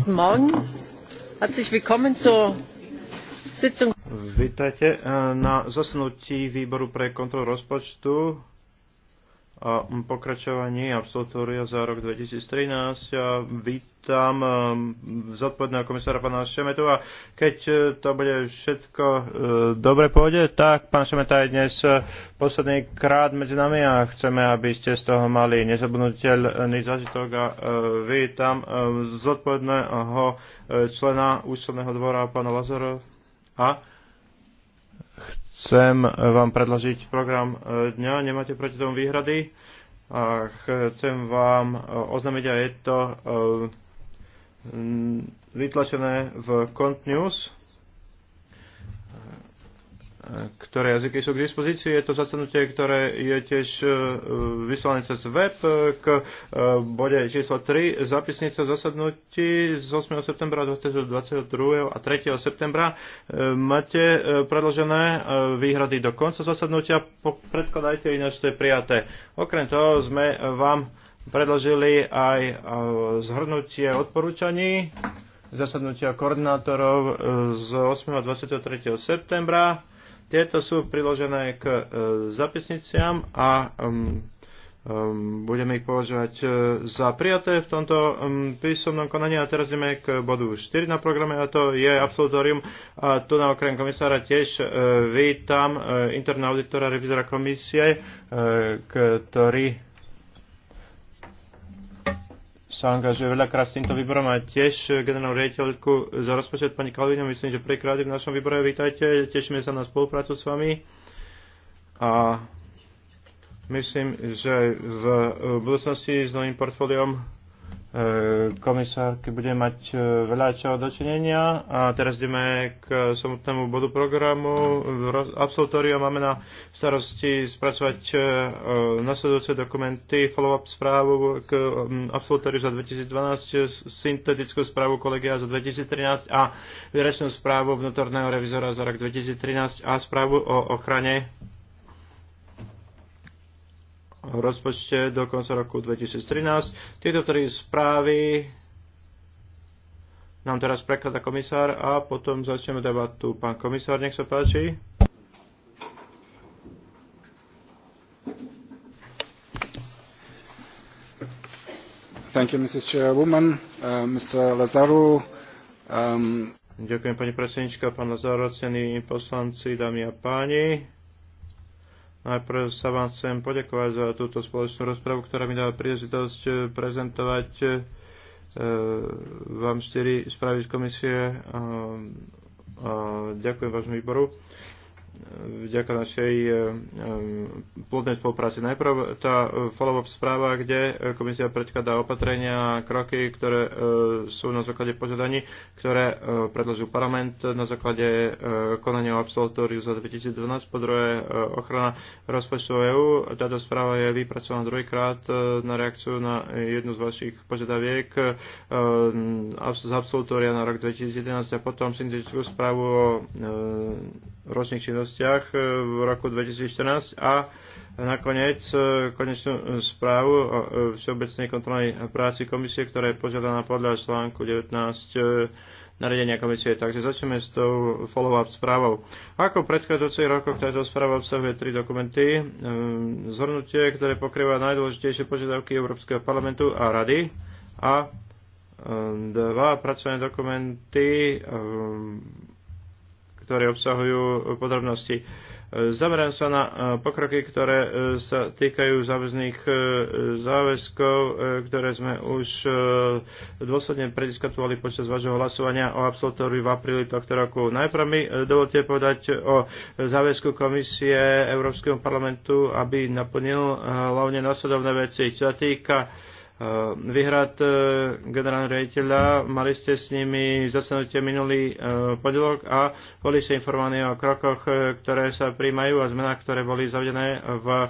Guten Morgen. Herzlich willkommen zur Sitzung. Vítajte eh, na zasadnutí výboru pre kontrolu rozpočtu o pokračovaní absolutória za rok 2013. Ja vítam um, zodpovedného komisára pána Šemetova. keď e, to bude všetko e, dobre pôjde, tak pán Šemeta je dnes e, posledný krát medzi nami a chceme, aby ste z toho mali nezabudnutelný zážitok a vítam zodpovedného člena účelného dvora pána Lazaro a Chcem vám predložiť program e, dňa, nemáte proti tomu výhrady. A chcem vám e, oznámiť, a je to e, vytlačené v Cont News ktoré jazyky sú k dispozícii. Je to zasadnutie, ktoré je tiež e, vyslané cez web k e, bode číslo 3, zapisnice zasadnutí z 8. septembra 22. a 3. septembra. E, máte predložené výhrady do konca zasadnutia, predkladajte, ináč to je prijaté. Okrem toho sme vám predložili aj zhrnutie odporúčaní zasadnutia koordinátorov z 8. a 23. septembra tieto sú priložené k e, zapisniciam a budeme ich považovať e, za prijaté v tomto písomnom konaní. A teraz ideme k bodu 4 na programe a to je absolutorium. A tu na okrem komisára tiež e, vítam interná auditora revizora komisie, ktorý sa angažuje veľakrát s týmto výborom a tiež eh, generálnu riaditeľku za rozpočet pani Kalvina. Myslím, že prekrát v našom výbore. Vítajte, tešíme sa na spoluprácu s vami. A myslím, že v budúcnosti s novým portfóliom E, komisárky bude mať e, veľa čoho dočinenia. A teraz ideme k samotnému bodu programu. Absolutória máme na starosti spracovať e, nasledujúce dokumenty, follow-up správu k absolutóriu za 2012, syntetickú správu kolegia za 2013 a výračnú správu vnútorného revizora za rok 2013 a správu o ochrane rozpočte do konca roku 2013. Tieto tri správy nám teraz prekladá komisár a potom začneme debatu. Pán komisár, nech sa páči. Thank you, Mrs. Chairwoman, uh, Mr. Lazaru. Um... Ďakujem, pani predsednička, pán Lazaru, cení poslanci, dámy a páni. Najprv sa vám chcem poďakovať za túto spoločnú rozpravu, ktorá mi dala príležitosť eh, prezentovať eh, vám štyri správy z komisie. Ďakujem vášmu výboru vďaka našej e, e, plodnej spolupráci. Najprv tá e, follow-up správa, kde komisia predkladá opatrenia a kroky, ktoré sú na základe požiadaní, ktoré predložil parlament na základe konania o absolutóriu za 2012, po druhé ochrana rozpočtu EÚ. Táto správa je vypracovaná druhýkrát na reakciu na jednu z vašich požiadaviek z absolutória na rok 2011 a potom syntetickú správu o ročných činnosti činnostiach e, v roku 2014 a nakoniec e, konečnú správu o e, Všeobecnej kontrolnej práci komisie, ktorá je požiadaná podľa článku 19 nariadenia komisie. Takže začneme s tou follow-up správou. Ako predchádzajúcej predchádzajúcich rokoch táto správa obsahuje tri dokumenty. Zhrnutie, ktoré pokrýva najdôležitejšie požiadavky Európskeho parlamentu a rady a dva pracovné dokumenty ktoré obsahujú podrobnosti. Zamerám sa na eh, pokroky, ktoré eh, sa týkajú záväzných eh, záväzkov, ktoré sme už dôsledne prediskutovali počas vášho hlasovania o absolutóriu v apríli tohto roku. Najprv mi dovolte povedať o záväzku komisie Európskeho parlamentu, aby naplnil hlavne následovné veci. Čo sa týka Eh, Vyhrad eh, generálneho riaditeľa. Mali ste s nimi zasadnutie minulý eh, podelok a boli ste informovaní o krokoch, ktoré sa príjmajú a zmenách, ktoré boli zavedené v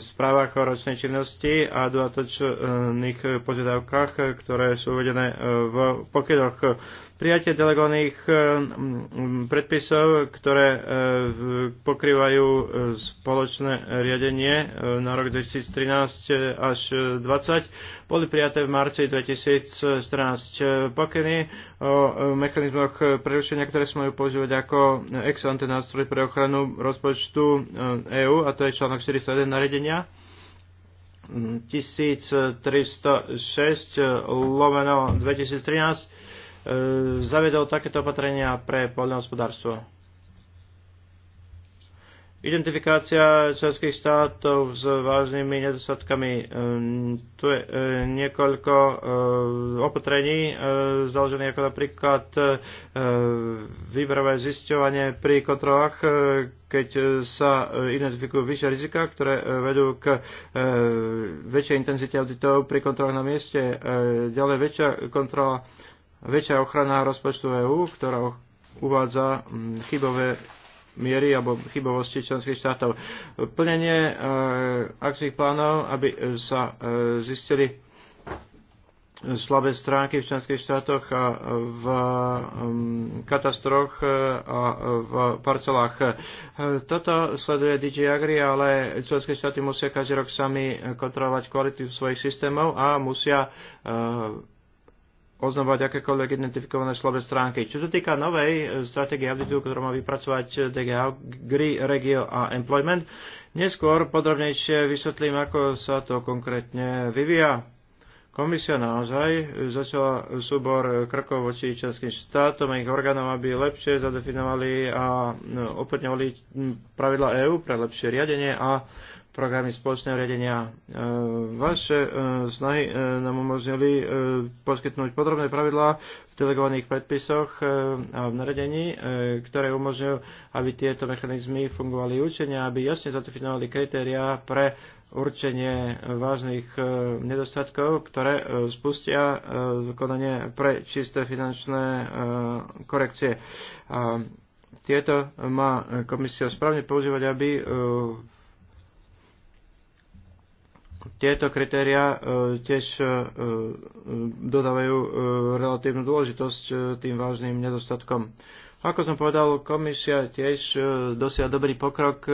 správach o ročnej činnosti a dodatočných požiadavkách, ktoré sú uvedené e, v pokynoch. Prijatie delegovaných e, predpisov, ktoré e, pokrývajú spoločné riadenie na rok 2013 až 2020, boli prijaté v marci 2014 pokyny o mechanizmoch prerušenia, ktoré sme majú používať ako ex ante nástroj pre ochranu rozpočtu EÚ, a to je článok 41 na zariadenia 1306 lomeno 2013 e, zavedol takéto opatrenia pre poľnohospodárstvo. Identifikácia členských štátov s vážnymi nedostatkami. Mm, tu je e, niekoľko e, opatrení e, založených ako napríklad výberové zisťovanie pri kontrolách, keď sa identifikujú vyššie rizika, ktoré vedú k väčšej intenzite auditov pri kontrolách na mieste. Ďalej väčšia kontrola, väčšia ochrana rozpočtu EÚ, ktorá uvádza mm, chybové miery alebo chybovosti členských štátov. Plnenie e, akčných plánov, aby sa e, zistili slabé stránky v členských štátoch a v katastroch e, a v parcelách. Toto sleduje DJ Agri, ale členské štáty musia každý rok sami kontrolovať kvalitu svojich systémov a musia oznovať akékoľvek identifikované slabé stránky. Čo sa týka novej eh, stratégie auditu, ktorú má vypracovať eh, DGA, GRI, Regio a Employment, neskôr podrobnejšie vysvetlím, ako sa to konkrétne vyvíja. Komisia naozaj eh, začala súbor krokov voči členským štátom a ich orgánom, aby lepšie zadefinovali a opetňovali hm, pravidla EÚ pre lepšie riadenie a programy spoločného riadenia. E, vaše e, snahy e, nám umožnili poskytnúť podrobné pravidlá v delegovaných predpisoch a v naredení, ktoré umožňujú, aby tieto mechanizmy fungovali učenia, aby jasne zadefinovali kritériá pre určenie vážnych nedostatkov, ktoré spustia vykonanie pre čisté finančné korekcie. tieto má komisia správne používať, aby tieto kritéria e, tiež e, e, dodávajú relatívnu dôležitosť tým vážnym nedostatkom. Ako som povedal, komisia tiež dosiaľ dobrý pokrok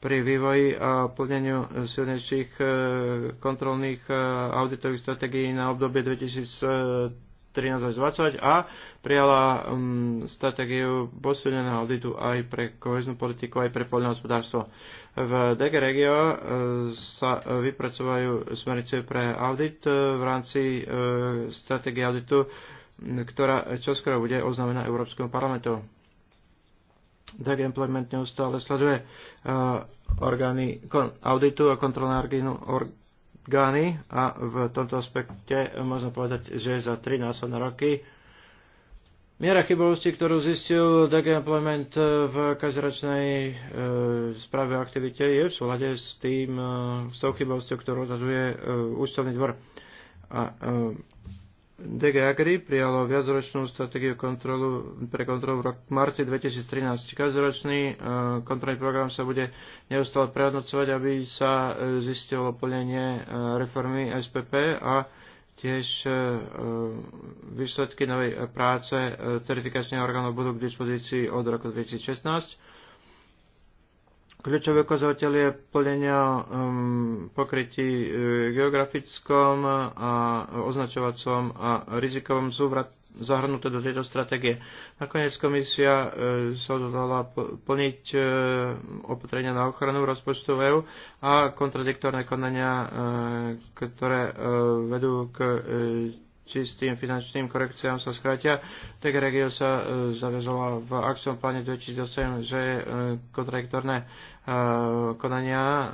pri vývoji a plneniu silnejších kontrolných auditových strategií na obdobie Uh, 13 až 20 a prijala um, stratégiu posilneného auditu aj pre koheznú politiku, aj pre poľnohospodárstvo. V DG Regio uh, sa uh, vypracovajú smernice pre audit uh, v rámci uh, stratégie auditu, ktorá čoskoro bude oznámená Európskom parlamentu. DG Implement neustále sleduje uh, orgány kon, auditu a kontrolné orgány orgány a v tomto aspekte možno povedať, že za 3 následné roky Miera chybovosti, ktorú zistil DG Implement v každoročnej e, správe o aktivite, je v súlade s tým, e, s tou chybovosťou, ktorú odhaduje e, účtovný dvor. A e, DG Agri prijalo viacročnú stratégiu kontrolu, pre kontrolu v marci 2013. Každoročný e, kontrolný program sa bude neustále prehodnocovať, aby sa e, zistilo plnenie e, reformy SPP a tiež výsledky novej práce certifikačných orgánov budú k dispozícii od roku 2016 Kľúčové ukazovateľ plnenia um, pokrytí e, geografickom a označovacom a rizikovom sú vrat, zahrnuté do tejto stratégie. Nakoniec komisia e, sa odhodlala plniť e, opatrenia na ochranu rozpočtu EU a kontradiktorné konania, e, ktoré e, vedú k e, čistým finančným korekciám sa skratia. tak regio sa e, zaviazala v akciom pláne 2008, že e, kontradiktorné e, konania e,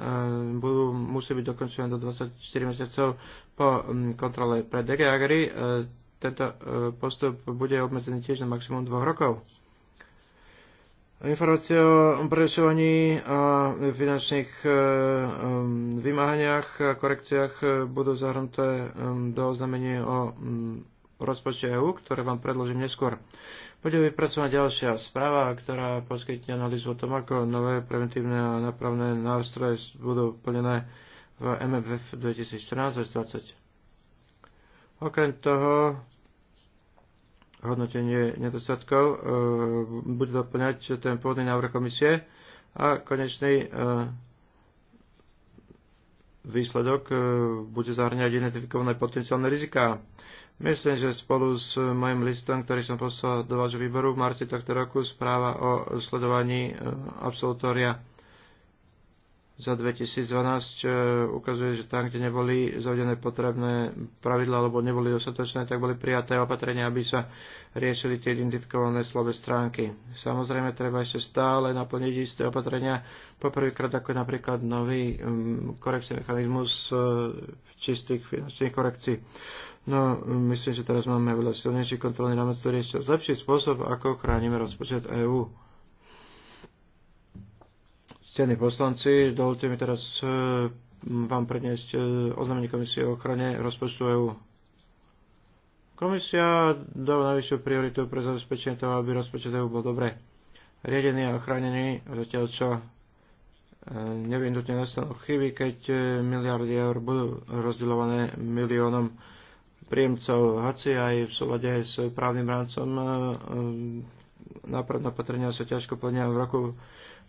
budú, musí byť dokončené do 24 mesiacov po m, kontrole pre DG Agri. E, tento e, postup bude obmedzený tiež na maximum dvoch rokov informácie o prešovaní a finančných e, e, vymáhaniach a korekciách e, budú zahrnuté do oznamenia o mm, rozpočte EU, ktoré vám predložím neskôr. Bude vypracovaná ďalšia správa, ktorá poskytne analýzu o tom, ako nové preventívne a napravné nástroje budú plnené v MFF 2014-2020. Okrem toho, hodnotenie nedostatkov, e, bude doplňať ten pôvodný návrh komisie a konečný e, výsledok e, bude zahrňať identifikované potenciálne riziká. Myslím, že spolu s mojim listom, ktorý som poslal do vášho výboru v marci tohto roku, správa o sledovaní absolutória za 2012 e, ukazuje, že tam, kde neboli zavedené potrebné pravidla alebo neboli dostatočné, tak boli prijaté opatrenia, aby sa riešili tie identifikované slabé stránky. Samozrejme, treba ešte stále naplniť isté opatrenia. Poprvýkrát ako napríklad nový korekčný mechanizmus e, čistých finančných korekcií. No, myslím, že teraz máme veľa silnejší kontrolný rámec, ktorý je ešte lepší spôsob, ako chránime rozpočet EÚ. Stení poslanci, dovolte mi teraz e, vám predniesť e, oznámenie komisie o ochrane rozpočtu EU. Komisia dáva najvyššiu prioritu pre zabezpečenie toho, aby rozpočet EU bol dobre riadený a ochránený, zatiaľ čo e, nevyhnutne nastanú chyby, keď miliardy eur budú rozdeľované miliónom príjemcov HACI aj v súlade s právnym rámcom nápravné opatrenia sa ťažko plnia v roku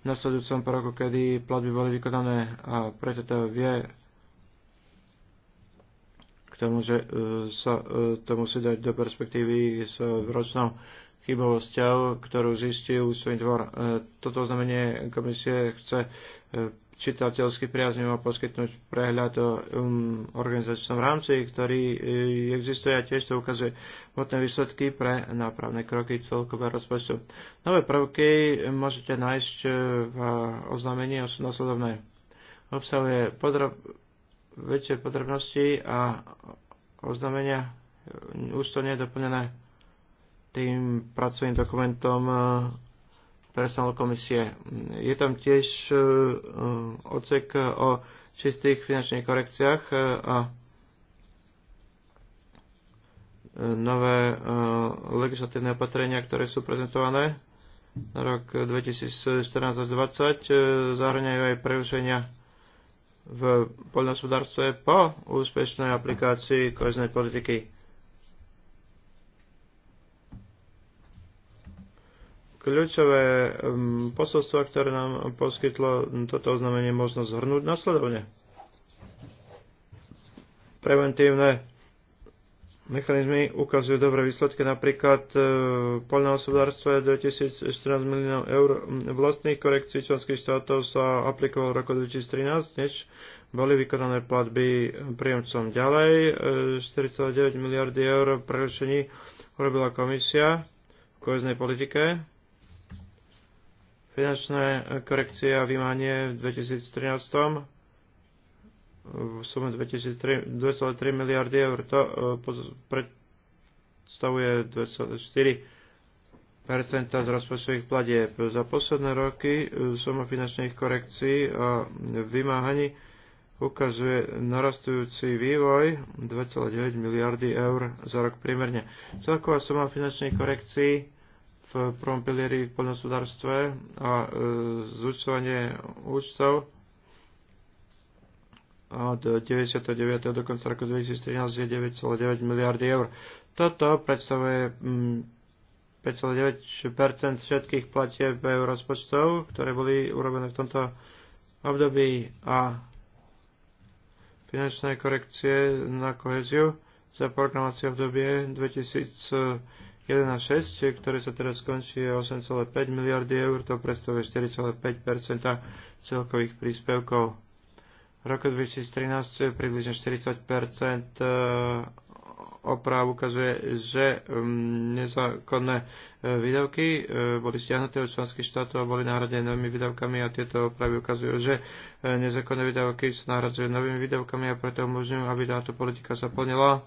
nasledujúcom paroku, kedy platby boli vykonané a preto to vie k tomu, že e, sa e, to musí dať do perspektívy s ročnou chybovosťou, ktorú zistí ústvený dvor. E, toto znamenie komisie chce čitateľsky priaznivo poskytnúť prehľad o um, organizačnom rámci, ktorý e, existuje a tiež to ukazuje potom výsledky pre nápravné kroky celkového rozpočtu. Nové prvky môžete nájsť e, v oznámení a sú nasledovné. Obsahuje podrob, väčšie podrobnosti a oznámenia už to nie je doplnené tým pracovným dokumentom e, personál komisie. Je tam tiež e, e, odsek o čistých finančných korekciách e, a nové legislatívne opatrenia, ktoré sú prezentované na rok 2014-2020, zahrňajú aj prerušenia v poľnohospodárstve po úspešnej aplikácii koheznej politiky. Kľúčové um, posolstvo, ktoré nám poskytlo toto oznámenie, možno zhrnúť nasledovne. Preventívne mechanizmy ukazujú dobré výsledky. Napríklad uh, v je 2014 miliónov eur vlastných korekcií členských štátov sa aplikovalo v roku 2013, než boli vykonané platby príjemcom. Ďalej 4,9 uh, miliardy eur prerušení urobila komisia v koheznej politike finančné korekcie a vymanie v 2013 v sume 2,3 miliardy eur. To e, predstavuje 2,4 z rozpočtových platieb. Za posledné roky e, suma finančných korekcií a vymáhaní ukazuje narastujúci vývoj 2,9 miliardy eur za rok priemerne. Celková suma finančných korekcií v prvom pilieri v poľnohospodárstve a e, zúčtovanie účtov od 99. do konca roku 2013 je 9,9 miliardy eur. Toto predstavuje 5,9 mm, všetkých platieb rozpočtov, ktoré boli urobené v tomto období a finančné korekcie na koheziu za programovacie obdobie 2000 1,6, ktoré sa teraz skončí 8,5 miliardy eur, to predstavuje 4,5 celkových príspevkov. V roku 2013 približne 40 e, oprav ukazuje, že mm, nezákonné e, výdavky e, boli stiahnuté od členských štátov a boli nahradené novými výdavkami a tieto opravy ukazujú, že nezákonné výdavky sa nahradzujú novými výdavkami a preto umožňujú, aby táto politika sa plnila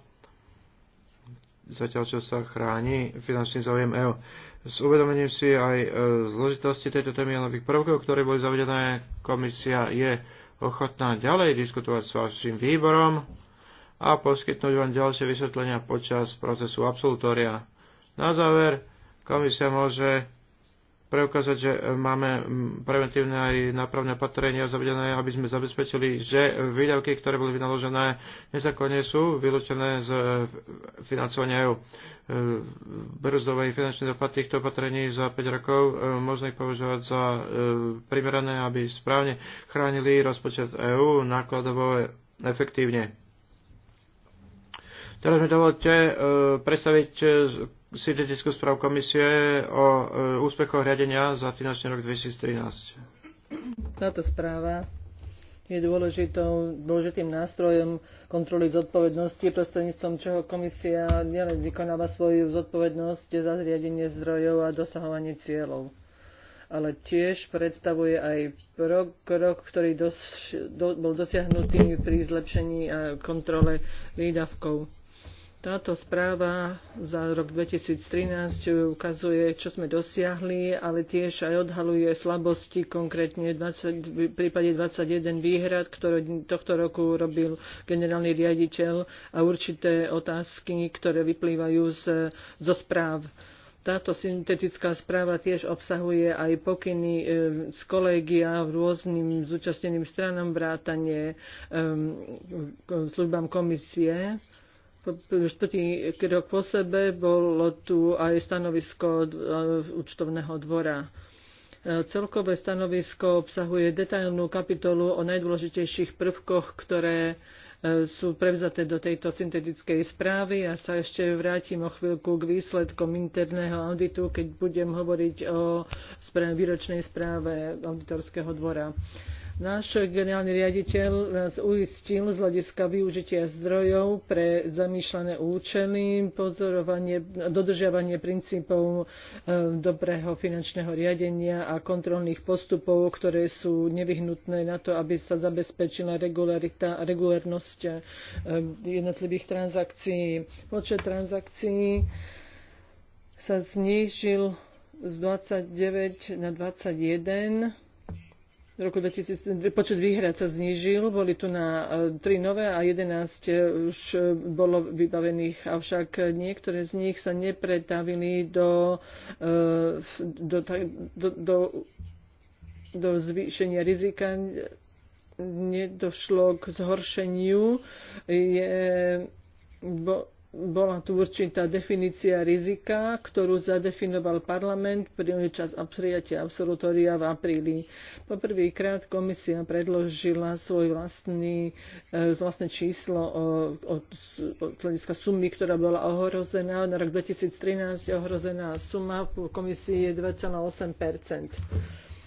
zatiaľ čo sa chráni finančný záujem EÚ. S uvedomením si aj e, zložitosti tejto témy a nových prvkov, ktoré boli zavedené, komisia je ochotná ďalej diskutovať s vašim výborom a poskytnúť vám ďalšie vysvetlenia počas procesu absolutória. Na záver, komisia môže preukázať, že máme preventívne aj nápravné opatrenia zavedené, aby sme zabezpečili, že výdavky, ktoré boli vynaložené nezakonne sú vylúčené z financovania EU. E, Brzdové finančné dopad týchto opatrení za 5 rokov e, možno ich považovať za e, primerané, aby správne chránili rozpočet EU nákladovo efektívne. Teraz mi dovolte predstaviť syntetickú správu komisie o e, úspechoch riadenia za finančný rok 2013. Táto správa je dôležitou, dôležitým nástrojom kontroly zodpovednosti, prostredníctvom čoho komisia nielen vykonáva svoju zodpovednosť za zriadenie zdrojov a dosahovanie cieľov, ale tiež predstavuje aj krok, ktorý dos, do, bol dosiahnutý pri zlepšení a kontrole výdavkov. Táto správa za rok 2013 ukazuje, čo sme dosiahli, ale tiež aj odhaluje slabosti, konkrétne 20, v prípade 21 výhrad, ktoré tohto roku robil generálny riaditeľ a určité otázky, ktoré vyplývajú z, zo správ. Táto syntetická správa tiež obsahuje aj pokyny e, z kolégia v rôznym zúčastneným stranám vrátanie službám komisie štvrtý rok po sebe bolo tu aj stanovisko účtovného dvora. Celkové stanovisko obsahuje detailnú kapitolu o najdôležitejších prvkoch, ktoré e, sú prevzaté do tejto syntetickej správy. Ja sa ešte vrátim o chvíľku k výsledkom interného auditu, keď budem hovoriť o výročnej správe auditorského dvora. Náš generálny riaditeľ nás uistil z hľadiska využitia zdrojov pre zamýšľané účely, pozorovanie, dodržiavanie princípov e, dobrého finančného riadenia a kontrolných postupov, ktoré sú nevyhnutné na to, aby sa zabezpečila regularita a regulárnosť e, jednotlivých transakcií. Počet transakcií sa znížil z 29 na 21 v roku 2000 počet výhrad sa znížil, boli tu na 3 e, nové a 11 e, už e, bolo vybavených, avšak niektoré z nich sa nepretavili do, do, do, do, do zvýšenia rizika, nedošlo k zhoršeniu. Je, bo, bola tu určitá definícia rizika, ktorú zadefinoval parlament pri čas prijatia absolutória v apríli. Poprvýkrát komisia predložila svoj vlastný, e, vlastné číslo od hľadiska sumy, ktorá bola ohrozená. Na rok 2013 ohrozená suma v komisii je 2,8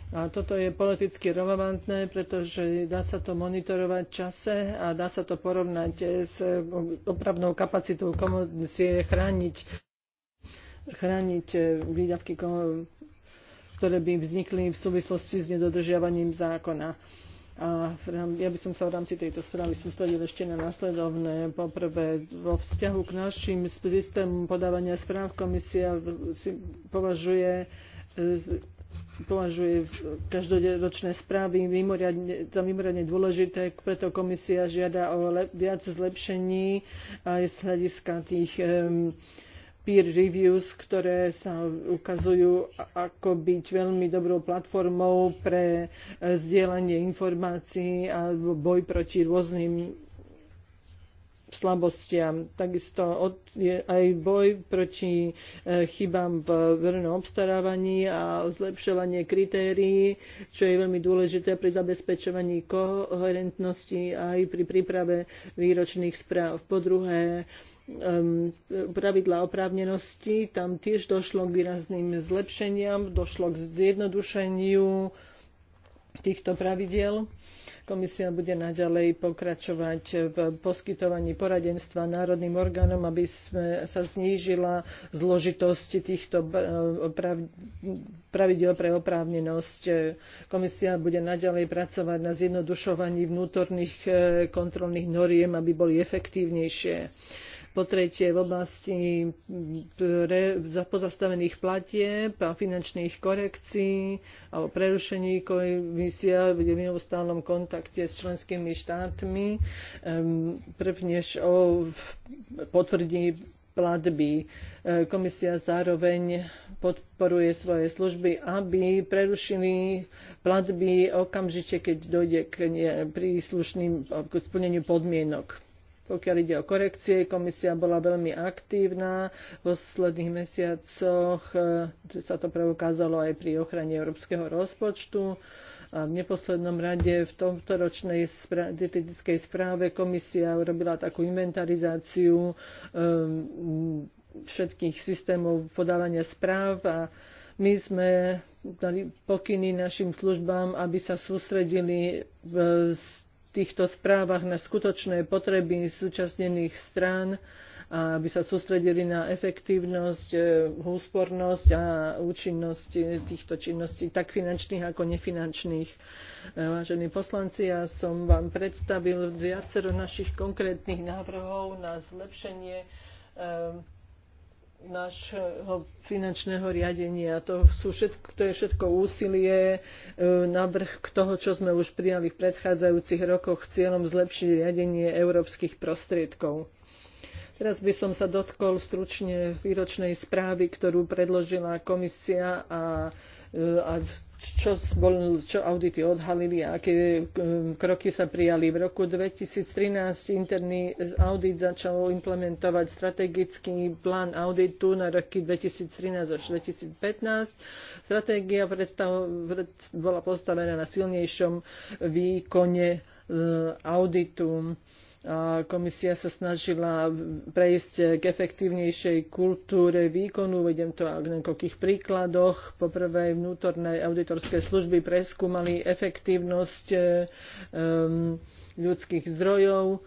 a toto je politicky relevantné, pretože dá sa to monitorovať v čase a dá sa to porovnať s e, opravnou kapacitou komisie chrániť, chrániť e, výdavky, ktoré by vznikli v súvislosti s nedodržiavaním zákona. A ja by som sa v rámci tejto správy sústredil ešte na následovné. Poprvé, vo vzťahu k našim systémom podávania správ komisia si považuje e, považuje každoročné správy mimoriadne, za mimoriadne dôležité, preto komisia žiada o le, viac zlepšení aj z hľadiska tých um, peer reviews, ktoré sa ukazujú ako byť veľmi dobrou platformou pre eh, zdieľanie informácií alebo boj proti rôznym slabostiam. Takisto od, je aj boj proti e, chybám v verejnom obstarávaní a zlepšovanie kritérií, čo je veľmi dôležité pri zabezpečovaní koherentnosti aj pri príprave výročných správ. Po druhé, pravidla oprávnenosti, tam tiež došlo k výrazným zlepšeniam, došlo k zjednodušeniu týchto pravidiel. Komisia bude naďalej pokračovať v poskytovaní poradenstva národným orgánom, aby sme sa znížila zložitosť týchto eh, pravidel pre oprávnenosť. Komisia bude naďalej pracovať na zjednodušovaní vnútorných eh, kontrolných noriem, aby boli efektívnejšie po tretie v oblasti mm, pozastavených platieb a finančných korekcií alebo prerušení komisia bude v neustálom kontakte s členskými štátmi, prvnež o potvrdí platby. E, komisia zároveň podporuje svoje služby, aby prerušili platby okamžite, keď dojde k príslušným k splneniu podmienok. Pokiaľ ide o korekcie, komisia bola veľmi aktívna. V posledných mesiacoch eh, sa to preukázalo aj pri ochrane európskeho rozpočtu. A v neposlednom rade v tomto ročnej dietetickej správe komisia urobila takú inventarizáciu um, všetkých systémov podávania správ a my sme dali pokyny našim službám, aby sa sústredili v eh, týchto správach na skutočné potreby súčasnených strán a aby sa sústredili na efektívnosť, e, úspornosť a účinnosť týchto činností, tak finančných ako nefinančných. E, vážení poslanci, ja som vám predstavil viacero našich konkrétnych návrhov na zlepšenie e, nášho finančného riadenia. To, sú všetko, to je všetko úsilie e, na vrch k toho, čo sme už prijali v predchádzajúcich rokoch s cieľom zlepšiť riadenie európskych prostriedkov. Teraz by som sa dotkol stručne výročnej správy, ktorú predložila komisia a, e, a čo, bol, čo audity odhalili a aké um, kroky sa prijali. V roku 2013 interný audit začal implementovať strategický plán auditu na roky 2013 až 2015. Stratégia bola postavená na silnejšom výkone uh, auditu a komisia sa snažila prejsť k efektívnejšej kultúre výkonu. Vedem to aj niekoľkých príkladoch. Poprvé vnútorné auditorské služby preskúmali efektívnosť e, ľudských zdrojov,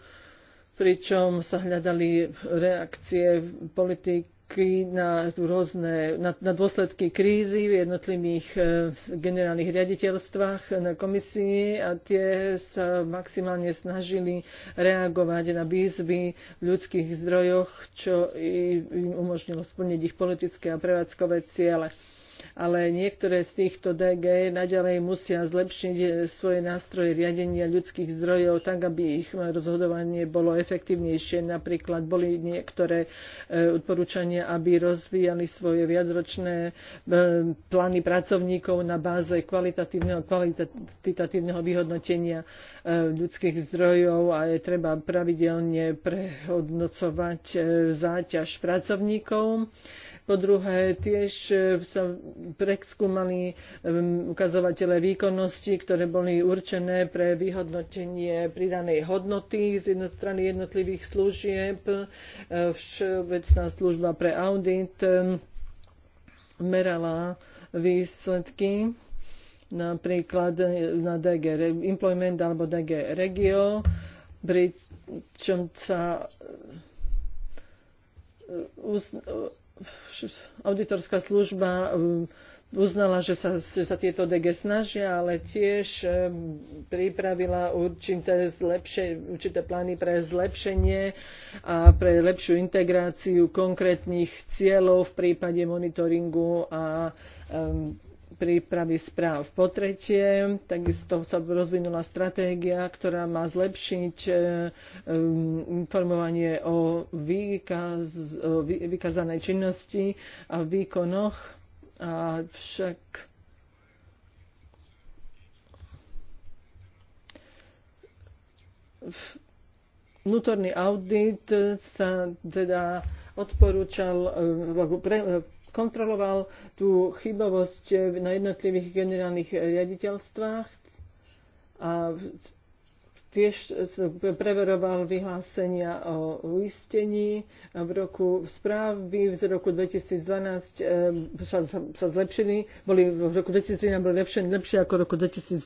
pričom sa hľadali reakcie politik na rôzne na, na dôsledky krízy v jednotlivých e, generálnych riaditeľstvách e, na komisii a tie sa maximálne snažili reagovať na výzvy v ľudských zdrojoch, čo im umožnilo splniť ich politické a prevádzkové ciele ale niektoré z týchto DG naďalej musia zlepšiť eh, svoje nástroje riadenia ľudských zdrojov tak, aby ich eh, rozhodovanie bolo efektívnejšie. Napríklad boli niektoré eh, odporúčania, aby rozvíjali svoje viacročné plány pracovníkov na báze kvalitatívneho, kvalitatívneho vyhodnotenia ľudských zdrojov a je treba pravidelne prehodnocovať záťaž pracovníkov po druhé, tiež e, sa preskúmali e, ukazovatele výkonnosti, ktoré boli určené pre vyhodnotenie pridanej hodnoty z jednej strany jednotlivých služieb, e, všeobecná služba pre audit merala výsledky napríklad na DG Employment alebo DG Regio, pričom sa auditorská služba um, uznala, že sa, že sa tieto DG snažia, ale tiež um, pripravila určité, zlepšie, určité plány pre zlepšenie a pre lepšiu integráciu konkrétnych cieľov v prípade monitoringu a um, prípravy správ. Po tretie, takisto sa rozvinula stratégia, ktorá má zlepšiť e, um, informovanie o, výkaz, vykazanej činnosti a výkonoch. A však vnútorný audit sa teda odporúčal, e, skontroloval tú chybovosť na jednotlivých generálnych riaditeľstvách a tiež preveroval vyhlásenia o uistení. V roku správy z roku 2012 eh, sa, sa zlepšili, boli v roku 2013 boli lepšie, lepšie ako v roku 2012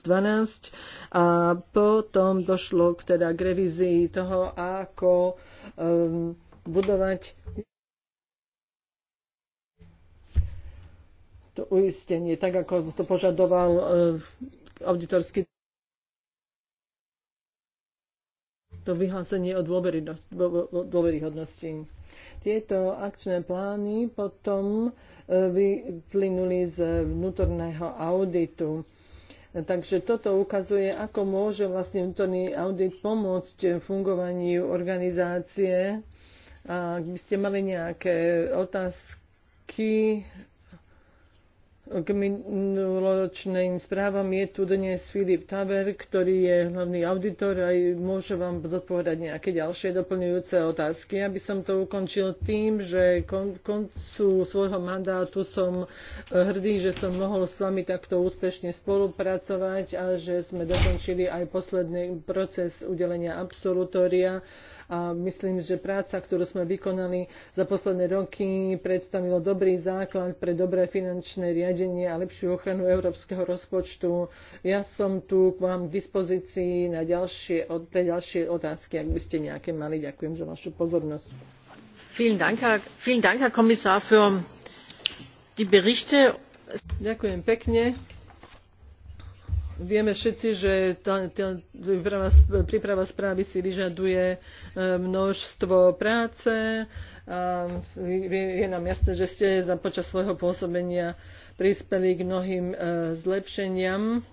a potom došlo k, teda, k revízii toho, ako um, budovať to uistenie, tak ako to požadoval e, auditorský to vyhlásenie o dôveryhodnosti. Tieto akčné plány potom e, vyplynuli z vnútorného auditu. Takže toto ukazuje, ako môže vlastne vnútorný audit pomôcť fungovaniu organizácie. A ak by ste mali nejaké otázky, k minuloročným správam je tu dnes Filip Taver, ktorý je hlavný auditor a môže vám zodpovedať nejaké ďalšie doplňujúce otázky. Aby som to ukončil tým, že kon, koncu svojho mandátu som eh, hrdý, že som mohol s vami takto úspešne spolupracovať a že sme dokončili aj posledný proces udelenia absolutória a myslím, že práca, ktorú sme vykonali za posledné roky, predstavilo dobrý základ pre dobré finančné riadenie a lepšiu ochranu európskeho rozpočtu. Ja som tu k vám k dispozícii na ďalšie, pre ďalšie otázky, ak by ste nejaké mali. Ďakujem za vašu pozornosť. Vielen Dank, vielen Dank, Herr Kommissar, für die Berichte. Ďakujem pekne vieme všetci, že tá, tá príprava, príprava správy si vyžaduje e, množstvo práce. A je nám jasné, že ste za počas svojho pôsobenia prispeli k mnohým e, zlepšeniam.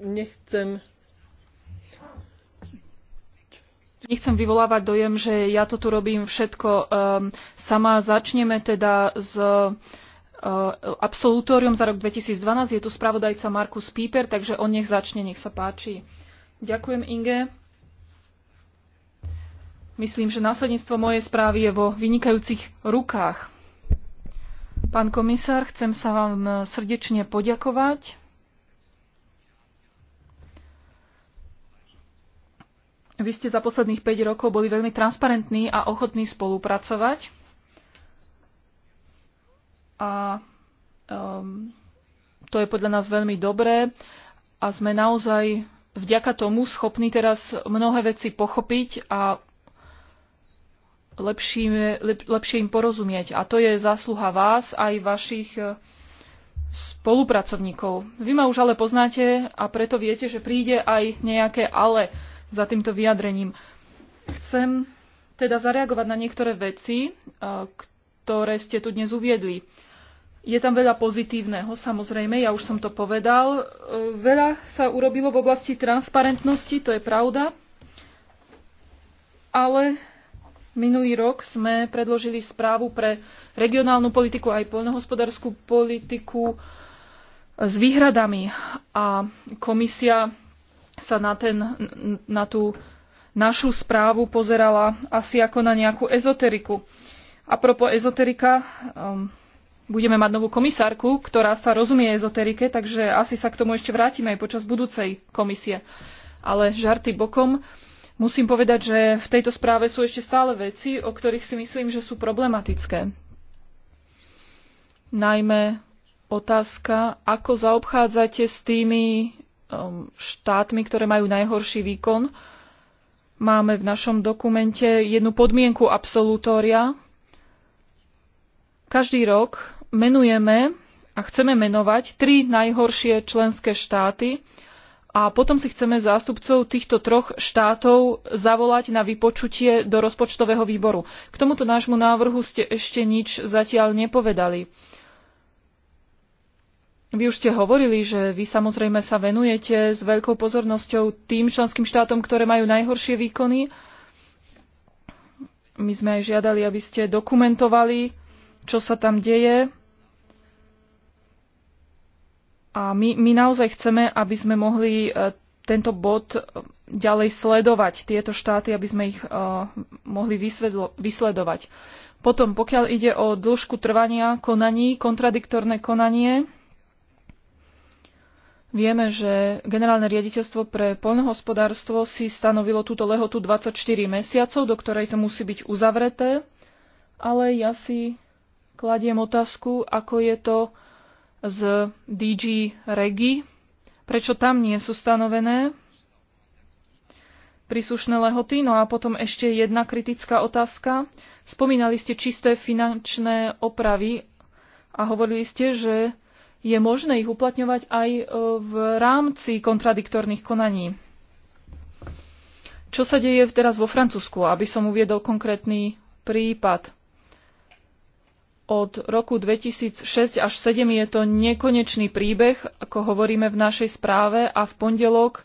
Nechcem Nechcem vyvolávať dojem, že ja to tu robím všetko um, sama. Začneme teda s uh, absolutórium za rok 2012. Je tu spravodajca Markus Píper, takže on nech začne, nech sa páči. Ďakujem, Inge. Myslím, že následníctvo mojej správy je vo vynikajúcich rukách. Pán komisár, chcem sa vám srdečne poďakovať Vy ste za posledných 5 rokov boli veľmi transparentní a ochotní spolupracovať. A um, to je podľa nás veľmi dobré a sme naozaj vďaka tomu schopní teraz mnohé veci pochopiť a lepšie, lep, lepšie im porozumieť. A to je zásluha vás aj vašich eh, spolupracovníkov. Vy ma už ale poznáte a preto viete, že príde aj nejaké ale za týmto vyjadrením. Chcem teda zareagovať na niektoré veci, e, ktoré ste tu dnes uviedli. Je tam veľa pozitívneho, samozrejme, ja už som to povedal. E, veľa sa urobilo v oblasti transparentnosti, to je pravda. Ale minulý rok sme predložili správu pre regionálnu politiku aj poľnohospodárskú politiku s výhradami a komisia sa na, ten, na tú našu správu pozerala asi ako na nejakú ezoteriku. A propos ezoterika, um, budeme mať novú komisárku, ktorá sa rozumie ezoterike, takže asi sa k tomu ešte vrátime aj počas budúcej komisie. Ale žarty bokom, musím povedať, že v tejto správe sú ešte stále veci, o ktorých si myslím, že sú problematické. Najmä otázka, ako zaobchádzate s tými Um, štátmi, ktoré majú najhorší výkon. Máme v našom dokumente jednu podmienku absolutória. Každý rok menujeme a chceme menovať tri najhoršie členské štáty a potom si chceme zástupcov týchto troch štátov zavolať na vypočutie do rozpočtového výboru. K tomuto nášmu návrhu ste ešte nič zatiaľ nepovedali. Vy už ste hovorili, že vy samozrejme sa venujete s veľkou pozornosťou tým členským štátom, ktoré majú najhoršie výkony. My sme aj žiadali, aby ste dokumentovali, čo sa tam deje. A my, my naozaj chceme, aby sme mohli e, tento bod e, ďalej sledovať, tieto štáty, aby sme ich uh, mohli vysvedlo, vysledovať. Potom, pokiaľ ide o dĺžku trvania konaní, kontradiktorné konanie, Vieme, že generálne riaditeľstvo pre poľnohospodárstvo si stanovilo túto lehotu 24 mesiacov, do ktorej to musí byť uzavreté, ale ja si kladiem otázku, ako je to z DG Regi, prečo tam nie sú stanovené príslušné lehoty. No a potom ešte jedna kritická otázka. Spomínali ste čisté finančné opravy a hovorili ste, že je možné ich uplatňovať aj e, v rámci kontradiktorných konaní. Čo sa deje teraz vo Francúzsku, aby som uviedol konkrétny prípad? Od roku 2006 až 2007 je to nekonečný príbeh, ako hovoríme v našej správe a v pondelok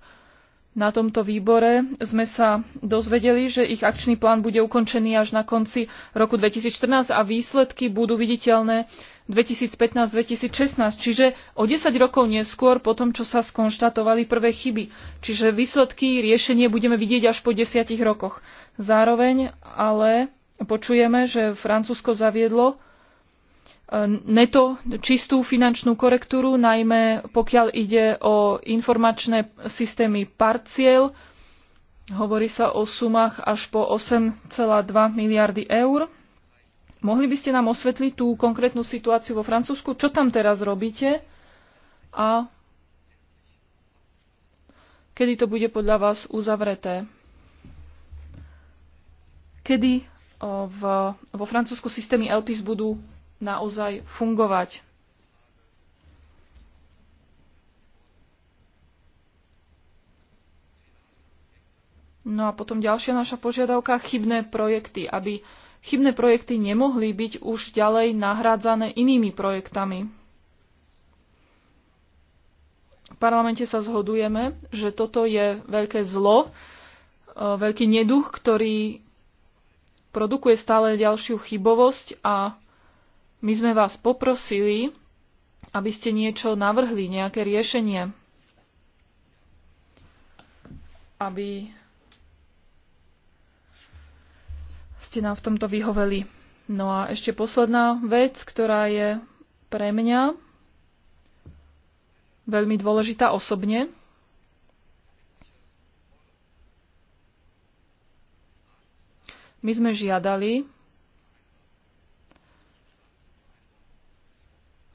na tomto výbore sme sa dozvedeli, že ich akčný plán bude ukončený až na konci roku 2014 a výsledky budú viditeľné 2015-2016, čiže o 10 rokov neskôr po tom, čo sa skonštatovali prvé chyby. Čiže výsledky riešenie budeme vidieť až po 10 rokoch. Zároveň ale počujeme, že Francúzsko zaviedlo e, neto čistú finančnú korektúru, najmä pokiaľ ide o informačné systémy parciel. Hovorí sa o sumách až po 8,2 miliardy eur. Mohli by ste nám osvetliť tú konkrétnu situáciu vo Francúzsku? Čo tam teraz robíte? A kedy to bude podľa vás uzavreté? Kedy v, vo Francúzsku systémy LPIS budú naozaj fungovať? No a potom ďalšia naša požiadavka, chybné projekty, aby chybné projekty nemohli byť už ďalej nahrádzané inými projektami. V parlamente sa zhodujeme, že toto je veľké zlo, e, veľký neduch, ktorý produkuje stále ďalšiu chybovosť a my sme vás poprosili, aby ste niečo navrhli, nejaké riešenie, aby ste nám v tomto vyhoveli. No a ešte posledná vec, ktorá je pre mňa veľmi dôležitá osobne. My sme žiadali,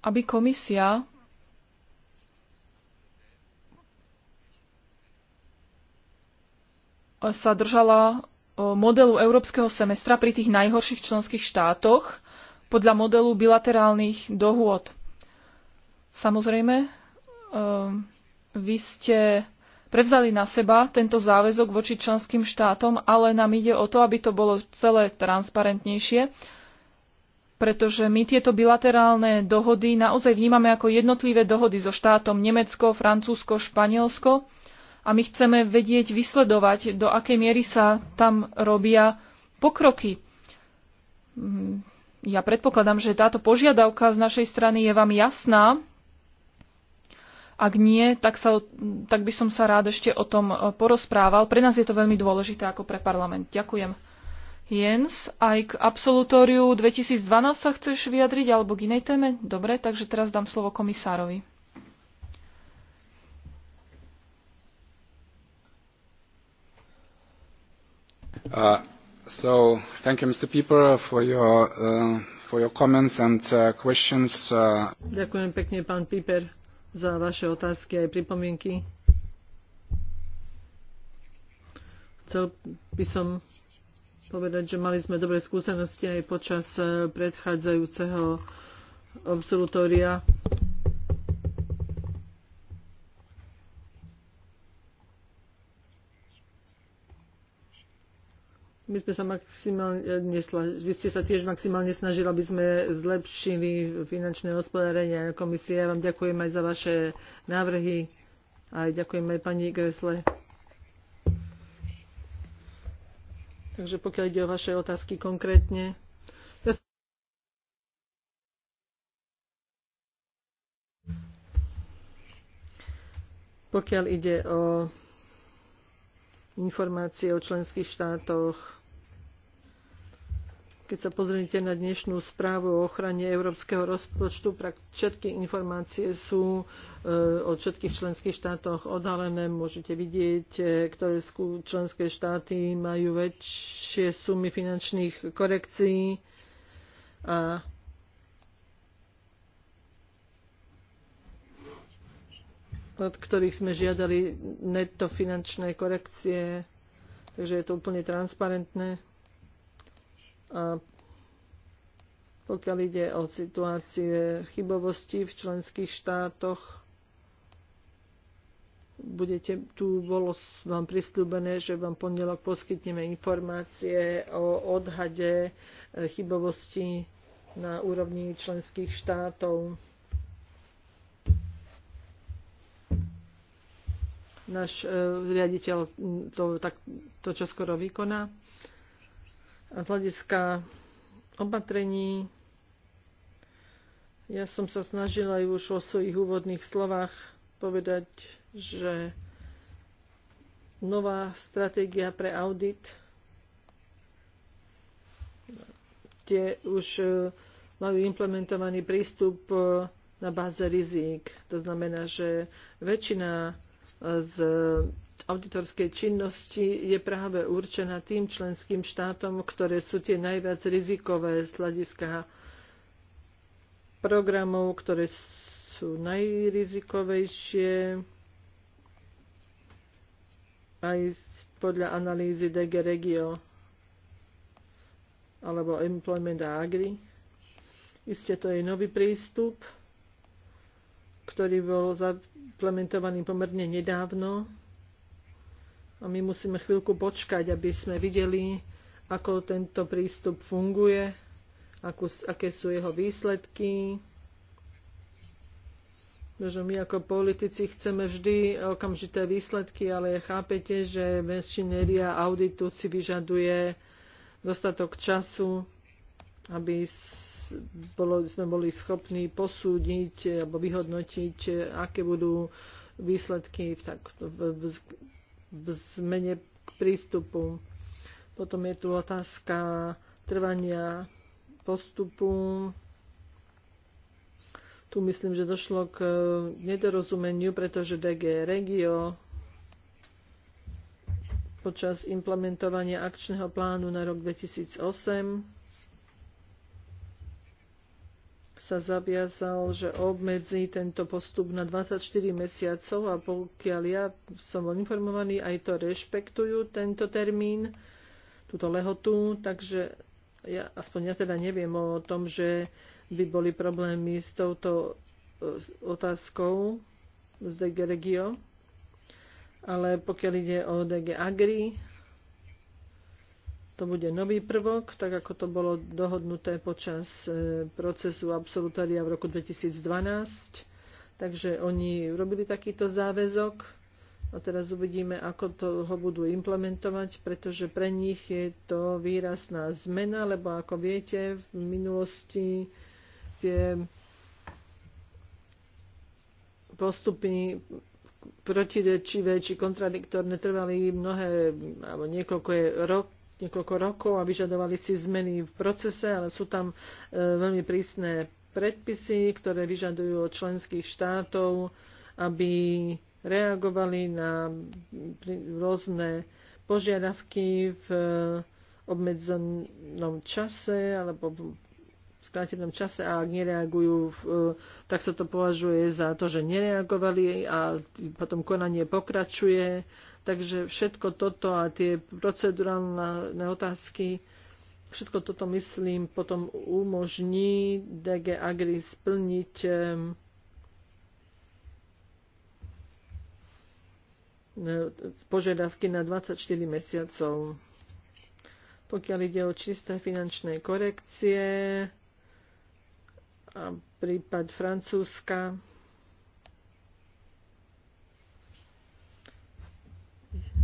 aby komisia sa držala modelu európskeho semestra pri tých najhorších členských štátoch podľa modelu bilaterálnych dohôd. Samozrejme, vy ste prevzali na seba tento záväzok voči členským štátom, ale nám ide o to, aby to bolo celé transparentnejšie, pretože my tieto bilaterálne dohody naozaj vnímame ako jednotlivé dohody so štátom Nemecko, Francúzsko, Španielsko a my chceme vedieť, vysledovať, do akej miery sa tam robia pokroky. Mm, ja predpokladám, že táto požiadavka z našej strany je vám jasná. Ak nie, tak, sa, tak by som sa rád ešte o tom e, porozprával. Pre nás je to veľmi dôležité ako pre parlament. Ďakujem. Jens, aj k absolutóriu 2012 sa chceš vyjadriť alebo k inej téme? Dobre, takže teraz dám slovo komisárovi. Uh, so thank you, Mr. Pieper, for your, uh, for your comments and uh, questions. Uh... Ďakujem pekne, pán Piper, za vaše otázky aj pripomienky. Chcel by som povedať, že mali sme dobré skúsenosti aj počas uh, predchádzajúceho absolutória. my sme sa maximálne, vy ste sa tiež maximálne snažili, aby sme zlepšili finančné hospodárenie komisie. Ja vám ďakujem aj za vaše návrhy. A ďakujem aj pani Gresle. Takže pokiaľ ide o vaše otázky konkrétne. Pokiaľ ide o informácie o členských štátoch, keď sa pozriete na dnešnú správu o ochrane európskeho rozpočtu, všetky informácie sú e, od všetkých členských štátoch odhalené. Môžete vidieť, e, ktoré členské štáty majú väčšie sumy finančných korekcií a od ktorých sme žiadali netto finančné korekcie, takže je to úplne transparentné. A pokiaľ ide o situácie chybovosti v členských štátoch, budete, tu bolo vám prislúbené, že vám pondelok poskytneme informácie o odhade e, chybovosti na úrovni členských štátov. Náš e, riaditeľ to, tak, to čoskoro vykoná z hľadiska opatrení. Ja som sa snažila aj už vo svojich úvodných slovách povedať, že nová stratégia pre audit, tie už e, majú implementovaný prístup e, na báze rizík. To znamená, že väčšina e, z auditorskej činnosti je práve určená tým členským štátom, ktoré sú tie najviac rizikové z hľadiska programov, ktoré sú najrizikovejšie aj podľa analýzy DG Regio alebo Employment a Agri. Isté to je nový prístup, ktorý bol zaplementovaný pomerne nedávno a my musíme chvíľku počkať, aby sme videli, ako tento prístup funguje, ako, aké sú jeho výsledky. Pretože my ako politici chceme vždy okamžité výsledky, ale chápete, že väčšinéria auditu si vyžaduje dostatok času, aby bolo, sme boli schopní posúdiť alebo vyhodnotiť, aké budú výsledky v, tak, v, v zmene prístupu. Potom je tu otázka trvania postupu. Tu myslím, že došlo k nedorozumeniu, pretože DG Regio počas implementovania akčného plánu na rok 2008 sa zaviazal, že obmedzí tento postup na 24 mesiacov a pokiaľ ja som bol informovaný, aj to rešpektujú tento termín, túto lehotu, takže ja, aspoň ja teda neviem o tom, že by boli problémy s touto e, otázkou z DG Regio, ale pokiaľ ide o DG Agri, to bude nový prvok, tak ako to bolo dohodnuté počas e, procesu absolutária v roku 2012. Takže oni robili takýto záväzok a teraz uvidíme, ako to ho budú implementovať, pretože pre nich je to výrazná zmena, lebo ako viete, v minulosti tie postupy protirečivé či kontradiktorné trvali mnohé alebo niekoľko rokov niekoľko rokov a vyžadovali si zmeny v procese, ale sú tam e, veľmi prísne predpisy, ktoré vyžadujú od členských štátov, aby reagovali na rôzne požiadavky v e, obmedzenom čase alebo v skrátenom čase a ak nereagujú, e, tak sa to považuje za to, že nereagovali a potom konanie pokračuje Takže všetko toto a tie procedurálne otázky, všetko toto myslím potom umožní DG Agri splniť požiadavky na 24 mesiacov. Pokiaľ ide o čisté finančné korekcie a prípad Francúzska,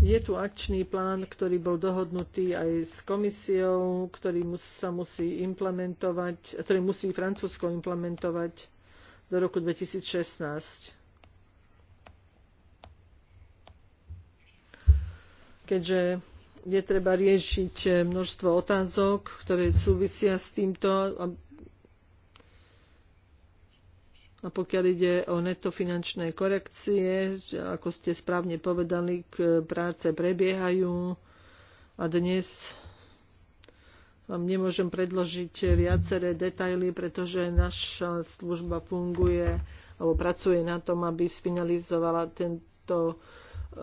Je tu akčný plán, ktorý bol dohodnutý aj s komisiou, ktorý sa musí implementovať, ktorý musí Francúzsko implementovať do roku 2016. Keďže je treba riešiť množstvo otázok, ktoré súvisia s týmto, a pokiaľ ide o netofinančné korekcie, ako ste správne povedali, k e, práce prebiehajú a dnes vám nemôžem predložiť viaceré detaily, pretože naša služba funguje alebo pracuje na tom, aby sfinalizovala tento, e,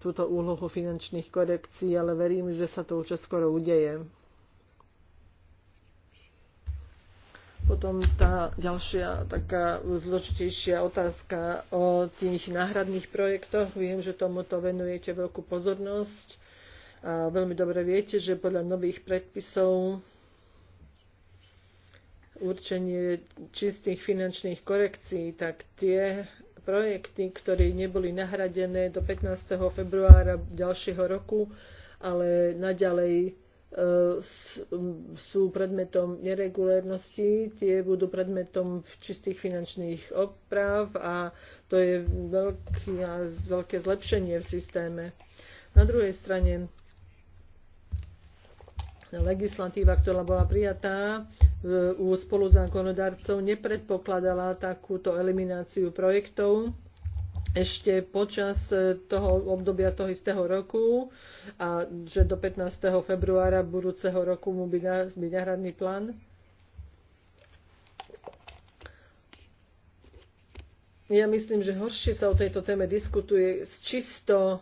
túto úlohu finančných korekcií, ale verím, že sa to už skoro udeje. Potom tá ďalšia taká zložitejšia otázka o tých náhradných projektoch. Viem, že tomuto venujete veľkú pozornosť a veľmi dobre viete, že podľa nových predpisov určenie čistých finančných korekcií, tak tie projekty, ktoré neboli nahradené do 15. februára ďalšieho roku, ale naďalej E, sú predmetom neregulérnosti, tie budú predmetom čistých finančných oprav a to je veľký, veľké zlepšenie v systéme. Na druhej strane legislatíva, ktorá bola prijatá u spoluzákonodarcov, nepredpokladala takúto elimináciu projektov ešte počas e, toho obdobia toho istého roku a že do 15. februára budúceho roku mu by, byť náhradný plán. Ja myslím, že horšie sa o tejto téme diskutuje z čisto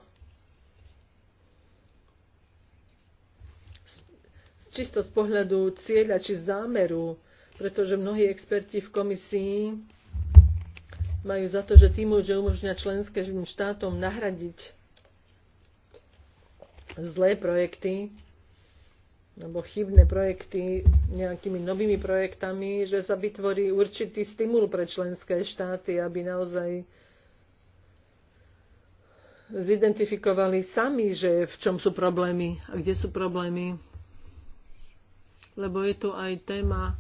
z čisto z pohľadu cieľa či zámeru, pretože mnohí experti v komisii majú za to, že tým, že umožňa členským štátom nahradiť zlé projekty alebo chybné projekty nejakými novými projektami, že sa vytvorí určitý stimul pre členské štáty, aby naozaj zidentifikovali sami, že v čom sú problémy a kde sú problémy. Lebo je tu aj téma,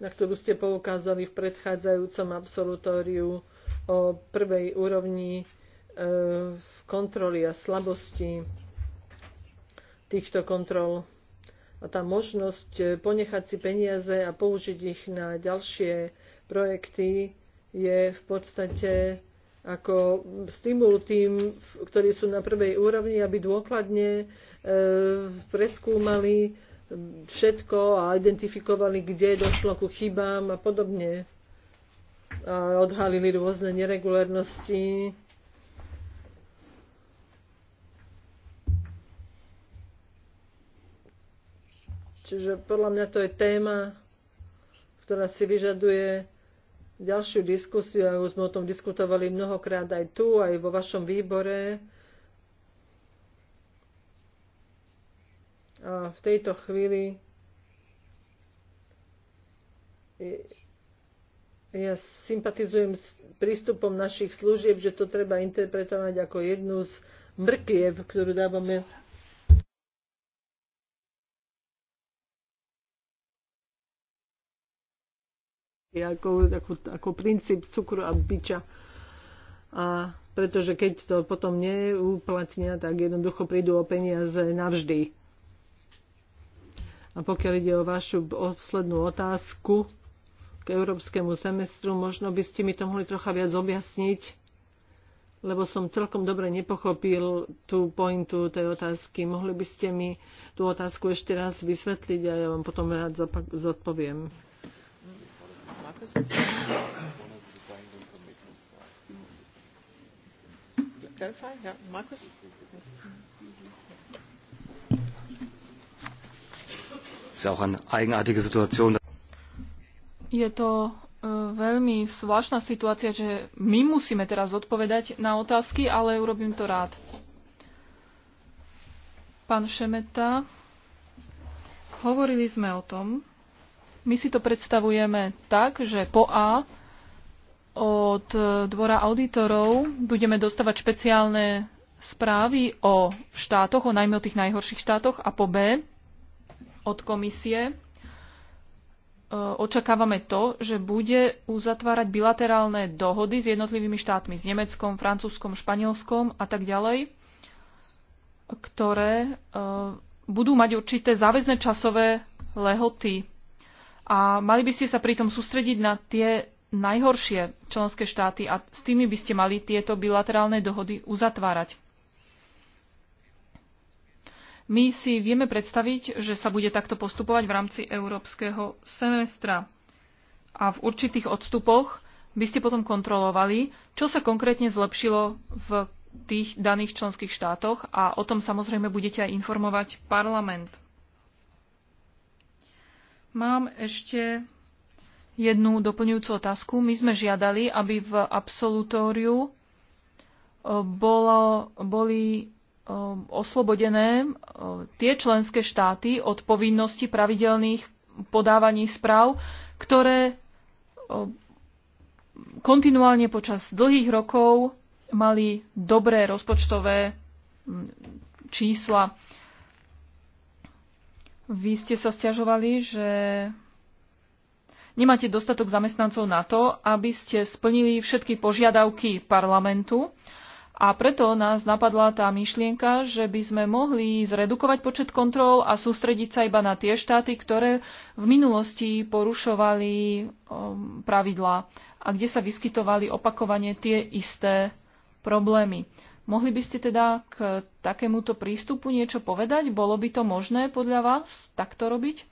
na ktorú ste poukázali v predchádzajúcom absolutóriu o prvej úrovni e, kontroly a slabosti týchto kontrol a tá možnosť e, ponechať si peniaze a použiť ich na ďalšie projekty je v podstate ako stimul tým, ktorí sú na prvej úrovni, aby dôkladne e, preskúmali všetko a identifikovali, kde došlo ku chybám a podobne odhalili rôzne neregulárnosti. Čiže podľa mňa to je téma, ktorá si vyžaduje ďalšiu diskusiu. A už sme o tom diskutovali mnohokrát aj tu, aj vo vašom výbore. A v tejto chvíli ja sympatizujem s prístupom našich služieb, že to treba interpretovať ako jednu z mrkiev, ktorú dávame ako, ako, ako princíp cukru a biča. A pretože keď to potom neúplatnia, tak jednoducho prídu o peniaze navždy. A pokiaľ ide o vašu poslednú otázku, k európskemu semestru. Možno by ste mi to mohli trocha viac objasniť, lebo som celkom dobre nepochopil tú pointu tej otázky. Mohli by ste mi tú otázku ešte raz vysvetliť a ja vám potom rád zodpoviem. Clarify? ist auch eine eigenartige Situation. Je to e, veľmi zvláštna situácia, že my musíme teraz odpovedať na otázky, ale urobím to rád. Pán Šemeta, hovorili sme o tom, my si to predstavujeme tak, že po A od dvora auditorov budeme dostávať špeciálne správy o štátoch, o najmä o tých najhorších štátoch a po B od komisie E, očakávame to, že bude uzatvárať bilaterálne dohody s jednotlivými štátmi, s Nemeckom, Francúzskom, Španielskom a tak ďalej, ktoré e, budú mať určité záväzne časové lehoty. A mali by ste sa pritom sústrediť na tie najhoršie členské štáty a s tými by ste mali tieto bilaterálne dohody uzatvárať. My si vieme predstaviť, že sa bude takto postupovať v rámci európskeho semestra. A v určitých odstupoch by ste potom kontrolovali, čo sa konkrétne zlepšilo v tých daných členských štátoch a o tom samozrejme budete aj informovať parlament. Mám ešte jednu doplňujúcu otázku. My sme žiadali, aby v absolutóriu eh, bolo, boli Um, oslobodené um, tie členské štáty od povinnosti pravidelných podávaní správ, ktoré um, kontinuálne počas dlhých rokov mali dobré rozpočtové čísla. Vy ste sa stiažovali, že nemáte dostatok zamestnancov na to, aby ste splnili všetky požiadavky parlamentu a preto nás napadla tá myšlienka, že by sme mohli zredukovať počet kontrol a sústrediť sa iba na tie štáty, ktoré v minulosti porušovali um, pravidlá a kde sa vyskytovali opakovane tie isté problémy. Mohli by ste teda k takémuto prístupu niečo povedať? Bolo by to možné podľa vás takto robiť?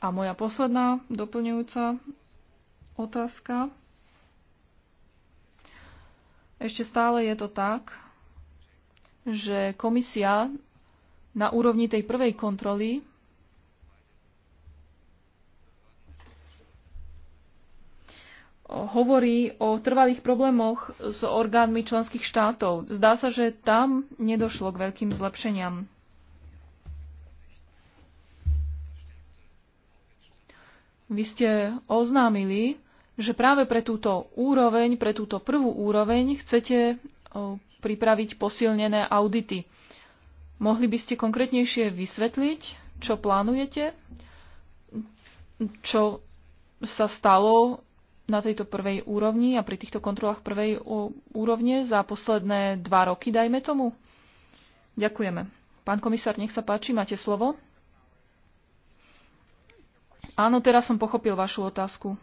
A moja posledná doplňujúca otázka ešte stále je to tak, že komisia na úrovni tej prvej kontroly hovorí o trvalých problémoch s orgánmi členských štátov. Zdá sa, že tam nedošlo k veľkým zlepšeniam. Vy ste oznámili, že práve pre túto úroveň, pre túto prvú úroveň chcete pripraviť posilnené audity. Mohli by ste konkrétnejšie vysvetliť, čo plánujete, čo sa stalo na tejto prvej úrovni a pri týchto kontrolách prvej úrovne za posledné dva roky, dajme tomu? Ďakujeme. Pán komisár, nech sa páči, máte slovo. Áno, teraz som pochopil vašu otázku.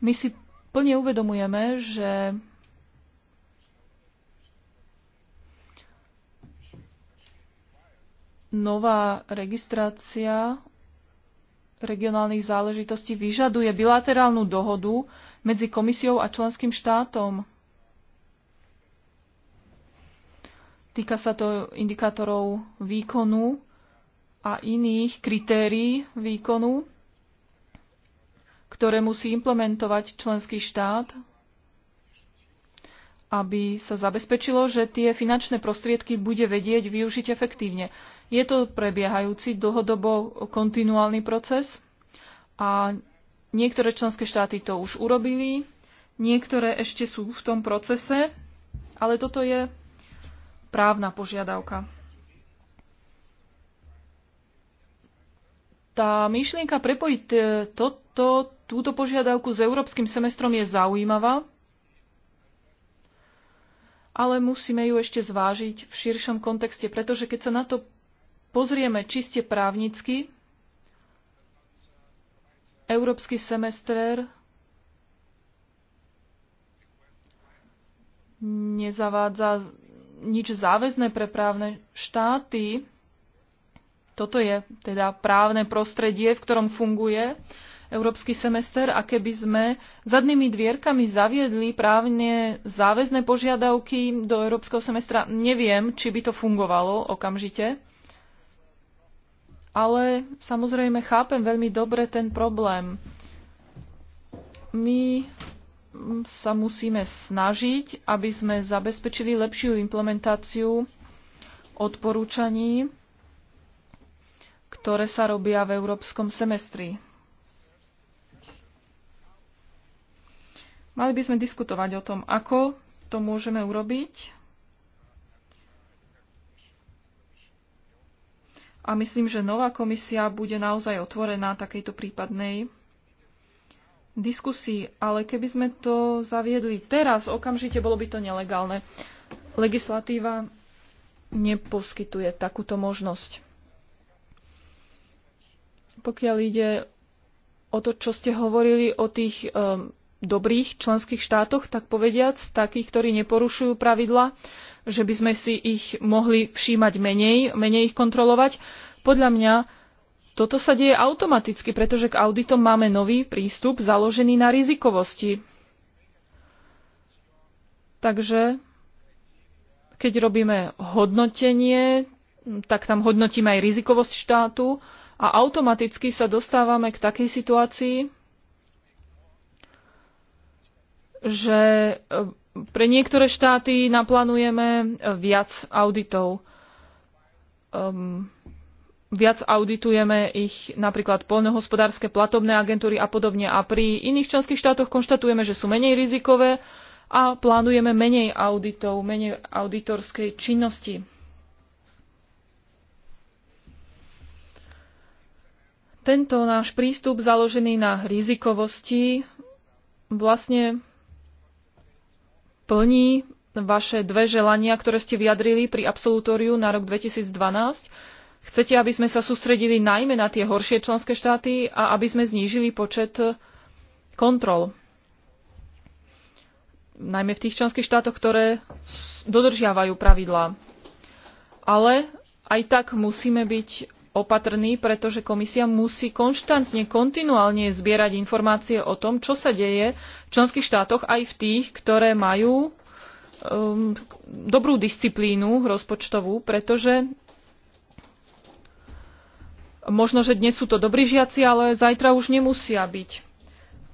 My si plne uvedomujeme, že nová registrácia regionálnych záležitostí vyžaduje bilaterálnu dohodu medzi komisiou a členským štátom. Týka sa to indikátorov výkonu a iných kritérií výkonu ktoré musí implementovať členský štát, aby sa zabezpečilo, že tie finančné prostriedky bude vedieť využiť efektívne. Je to prebiehajúci dlhodobo kontinuálny proces a niektoré členské štáty to už urobili, niektoré ešte sú v tom procese, ale toto je právna požiadavka. Tá myšlienka prepojiť e, to, preto túto požiadavku s európskym semestrom je zaujímavá, ale musíme ju ešte zvážiť v širšom kontexte, pretože keď sa na to pozrieme čiste právnicky, európsky semestr nezavádza nič záväzné pre právne štáty. Toto je teda právne prostredie, v ktorom funguje európsky semester a keby sme zadnými dvierkami zaviedli právne záväzné požiadavky do európskeho semestra, neviem, či by to fungovalo okamžite. Ale samozrejme chápem veľmi dobre ten problém. My sa musíme snažiť, aby sme zabezpečili lepšiu implementáciu odporúčaní, ktoré sa robia v európskom semestri. Mali by sme diskutovať o tom, ako to môžeme urobiť. A myslím, že nová komisia bude naozaj otvorená takejto prípadnej diskusii. Ale keby sme to zaviedli teraz, okamžite bolo by to nelegálne. Legislatíva neposkytuje takúto možnosť. Pokiaľ ide o to, čo ste hovorili o tých um, dobrých členských štátoch, tak povediac, takých, ktorí neporušujú pravidla, že by sme si ich mohli všímať menej, menej ich kontrolovať. Podľa mňa toto sa deje automaticky, pretože k auditom máme nový prístup založený na rizikovosti. Takže keď robíme hodnotenie, tak tam hodnotíme aj rizikovosť štátu a automaticky sa dostávame k takej situácii, že e, pre niektoré štáty naplánujeme e, viac auditov. Um, viac auditujeme ich napríklad poľnohospodárske platobné agentúry a podobne. A pri iných členských štátoch konštatujeme, že sú menej rizikové a plánujeme menej auditov, menej auditorskej činnosti. Tento náš prístup založený na rizikovosti vlastne plní vaše dve želania, ktoré ste vyjadrili pri absolutóriu na rok 2012. Chcete, aby sme sa sústredili najmä na tie horšie členské štáty a aby sme znížili počet kontrol. Najmä v tých členských štátoch, ktoré dodržiavajú pravidlá. Ale aj tak musíme byť opatrný, pretože komisia musí konštantne, kontinuálne zbierať informácie o tom, čo sa deje v členských štátoch, aj v tých, ktoré majú um, dobrú disciplínu rozpočtovú, pretože možno, že dnes sú to dobrí žiaci, ale zajtra už nemusia byť.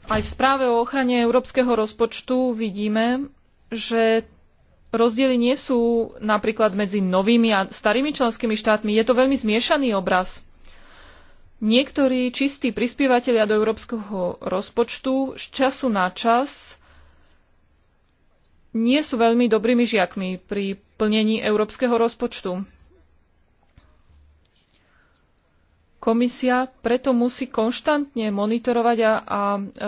Aj v správe o ochrane európskeho rozpočtu vidíme, že Rozdiely nie sú napríklad medzi novými a starými členskými štátmi. Je to veľmi zmiešaný obraz. Niektorí čistí prispievateľia do európskeho rozpočtu z času na čas nie sú veľmi dobrými žiakmi pri plnení európskeho rozpočtu. Komisia preto musí konštantne monitorovať a, a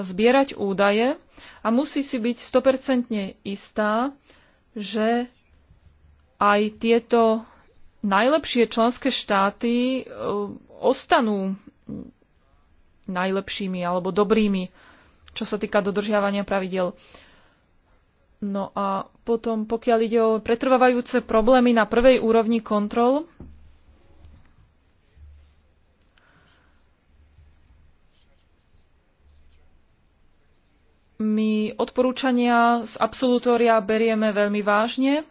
zbierať údaje a musí si byť 100% istá, že aj tieto najlepšie členské štáty eh, ostanú najlepšími alebo dobrými, čo sa týka dodržiavania pravidel. No a potom, pokiaľ ide o pretrvávajúce problémy na prvej úrovni kontrol, My odporúčania z absolutória berieme veľmi vážne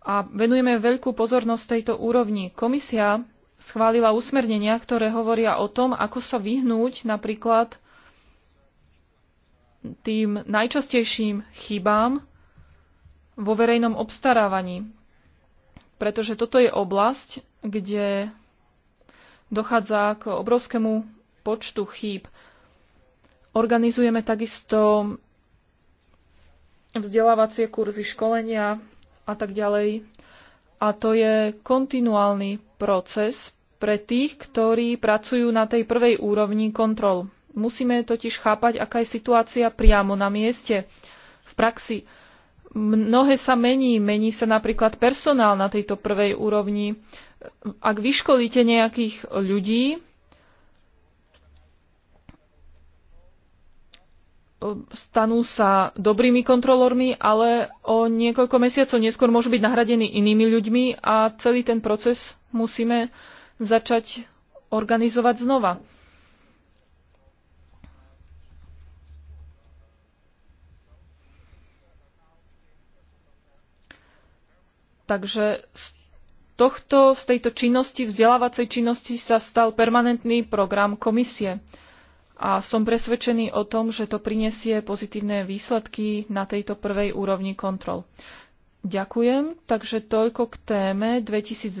a venujeme veľkú pozornosť tejto úrovni. Komisia schválila usmernenia, ktoré hovoria o tom, ako sa vyhnúť napríklad tým najčastejším chybám vo verejnom obstarávaní. Pretože toto je oblasť, kde dochádza k obrovskému počtu chýb. Organizujeme takisto vzdelávacie kurzy, školenia a tak ďalej. A to je kontinuálny proces pre tých, ktorí pracujú na tej prvej úrovni kontrol. Musíme totiž chápať, aká je situácia priamo na mieste, v praxi. Mnohé sa mení. Mení sa napríklad personál na tejto prvej úrovni. Ak vyškolíte nejakých ľudí, stanú sa dobrými kontrolormi, ale o niekoľko mesiacov neskôr môžu byť nahradení inými ľuďmi a celý ten proces musíme začať organizovať znova. Takže z tohto, z tejto činnosti, vzdelávacej činnosti sa stal permanentný program komisie a som presvedčený o tom, že to prinesie pozitívne výsledky na tejto prvej úrovni kontrol. Ďakujem, takže toľko k téme 2012,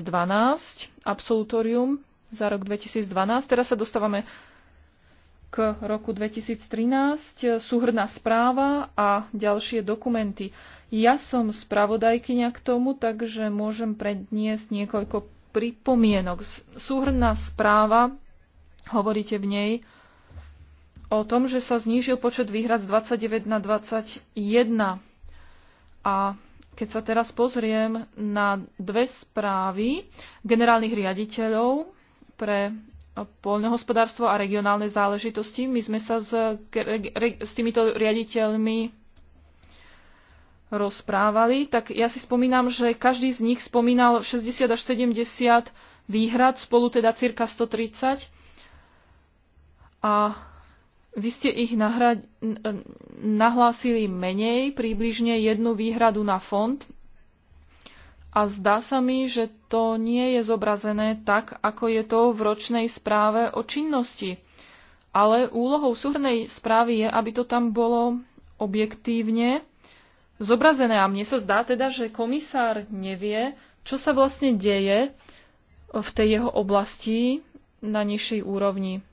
absolutorium za rok 2012. Teraz sa dostávame k roku 2013, súhrná správa a ďalšie dokumenty. Ja som spravodajkyňa k tomu, takže môžem predniesť niekoľko pripomienok. Súhrná správa, hovoríte v nej, o tom, že sa znížil počet výhrad z 29 na 21. A keď sa teraz pozriem na dve správy generálnych riaditeľov pre poľnohospodárstvo a regionálne záležitosti, my sme sa s, s týmito riaditeľmi rozprávali, tak ja si spomínam, že každý z nich spomínal 60 až 70 výhrad, spolu teda cirka 130. A vy ste ich nahra- nahlásili menej, približne jednu výhradu na fond. A zdá sa mi, že to nie je zobrazené tak, ako je to v ročnej správe o činnosti. Ale úlohou súhrnej správy je, aby to tam bolo objektívne zobrazené. A mne sa zdá teda, že komisár nevie, čo sa vlastne deje v tej jeho oblasti na nižšej úrovni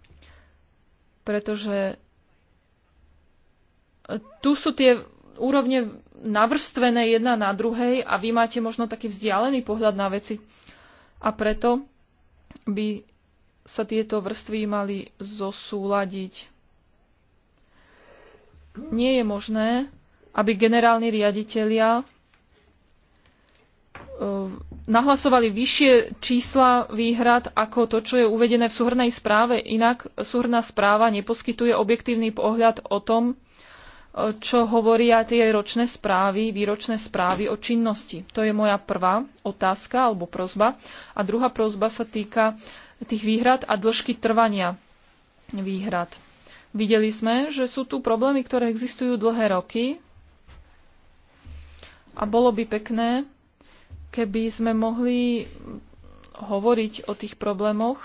pretože tu sú tie úrovne navrstvené jedna na druhej a vy máte možno taký vzdialený pohľad na veci. A preto by sa tieto vrstvy mali zosúľadiť. Nie je možné, aby generálni riaditeľia eh, nahlasovali vyššie čísla výhrad ako to, čo je uvedené v súhrnej správe. Inak súhrná správa neposkytuje objektívny pohľad o tom, e, čo hovoria tie ročné správy, výročné správy o činnosti. To je moja prvá otázka alebo prozba. A druhá prozba sa týka tých výhrad a dĺžky trvania výhrad. Videli sme, že sú tu problémy, ktoré existujú dlhé roky a bolo by pekné, keby sme mohli hovoriť o tých problémoch.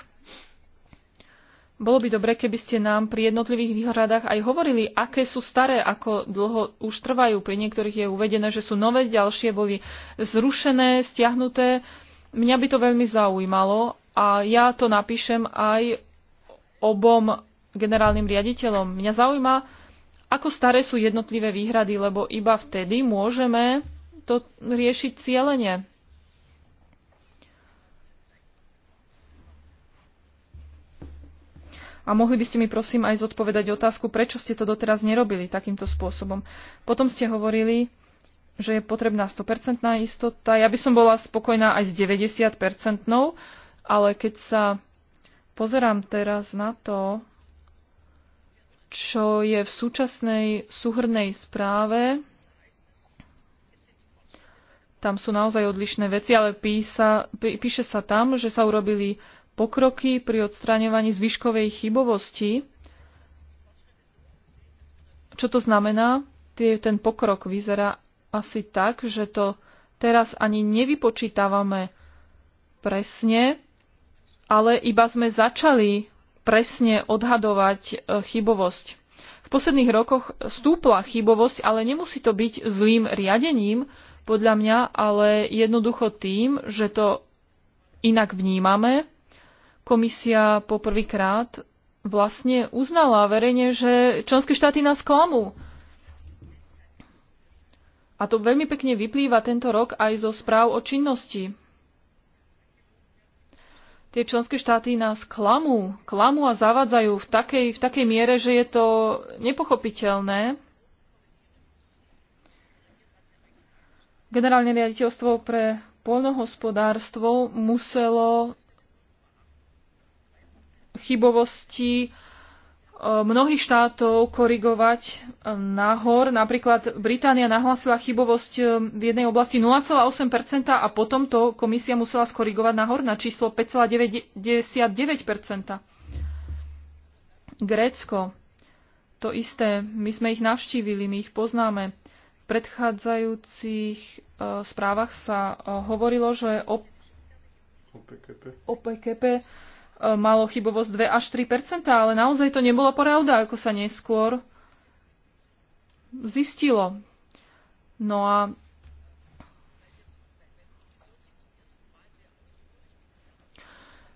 Bolo by dobre, keby ste nám pri jednotlivých výhradách aj hovorili, aké sú staré, ako dlho už trvajú. Pri niektorých je uvedené, že sú nové, ďalšie boli zrušené, stiahnuté. Mňa by to veľmi zaujímalo a ja to napíšem aj obom generálnym riaditeľom. Mňa zaujíma, ako staré sú jednotlivé výhrady, lebo iba vtedy môžeme to riešiť cieľene. A mohli by ste mi prosím aj zodpovedať otázku, prečo ste to doteraz nerobili takýmto spôsobom. Potom ste hovorili, že je potrebná 100% istota. Ja by som bola spokojná aj s 90%, ale keď sa pozerám teraz na to, čo je v súčasnej súhrnej správe, tam sú naozaj odlišné veci, ale písa, píše sa tam, že sa urobili pokroky pri odstraňovaní zvyškovej chybovosti. Čo to znamená? Ten pokrok vyzerá asi tak, že to teraz ani nevypočítavame presne, ale iba sme začali presne odhadovať e, chybovosť. V posledných rokoch stúpla chybovosť, ale nemusí to byť zlým riadením, podľa mňa, ale jednoducho tým, že to inak vnímame Komisia poprvýkrát vlastne uznala verejne, že členské štáty nás klamú. A to veľmi pekne vyplýva tento rok aj zo správ o činnosti. Tie členské štáty nás klamú, klamú a zavadzajú v takej, v takej miere, že je to nepochopiteľné. Generálne riaditeľstvo pre poľnohospodárstvo muselo chybovosti e, mnohých štátov korigovať e, nahor. Napríklad Británia nahlásila chybovosť e, v jednej oblasti 0,8% a potom to komisia musela skorigovať nahor na číslo 5,99%. Grécko. To isté. My sme ich navštívili, my ich poznáme. V predchádzajúcich správach sa hovorilo, že o PKP. O PKP E, malo chybovosť 2 až 3 ale naozaj to nebola pravda, ako sa neskôr zistilo. No a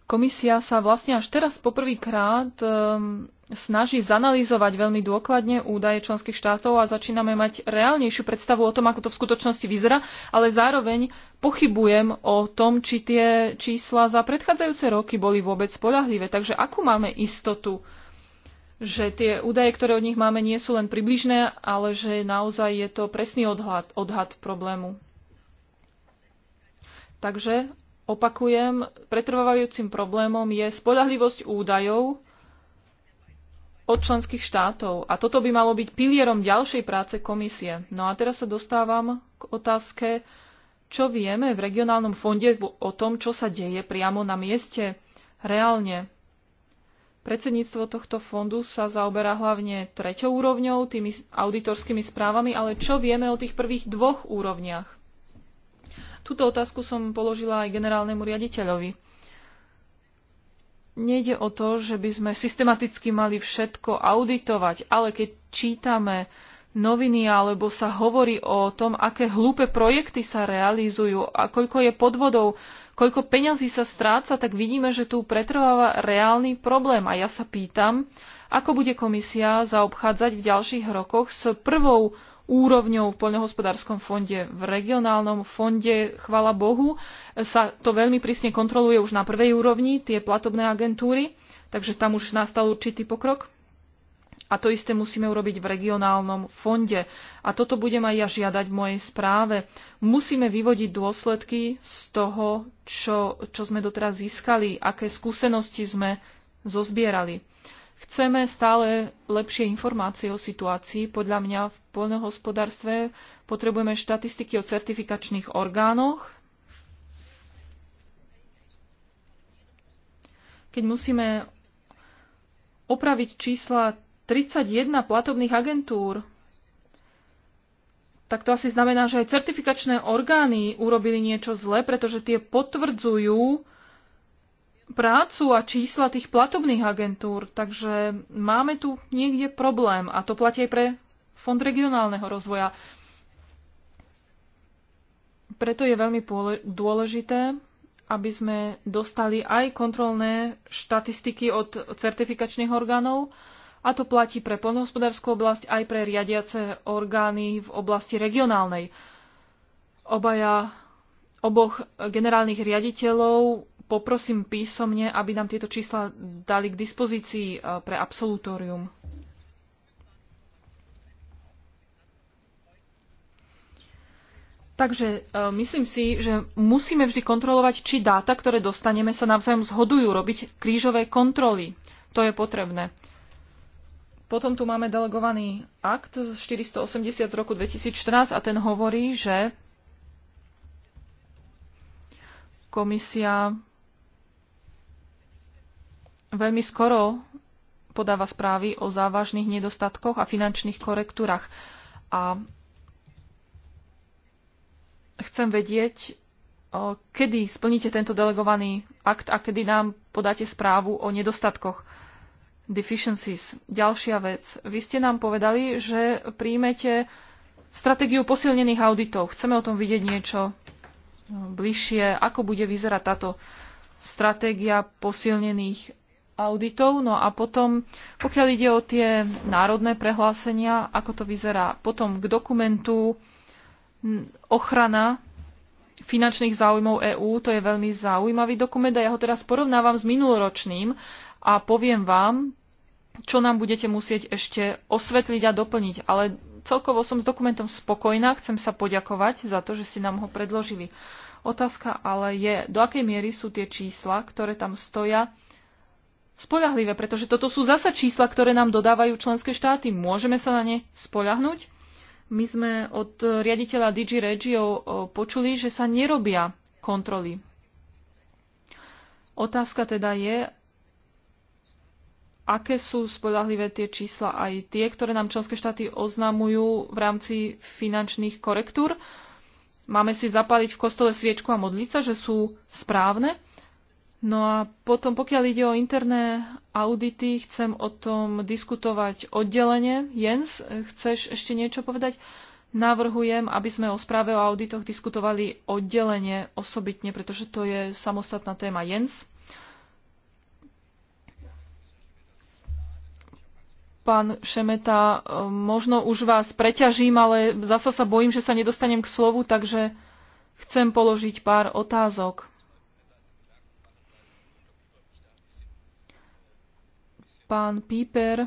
komisia sa vlastne až teraz poprvýkrát um, snaží zanalýzovať veľmi dôkladne údaje členských štátov a začíname mať reálnejšiu predstavu o tom, ako to v skutočnosti vyzerá, ale zároveň pochybujem o tom, či tie čísla za predchádzajúce roky boli vôbec spolahlivé. Takže akú máme istotu, že tie údaje, ktoré od nich máme, nie sú len približné, ale že naozaj je to presný odhad, odhad problému. Takže opakujem, pretrvávajúcim problémom je spolahlivosť údajov, od členských štátov. A toto by malo byť pilierom ďalšej práce komisie. No a teraz sa dostávam k otázke, čo vieme v regionálnom fonde o tom, čo sa deje priamo na mieste, reálne. Predsedníctvo tohto fondu sa zaoberá hlavne treťou úrovňou, tými auditorskými správami, ale čo vieme o tých prvých dvoch úrovniach? Túto otázku som položila aj generálnemu riaditeľovi nejde o to, že by sme systematicky mali všetko auditovať, ale keď čítame noviny alebo sa hovorí o tom, aké hlúpe projekty sa realizujú a koľko je podvodov, koľko peňazí sa stráca, tak vidíme, že tu pretrváva reálny problém. A ja sa pýtam, ako bude komisia zaobchádzať v ďalších rokoch s prvou úrovňou v poľnohospodárskom fonde, v regionálnom fonde, chvala Bohu, sa to veľmi prísne kontroluje už na prvej úrovni, tie platobné agentúry, takže tam už nastal určitý pokrok. A to isté musíme urobiť v regionálnom fonde. A toto budem aj ja žiadať v mojej správe. Musíme vyvodiť dôsledky z toho, čo, čo sme doteraz získali, aké skúsenosti sme zozbierali. Chceme stále lepšie informácie o situácii. Podľa mňa v poľnohospodárstve potrebujeme štatistiky o certifikačných orgánoch. Keď musíme opraviť čísla 31 platobných agentúr, tak to asi znamená, že aj certifikačné orgány urobili niečo zlé, pretože tie potvrdzujú prácu a čísla tých platobných agentúr, takže máme tu niekde problém a to platí aj pre Fond regionálneho rozvoja. Preto je veľmi dôležité, aby sme dostali aj kontrolné štatistiky od certifikačných orgánov, a to platí pre poľnohospodárskú oblasť aj pre riadiace orgány v oblasti regionálnej. Obaja oboch generálnych riaditeľov poprosím písomne, aby nám tieto čísla dali k dispozícii eh, pre absolutórium. Takže eh, myslím si, že musíme vždy kontrolovať, či dáta, ktoré dostaneme, sa navzájom zhodujú, robiť krížové kontroly. To je potrebné. Potom tu máme delegovaný akt z 480 z roku 2014 a ten hovorí, že komisia veľmi skoro podáva správy o závažných nedostatkoch a finančných korektúrach. A chcem vedieť, kedy splníte tento delegovaný akt a kedy nám podáte správu o nedostatkoch deficiencies. Ďalšia vec. Vy ste nám povedali, že príjmete stratégiu posilnených auditov. Chceme o tom vidieť niečo bližšie. Ako bude vyzerať táto stratégia posilnených auditov. No a potom, pokiaľ ide o tie národné prehlásenia, ako to vyzerá potom k dokumentu ochrana finančných záujmov EÚ, to je veľmi zaujímavý dokument a ja ho teraz porovnávam s minuloročným a poviem vám, čo nám budete musieť ešte osvetliť a doplniť. Ale celkovo som s dokumentom spokojná, chcem sa poďakovať za to, že si nám ho predložili. Otázka ale je, do akej miery sú tie čísla, ktoré tam stoja, spoľahlivé, pretože toto sú zasa čísla, ktoré nám dodávajú členské štáty. Môžeme sa na ne spoľahnúť? My sme od riaditeľa DG Regio počuli, že sa nerobia kontroly. Otázka teda je, aké sú spoľahlivé tie čísla aj tie, ktoré nám členské štáty oznamujú v rámci finančných korektúr. Máme si zapaliť v kostole sviečku a modliť sa, že sú správne No a potom, pokiaľ ide o interné audity, chcem o tom diskutovať oddelenie. Jens, chceš ešte niečo povedať? Navrhujem, aby sme o správe o auditoch diskutovali oddelenie osobitne, pretože to je samostatná téma. Jens? Pán Šemeta, možno už vás preťažím, ale zasa sa bojím, že sa nedostanem k slovu, takže chcem položiť pár otázok. Pán Píper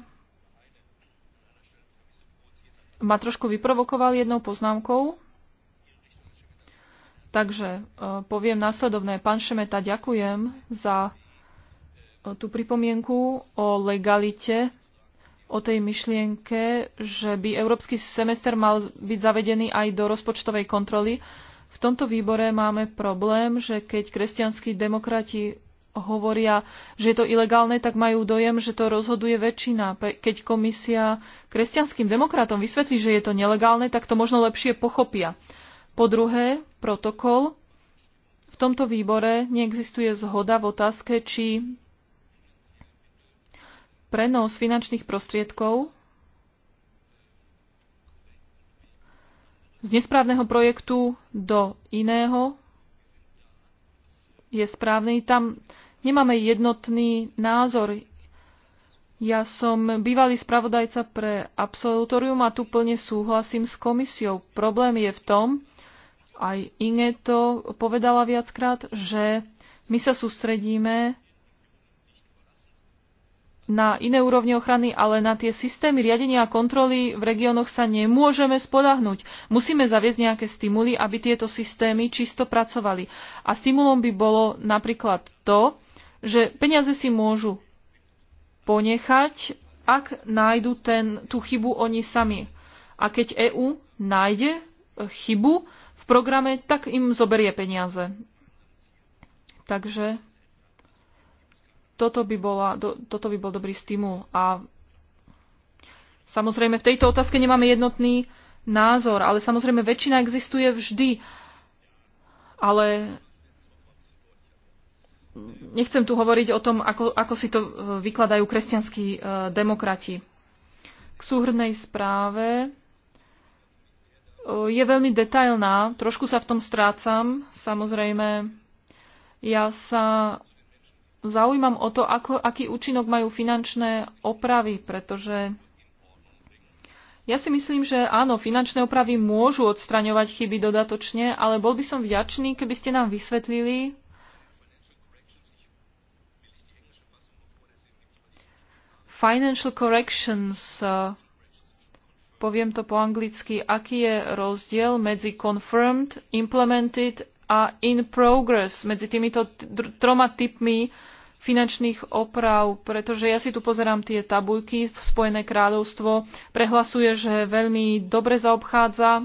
ma trošku vyprovokoval jednou poznámkou. Takže e, poviem následovné. Pán Šemeta, ďakujem za e, tú pripomienku o legalite, o tej myšlienke, že by európsky semester mal byť zavedený aj do rozpočtovej kontroly. V tomto výbore máme problém, že keď kresťanskí demokrati hovoria, že je to ilegálne, tak majú dojem, že to rozhoduje väčšina. Keď komisia kresťanským demokratom vysvetlí, že je to nelegálne, tak to možno lepšie pochopia. Po druhé, protokol. V tomto výbore neexistuje zhoda v otázke, či prenos finančných prostriedkov z nesprávneho projektu do iného je správny. Tam nemáme jednotný názor. Ja som bývalý spravodajca pre absolutorium a tu plne súhlasím s komisiou. Problém je v tom, aj Inge to povedala viackrát, že my sa sústredíme na iné úrovne ochrany, ale na tie systémy riadenia a kontroly v regiónoch sa nemôžeme spolahnuť. Musíme zaviesť nejaké stimuly, aby tieto systémy čisto pracovali. A stimulom by bolo napríklad to, že peniaze si môžu ponechať, ak nájdu ten, tú chybu oni sami. A keď EÚ nájde eh, chybu v programe, tak im zoberie peniaze. Takže toto by, bola, do, toto by bol dobrý stimul. A samozrejme v tejto otázke nemáme jednotný názor, ale samozrejme väčšina existuje vždy. Ale nechcem tu hovoriť o tom, ako, ako si to e, vykladajú kresťanskí e, demokrati. K súhrnej správe e, je veľmi detailná, trošku sa v tom strácam, samozrejme. Ja sa zaujímam o to, ako, aký účinok majú finančné opravy, pretože ja si myslím, že áno, finančné opravy môžu odstraňovať chyby dodatočne, ale bol by som vďačný, keby ste nám vysvetlili, Financial corrections, uh, poviem to po anglicky, aký je rozdiel medzi confirmed, implemented a in progress, medzi týmito troma typmi finančných oprav, pretože ja si tu pozerám tie tabuľky, Spojené kráľovstvo prehlasuje, že veľmi dobre zaobchádza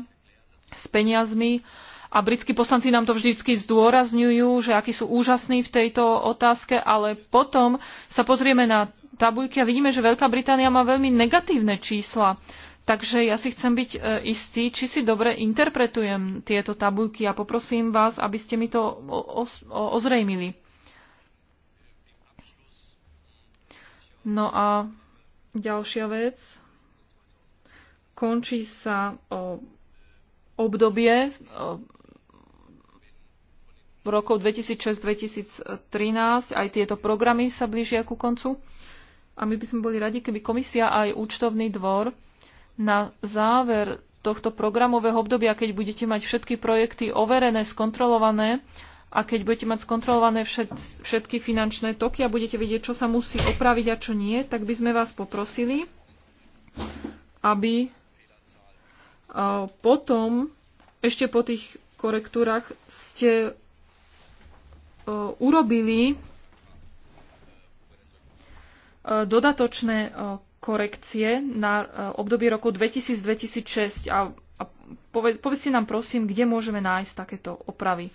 s peniazmi a britskí poslanci nám to vždycky zdôrazňujú, že akí sú úžasní v tejto otázke, ale potom sa pozrieme na tabujky a vidíme, že Veľká Británia má veľmi negatívne čísla. Takže ja si chcem byť e, istý, či si dobre interpretujem tieto tabujky a poprosím vás, aby ste mi to ozrejmili. No a ďalšia vec. Končí sa obdobie rokov 2006-2013. Aj tieto programy sa blížia ku koncu. A my by sme boli radi, keby komisia aj účtovný dvor na záver tohto programového obdobia, keď budete mať všetky projekty overené, skontrolované a keď budete mať skontrolované všet, všetky finančné toky a budete vedieť, čo sa musí opraviť a čo nie, tak by sme vás poprosili, aby e, potom ešte po tých korektúrach ste e, urobili dodatočné e, korekcie na e, obdobie roku 2000-2006 a, a poved, povedzte nám prosím, kde môžeme nájsť takéto opravy.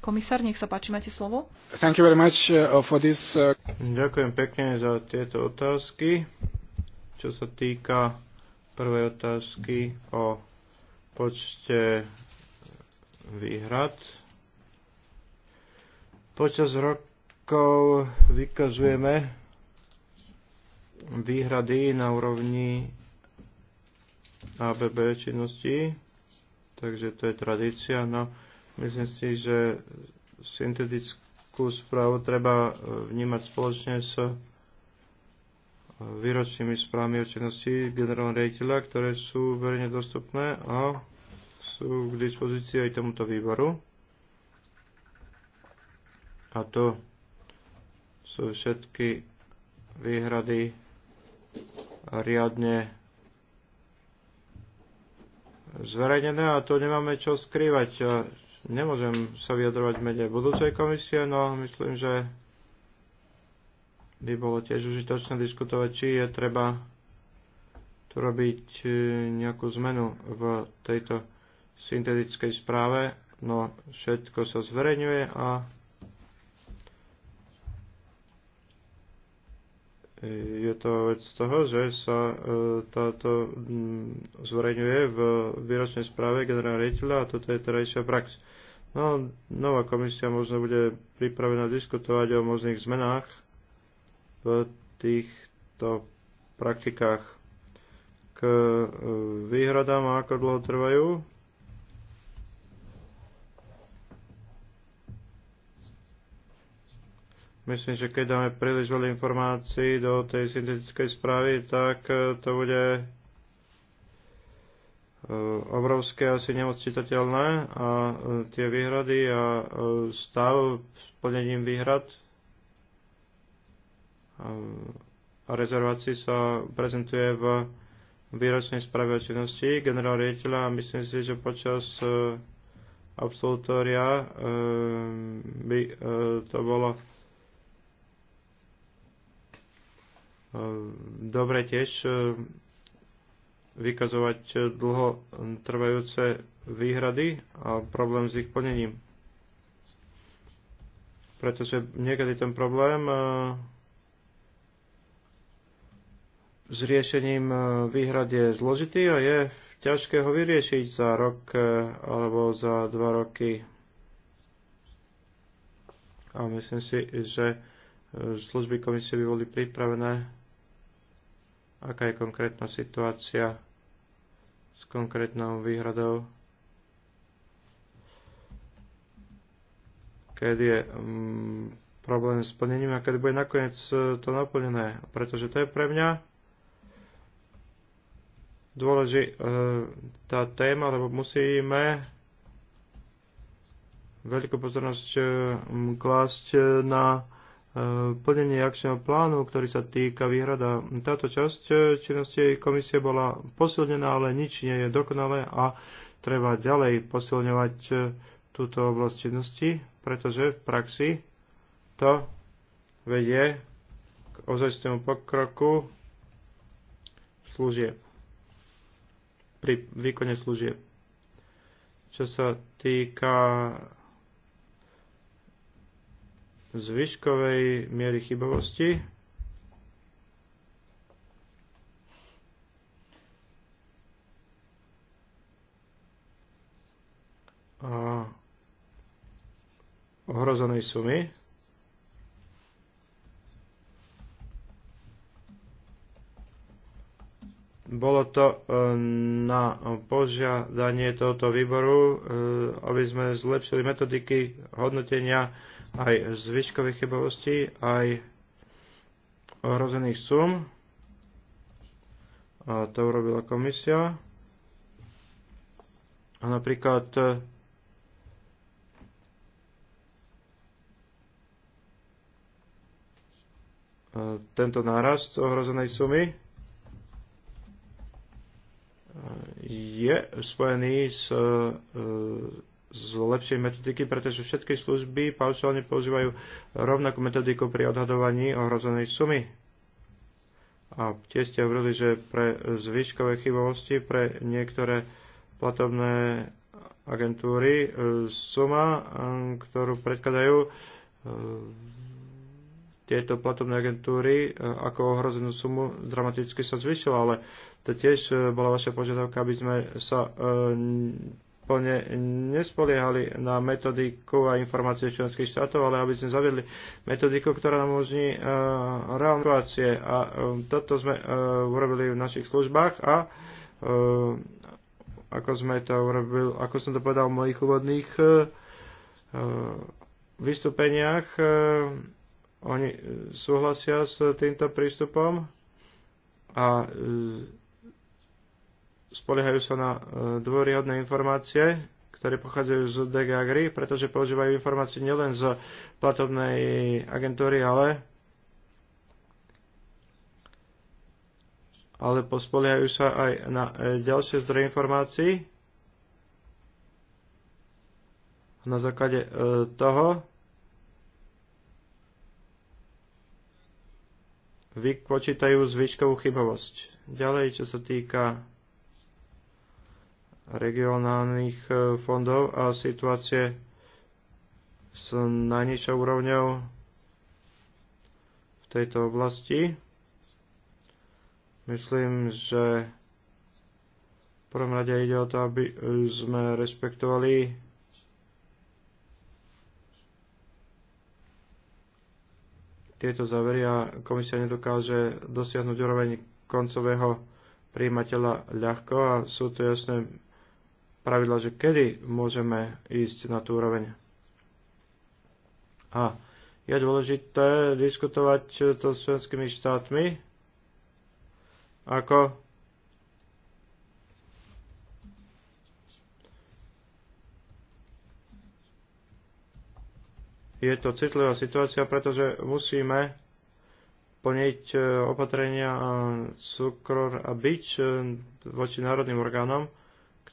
Komisár, nech sa páči, máte slovo. Thank you very much uh, for this. Uh, Ďakujem pekne za tieto otázky. Čo sa týka prvej otázky o počte výhrad. Počas rokov vykazujeme výhrady na úrovni ABB činnosti, takže to je tradícia, no myslím si, že syntetickú správu treba e, vnímať spoločne s e, výročnými správami o činnosti generálneho riaditeľa, ktoré sú verejne dostupné a sú k dispozícii aj tomuto výboru. A to sú všetky výhrady riadne zverejnené a to nemáme čo skrývať. nemôžem sa vyjadrovať v mene budúcej komisie, no myslím, že by bolo tiež užitočné diskutovať, či je treba tu robiť e, nejakú zmenu v tejto syntetickej správe. No všetko sa zverejňuje a je to vec toho, že sa e, táto mm, zverejňuje v výročnej správe generálneho riaditeľa a toto je terajšia prax. No, nová komisia možno bude pripravená diskutovať o možných zmenách v týchto praktikách k e, výhradám a ako dlho trvajú. Myslím, že keď dáme príliš veľa informácií do tej syntetickej správy, tak e, to bude e, obrovské, asi nemoc čitateľné a e, tie výhrady a stav s plnením výhrad a rezervácií sa prezentuje v výročnej správe o činnosti generál riaditeľa a myslím si, že počas absolutória by to bolo dobre tiež e, vykazovať dlho trvajúce výhrady a problém s ich plnením. Pretože niekedy ten problém e, s riešením e, výhrad je zložitý a je ťažké ho vyriešiť za rok alebo za dva roky. A myslím si, že služby komisie by boli pripravené aká je konkrétna situácia s konkrétnou výhradou, kedy je mm, problém s plnením a kedy bude nakoniec e, to naplnené. Pretože to je pre mňa dôležitá e, téma, lebo musíme veľkú pozornosť e, klásť na plnenie akčného plánu, ktorý sa týka výhrada. Táto časť činnosti komisie bola posilnená, ale nič nie je dokonalé a treba ďalej posilňovať e, túto oblasť činnosti, pretože v praxi to vedie k ozajstnému pokroku služieb, pri výkone služieb. Čo sa týka zvyškovej miery chybovosti. A ohrozenej sumy. Bolo to e, na požiadanie tohoto výboru, e, aby sme zlepšili metodiky hodnotenia aj zvyškových chybovostí, aj ohrozených sum. A to urobila komisia. A napríklad e, tento nárast ohrozenej sumy e, je spojený s e, z lepšej metodiky, pretože všetky služby paušálne používajú rovnakú metodiku pri odhadovaní ohrozenej sumy. A tiež ste hovorili, že pre zvyškové chybovosti pre niektoré platobné agentúry e, suma, e, ktorú predkladajú e, tieto platobné agentúry ako ohrozenú sumu dramaticky sa zvyšila, ale to tiež bola vaša požiadavka, aby sme sa plne nespoliehali na metodiku a informácie členských štátov, ale aby sme zaviedli metodiku, ktorá nám umožní uh, reálne situácie. A uh, toto sme uh, urobili v našich službách a uh, ako sme to urobil, ako som to povedal v mojich úvodných uh, vystúpeniach, uh, oni súhlasia s týmto prístupom a uh, spoliehajú sa na e, dôryhodné informácie, ktoré pochádzajú z DGAGRI, pretože používajú informácie nielen z platobnej agentúry, ale ale pospoliehajú sa aj na e, ďalšie zdroje informácií. Na základe e, toho vypočítajú zvyškovú chybovosť. Ďalej, čo sa týka regionálnych e, fondov a situácie s najnižšou úrovňou v tejto oblasti. Myslím, že v prvom rade ide o to, aby sme respektovali tieto závery a komisia nedokáže dosiahnuť úroveň koncového príjimateľa ľahko a sú tu jasné pravidla, že kedy môžeme ísť na tú úroveň. A je dôležité diskutovať to s členskými štátmi, ako je to citlivá situácia, pretože musíme plniť eh, opatrenia a eh, cukor a bič eh, voči národným orgánom,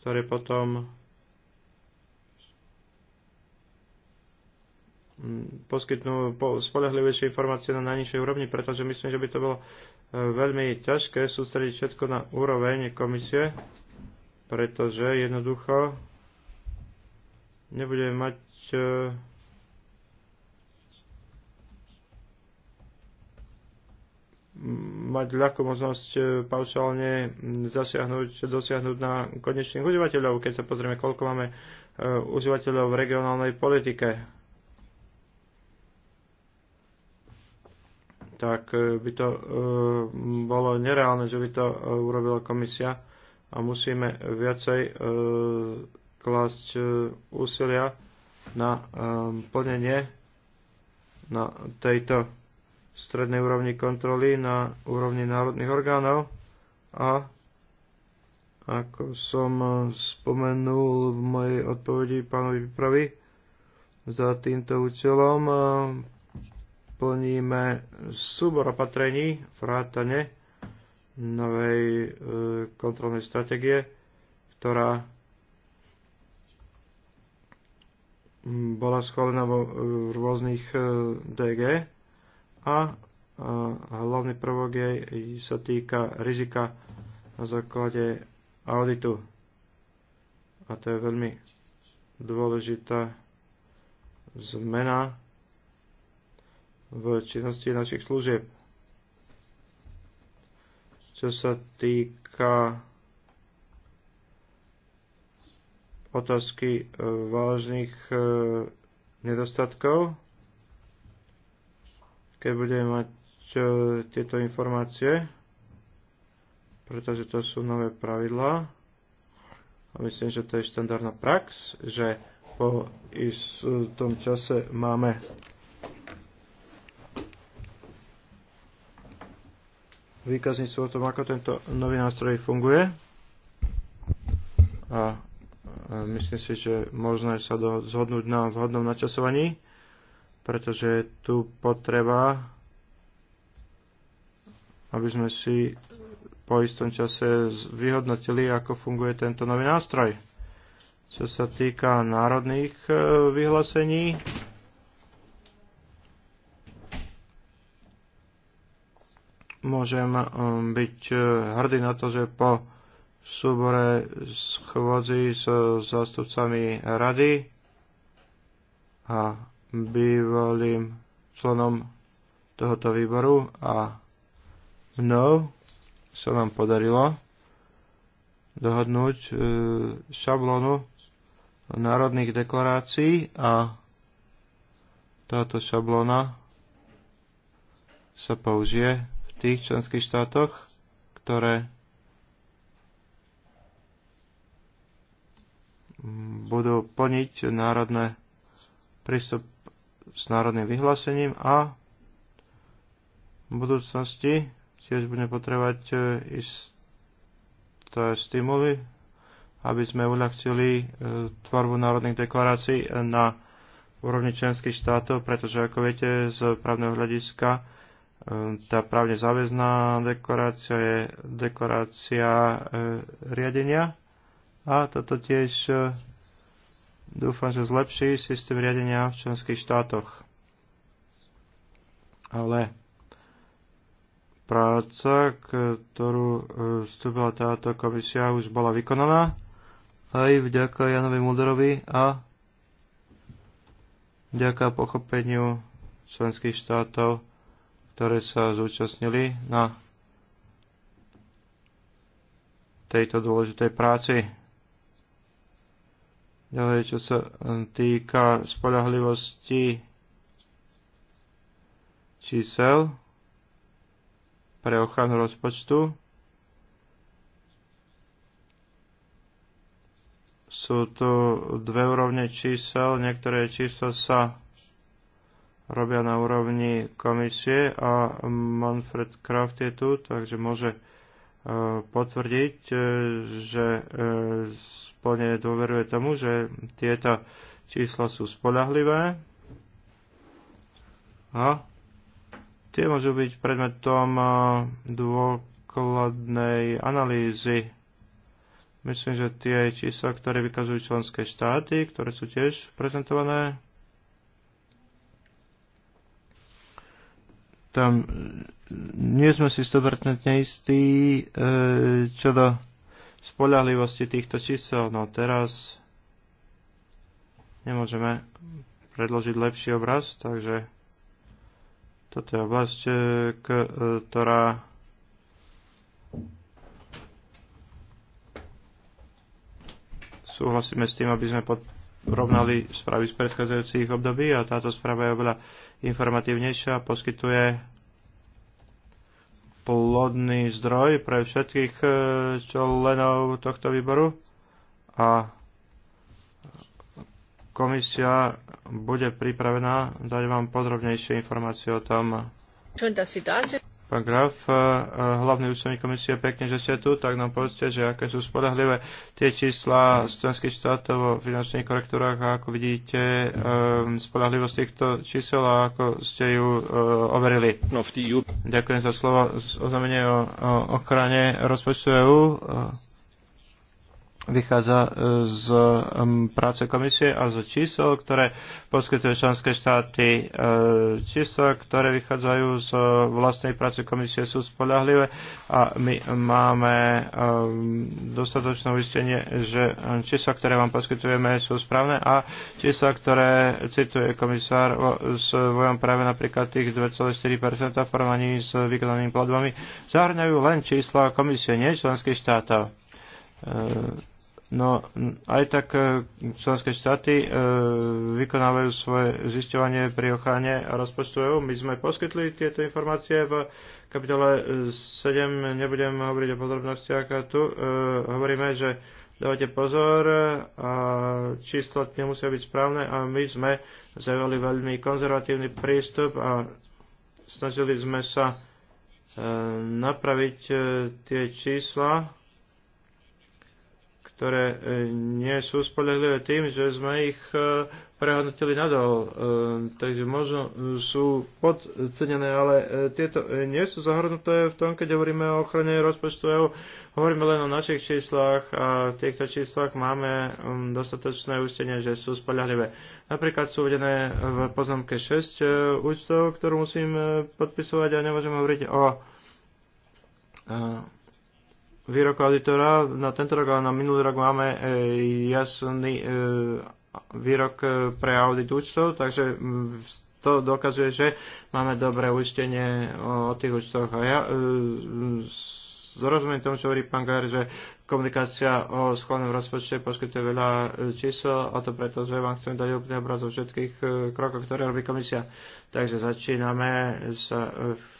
ktoré potom poskytnú spolahlivejšie informácie na najnižšej úrovni, pretože myslím, že by to bolo e, veľmi ťažké sústrediť všetko na úroveň komisie, pretože jednoducho nebudeme mať e, mať ľahkú možnosť e, paušálne zasiahnuť, dosiahnuť na konečných užívateľov, keď sa pozrieme, koľko máme e, užívateľov v regionálnej politike. Tak e, by to bolo nereálne, že by to urobila komisia a musíme viacej klásť úsilia na plnenie na tejto strednej úrovni kontroly na úrovni národných orgánov a ako som spomenul v mojej odpovedi pánovi Výpravy, za týmto účelom plníme súbor opatrení vrátane novej e, kontrolnej stratégie, ktorá bola schválená v rôznych e, DG a hlavný prvok je, sa týka rizika na základe auditu. A to je veľmi dôležitá zmena v činnosti našich služieb. Čo sa týka otázky e, vážnych e, nedostatkov, keď budeme mať e, tieto informácie, pretože to sú nové pravidlá. A myslím, že to je štandardná prax, že po e, tom čase máme výkaznicu o tom, ako tento nový nástroj funguje. A e, myslím si, že možno sa zhodnúť na vhodnom načasovaní pretože je tu potreba, aby sme si po istom čase vyhodnotili, ako funguje tento nový nástroj. Čo sa týka národných e, vyhlásení, môžem e, byť e, hrdý na to, že po súbore schôdzi s zástupcami rady a bývalým členom tohoto výboru a mnou sa nám podarilo dohodnúť e, šablónu národných deklarácií a táto šablóna sa použije v tých členských štátoch, ktoré budú plniť národné prístup s národným vyhlásením a v budúcnosti tiež budeme potrebovať e, isté stimuly, aby sme uľahčili e, tvorbu národných deklarácií na úrovni členských štátov, pretože ako viete z právneho hľadiska e, tá právne záväzná deklarácia je deklarácia riadenia a toto tiež dúfam, že zlepší systém riadenia v členských štátoch. Ale práca, ktorú e, vstúpila táto komisia, už bola vykonaná aj vďaka Janovi Mulderovi a vďaka pochopeniu členských štátov, ktoré sa zúčastnili na tejto dôležitej práci. Ďalej, čo sa hm, týka spolahlivosti čísel pre ochranu rozpočtu, sú tu dve úrovne čísel. Niektoré čísla sa robia na úrovni komisie a Manfred Kraft je tu, takže môže hm, potvrdiť, hm, že plne dôveruje tomu, že tieto čísla sú spolahlivé a tie môžu byť predmetom eh, dôkladnej analýzy. Myslím, že tie čísla, ktoré vykazujú členské štáty, ktoré sú tiež prezentované, tam nie sme si 100% istí, eh, čo do spolahlivosti týchto čísel. No teraz nemôžeme predložiť lepší obraz, takže toto je oblasť, e, e, ktorá súhlasíme s tým, aby sme porovnali správy z predchádzajúcich období a táto správa je oveľa informatívnejšia a poskytuje plodný zdroj pre všetkých e, členov tohto výboru a komisia bude pripravená dať vám podrobnejšie informácie o tom. Pán Graf, eh, eh, hlavný účtovník komisie, pekne, že ste tu, tak nám povedzte, že aké sú spolahlivé tie čísla z členských štátov o finančných korektúrach a ako vidíte eh, spolahlivosť týchto čísel a ako ste ju overili. No, v Ďakujem za slovo. oznamenie o ochrane rozpočtu EU vychádza e, z práce komisie a z čísel, ktoré poskytujú členské štáty. E, čísla, ktoré vychádzajú z vlastnej práce komisie, sú spolahlivé a my máme e, dostatočné uistenie, že čísla, ktoré vám poskytujeme, sú správne a čísla, ktoré cituje komisár o svojom práve napríklad tých 2,4% v porovnaní s vykonanými platbami, zahrňajú len čísla komisie, nie členských štátov No aj tak e, členské štáty e, vykonávajú svoje zisťovanie pri ochrane rozpočtu EU. My sme poskytli tieto informácie v kapitole 7, e, nebudem hovoriť o podrobnostiach a tu e, hovoríme, že dávate pozor, e, a čísla nemusia byť správne a my sme zaujali veľmi konzervatívny prístup a snažili sme sa napraviť tie čísla ktoré e, nie sú spolehlivé tým, že sme ich e, prehodnotili nadol. E, takže možno sú podcenené, ale tieto nie sú zahrnuté v tom, keď hovoríme o ochrane rozpočtu Hovoríme len o našich číslach a v týchto číslach máme dostatočné ústenie, že sú spolahlivé. Napríklad sú uvedené v poznámke 6 účtov, ktorú musím podpisovať a nemôžeme hovoriť o výrok auditora na tento rok, ale na minulý rok máme e, jasný e, výrok e, pre audit účtov, takže to dokazuje, že máme dobré uistenie o tých účtoch. A ja zrozumiem tomu, čo hovorí pán Gajer, že komunikácia o schválnom rozpočte poskytuje veľa čísel a to preto, že vám chcem dať úplný obraz o všetkých krokoch, ktoré robí komisia. Takže začíname s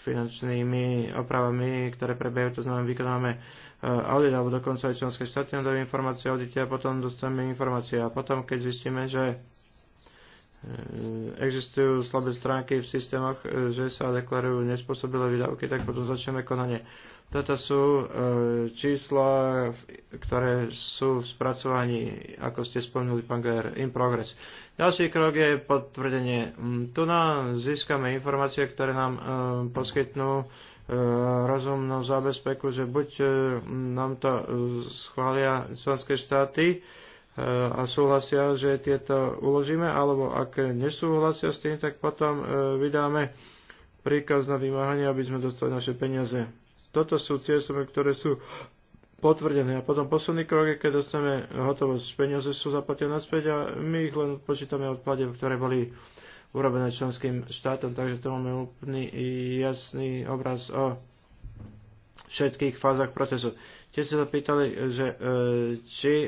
finančnými opravami, ktoré prebiehajú, to znamená, vykonáme audit, alebo dokonca aj členské štáty nám dajú informácie o audite a potom dostaneme informácie. A potom, keď zistíme, že e, existujú slabé stránky v systémoch, e, že sa deklarujú nespôsobilé výdavky, tak potom začneme konanie. Toto sú e, čísla, ktoré sú v spracovaní, ako ste spomínali, pán Gajer, in progress. Ďalší krok je potvrdenie. Mm, tu nám získame informácie, ktoré nám poskytnú E, rozumnú zabezpeku, že buď e, nám to e, schvália členské štáty a súhlasia, že tieto uložíme, alebo ak nesúhlasia s tým, tak potom vydáme príkaz na vymáhanie, aby sme dostali naše peniaze. Toto sú tie sumy, ktoré sú potvrdené. A potom posledný krok je, keď dostaneme hotovosť. Peniaze sú zaplatené naspäť a my ich len počítame odklade, ktoré boli urobené členským štátom, takže to máme úplný jasný obraz o všetkých fázach procesu. Tiež sa pýtali, že e, či e,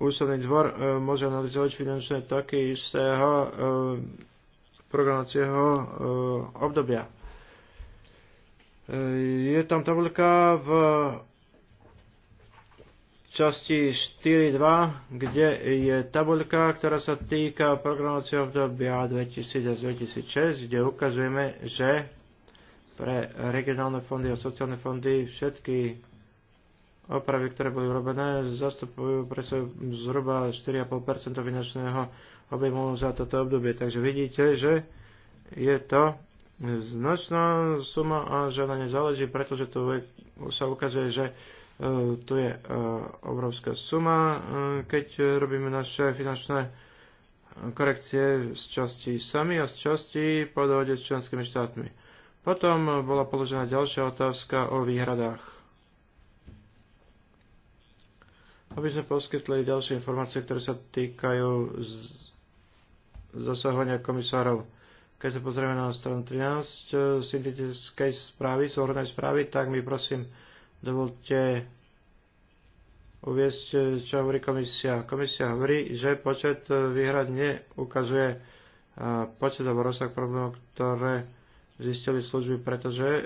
ústavný dvor e, môže analyzovať finančné toky istého programovacieho obdobia. Je tam tabulka v časti 4.2, kde je tabuľka, ktorá sa týka programovacieho obdobia 2006, kde ukazujeme, že pre regionálne fondy a sociálne fondy všetky opravy, ktoré boli urobené, zastupujú pre zhruba 4,5% finančného objemu za toto obdobie. Takže vidíte, že je to značná suma a že na ne záleží, pretože tu sa ukazuje, že E, to je e, obrovská suma, e, keď robíme naše finančné korekcie z časti sami a z časti po dohode s členskými štátmi. Potom bola položená ďalšia otázka o výhradách. Aby sme poskytli ďalšie informácie, ktoré sa týkajú zasahovania komisárov. Keď sa pozrieme na stranu 13 syntetickej správy, súhrnej správy, tak my prosím Dovolte uviesť, čo hovorí komisia. Komisia hovorí, že počet výhrad neukazuje počet alebo rozsah problémov, ktoré zistili služby, pretože e,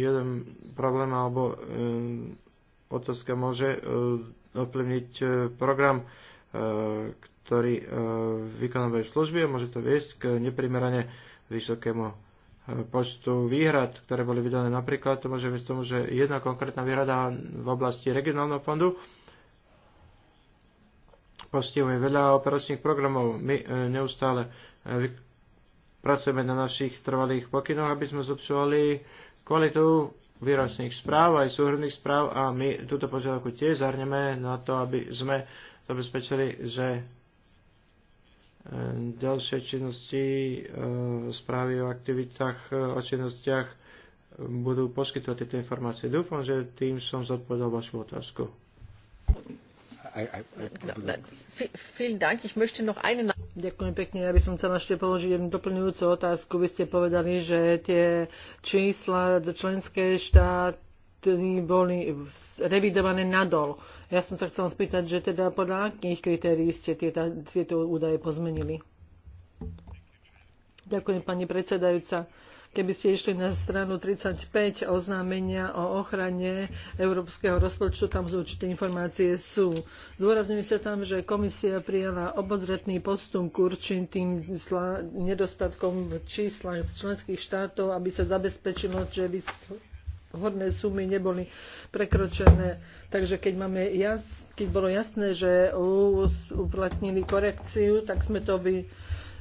jeden problém alebo e, otázka môže e, ovplyvniť program, ktorý vykonávajú služby a môže to viesť k neprimerane vysokému počtu výhrad, ktoré boli vydané. Napríklad to môže byť tomu, že jedna konkrétna výhrada v oblasti regionálneho fondu postihuje veľa operačných programov. My e, neustále e, pracujeme na našich trvalých pokynoch, aby sme zlepšovali kvalitu výročných správ aj súhrných správ a my túto požiadavku tiež zahrneme na to, aby sme zabezpečili, že ďalšie činnosti, eh, správy o aktivitách, eh, o činnostiach budú poskytovať tieto informácie. Dúfam, že tým som zodpovedal vašu otázku. No, no, Ďakujem pekne. Ja by som chcela ešte položiť jednu doplňujúcu otázku. Vy ste povedali, že tie čísla členské štáty boli revidované nadol. Ja som sa chcel spýtať, že teda podľa akých kritérií ste tieto údaje pozmenili? Ďakujem, pani predsedajúca keby ste išli na stranu 35 oznámenia o ochrane európskeho rozpočtu, tam z určité informácie sú. Dôrazňuje sa tam, že komisia prijala obozretný postup k určitým nedostatkom čísla z členských štátov, aby sa zabezpečilo, že by hodné sumy neboli prekročené. Takže keď, máme jas, keď bolo jasné, že uplatnili korekciu, tak sme to vy,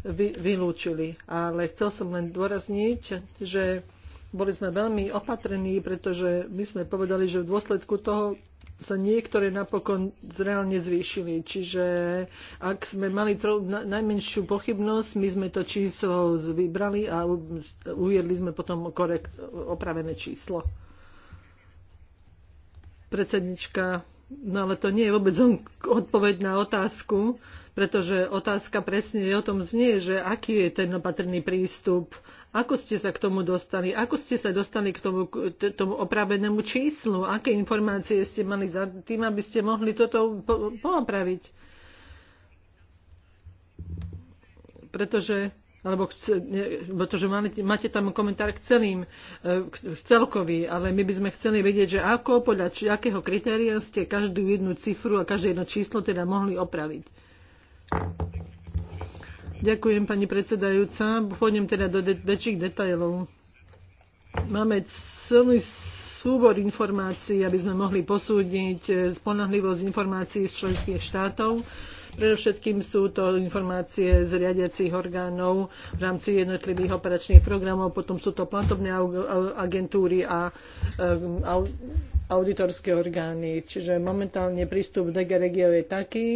vy, vylúčili. Ale chcel som len dôrazniť, že boli sme veľmi opatrení, pretože my sme povedali, že v dôsledku toho sa niektoré napokon reálne zvýšili. Čiže ak sme mali tro, na, najmenšiu pochybnosť, my sme to číslo vybrali a ujedli sme potom korekt, opravené číslo. Predsednička, no ale to nie je vôbec odpoveď na otázku, pretože otázka presne o tom znie, že aký je ten opatrný prístup ako ste sa k tomu dostali? Ako ste sa dostali k tomu, k tomu opravenému číslu? Aké informácie ste mali za tým, aby ste mohli toto po- poopraviť? Pretože alebo pretože máte tam komentár k celým, e, k celkový, ale my by sme chceli vedieť, že ako, podľa či, akého kritéria ste každú jednu cifru a každé jedno číslo teda mohli opraviť. Ďakujem, pani predsedajúca. Pôjdem teda do de- väčších detajlov. Máme celý súbor informácií, aby sme mohli posúdiť eh, spolahlivosť informácií z členských štátov. Predovšetkým sú to informácie z riadiacich orgánov v rámci jednotlivých operačných programov, potom sú to platobné agentúry a eh, auditorské orgány. Čiže momentálne prístup DG Regio je taký,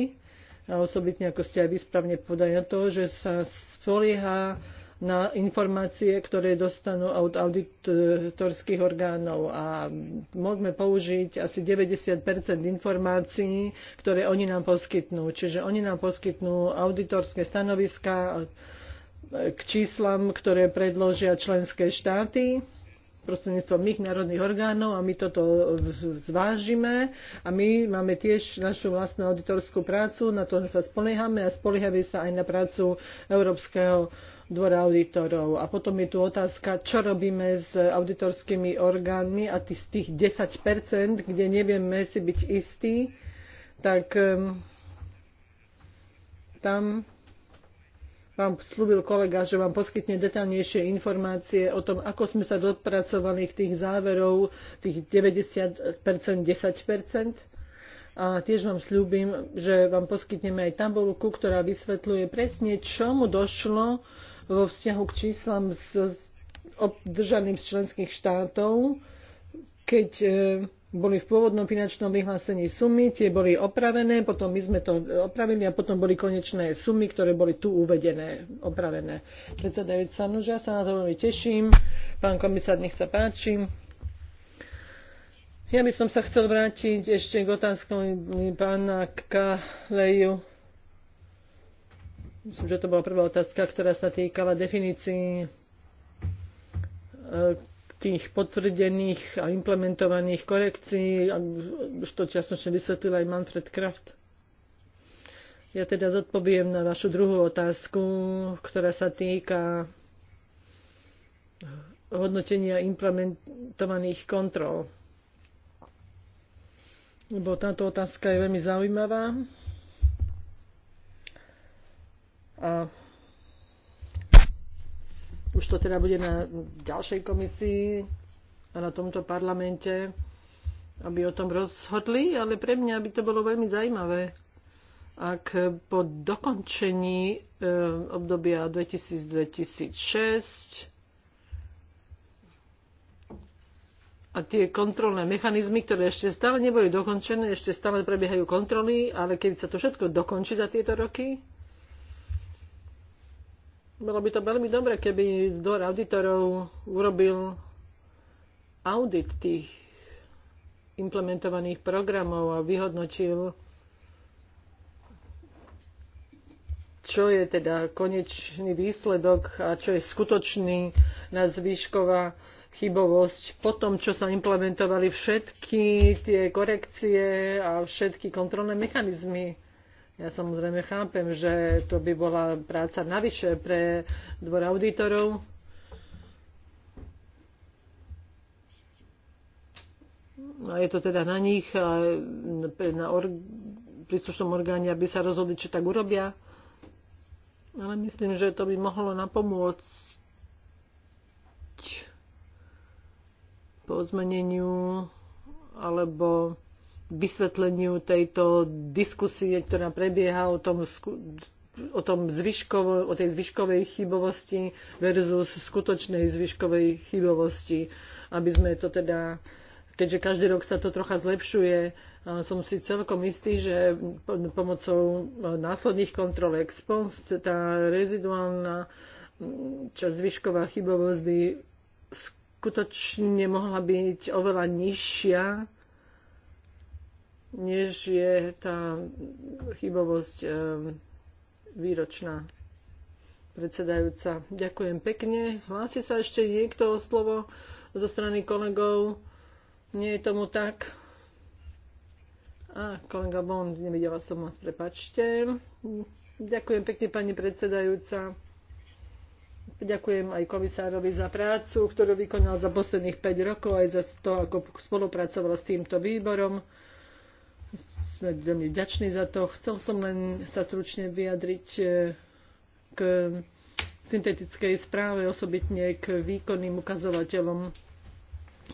a osobitne, ako ste aj vyspravne podali, na to, že sa spolieha na informácie, ktoré dostanú od auditorských orgánov. A môžeme použiť asi 90 informácií, ktoré oni nám poskytnú. Čiže oni nám poskytnú auditorské stanoviská k číslam, ktoré predložia členské štáty prostredníctvom ich národných orgánov a my toto zvážime a my máme tiež našu vlastnú auditorskú prácu, na to sa spoliehame a spoliehame sa aj na prácu Európskeho dvora auditorov. A potom je tu otázka, čo robíme s auditorskými orgánmi a z tých 10%, kde nevieme si byť istí, tak ehm, tam vám slúbil kolega, že vám poskytne detaľnejšie informácie o tom, ako sme sa dopracovali k tých záverov, tých 90%, 10%. A tiež vám slúbim, že vám poskytneme aj tabulku, ktorá vysvetľuje presne, čomu došlo vo vzťahu k číslam s obdržaným z členských štátov, keď e, boli v pôvodnom finančnom vyhlásení sumy, tie boli opravené, potom my sme to opravili a potom boli konečné sumy, ktoré boli tu uvedené, opravené. Predsedajúca, nože ja sa na to veľmi teším. Pán komisár, nech sa páči. Ja by som sa chcel vrátiť ešte k otázkom pána Kaleju. Myslím, že to bola prvá otázka, ktorá sa týkala definícií tých potvrdených a implementovaných korekcií, už to čiastočne vysvetlil aj Manfred Kraft. Ja teda zodpoviem na vašu druhú otázku, ktorá sa týka hodnotenia implementovaných kontrol. Lebo táto otázka je veľmi zaujímavá. A už to teda bude na ďalšej komisii a na tomto parlamente, aby o tom rozhodli, ale pre mňa by to bolo veľmi zaujímavé, ak po dokončení e, obdobia 2000-2006 a tie kontrolné mechanizmy, ktoré ešte stále neboli dokončené, ešte stále prebiehajú kontroly, ale keď sa to všetko dokončí za tieto roky, bolo by to veľmi dobre, keby dvor auditorov urobil audit tých implementovaných programov a vyhodnotil, čo je teda konečný výsledok a čo je skutočný na zvyšková chybovosť po tom, čo sa implementovali všetky tie korekcie a všetky kontrolné mechanizmy. Ja samozrejme chápem, že to by bola práca navyše pre dvor auditorov. A je to teda na nich, na or- príslušnom orgáne, aby sa rozhodli, či tak urobia. Ale myslím, že to by mohlo napomôcť po zmeneniu alebo vysvetleniu tejto diskusie, ktorá prebieha o tom, o, tom zvyškovo, o tej zvyškovej chybovosti versus skutočnej zvyškovej chybovosti, aby sme to teda keďže každý rok sa to trocha zlepšuje, som si celkom istý, že pomocou následných kontrol ex post tá reziduálna mm, časť zvyšková chybovosť by skutočne mohla byť oveľa nižšia, než je tá chybovosť ehm, výročná predsedajúca. Ďakujem pekne. Hlási sa ešte niekto o slovo zo strany kolegov? Nie je tomu tak? A kolega Bond, nevidela som vás, prepačte. Ďakujem pekne, pani predsedajúca. Ďakujem aj komisárovi za prácu, ktorú vykonal za posledných 5 rokov, aj za to, ako spolupracoval s týmto výborom sme veľmi vďační za to. Chcel som len sa stručne vyjadriť e, k syntetickej správe, osobitne k výkonným ukazovateľom.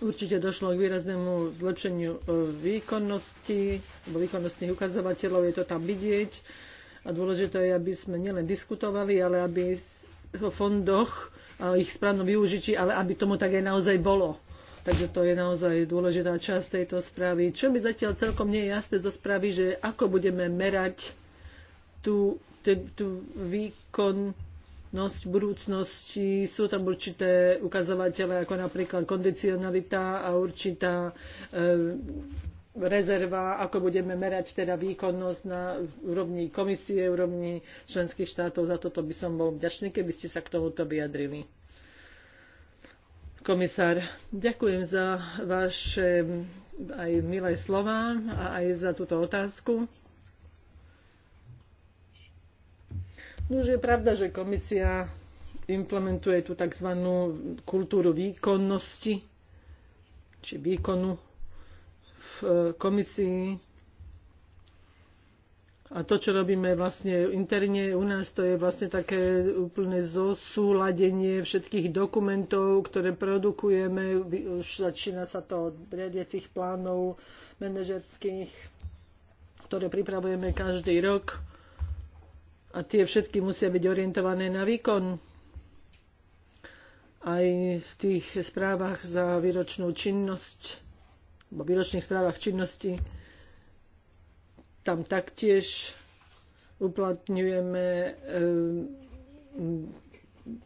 Určite došlo k výraznému zlepšeniu e, výkonnosti, alebo výkonnostných ukazovateľov, je to tam vidieť. A dôležité je, aby sme nielen diskutovali, ale aby vo fondoch a ich správnom využití, ale aby tomu tak aj naozaj bolo Takže to je naozaj dôležitá časť tejto správy. Čo mi zatiaľ celkom nie je jasné zo správy, že ako budeme merať tú, tú, tú výkon budúcnosti. Sú tam určité ukazovatele, ako napríklad kondicionalita a určitá e, rezerva, ako budeme merať teda výkonnosť na úrovni komisie, úrovni členských štátov. Za toto by som bol vďačný, keby ste sa k tomuto vyjadrili komisár, ďakujem za vaše aj milé slova a aj za túto otázku. No, je pravda, že komisia implementuje tú tzv. kultúru výkonnosti či výkonu v eh, komisii a to, čo robíme vlastne interne u nás, to je vlastne také úplné zosúladenie všetkých dokumentov, ktoré produkujeme. Už začína sa to od riadiacich plánov manažerských, ktoré pripravujeme každý rok. A tie všetky musia byť orientované na výkon. Aj v tých správach za výročnú činnosť, alebo výročných správach činnosti tam taktiež uplatňujeme eh,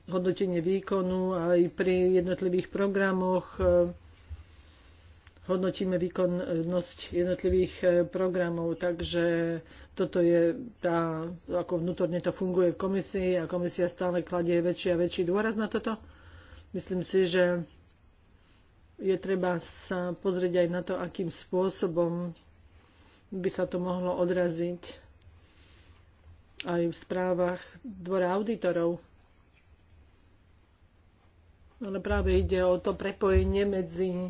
hodnotenie výkonu aj pri jednotlivých programoch. Hodnotíme výkonnosť jednotlivých eh, programov, takže toto je tá, ako vnútorne to funguje v komisii a komisia stále kladie väčší a väčší dôraz na toto. Myslím si, že je treba sa pozrieť aj na to, akým spôsobom by sa to mohlo odraziť aj v správach dvora auditorov. Ale práve ide o to prepojenie medzi e,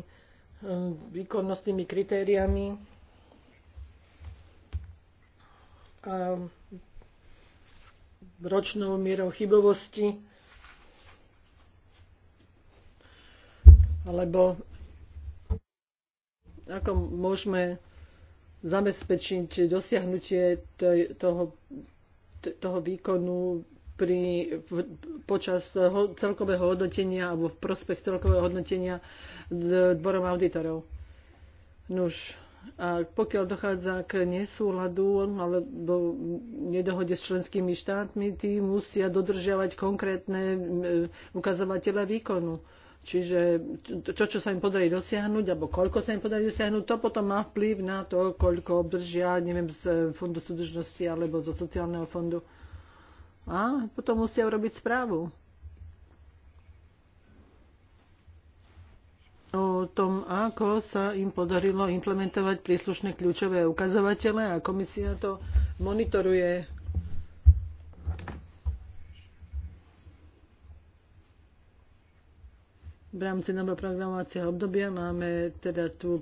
výkonnostnými kritériami a ročnou mierou chybovosti alebo ako môžeme zabezpečiť dosiahnutie toho, toho výkonu pri, počas celkového hodnotenia alebo v prospech celkového hodnotenia dvorom auditorov. Nuž, a pokiaľ dochádza k nesúladu alebo nedohode s členskými štátmi, tí musia dodržiavať konkrétne ukazovatele výkonu. Čiže to, čo sa im podarí dosiahnuť, alebo koľko sa im podarí dosiahnuť, to potom má vplyv na to, koľko obdržia, neviem, z eh, Fondu súdržnosti alebo zo sociálneho fondu. A potom musia urobiť správu o tom, ako sa im podarilo implementovať príslušné kľúčové ukazovatele a komisia to monitoruje v rámci nového programovacieho obdobia máme teda tú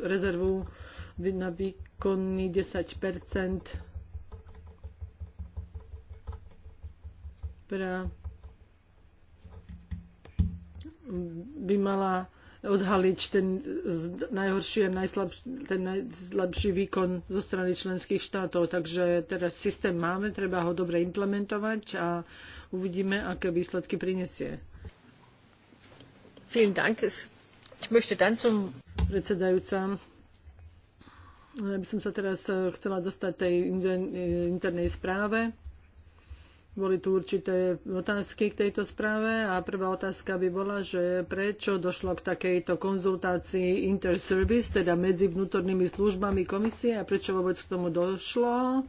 rezervu na výkonný 10 ktorá by mala odhaliť ten najhorší a najslabší, ten najslabší výkon zo strany členských štátov. Takže teraz systém máme, treba ho dobre implementovať a uvidíme, aké výsledky prinesie predsedajúca. Ja by som sa teraz eh, chcela dostať tej eh, internej správe. Boli tu určité otázky k tejto správe a prvá otázka by bola, že prečo došlo k takejto konzultácii interservice, teda medzi vnútornými službami komisie a prečo vôbec k tomu došlo.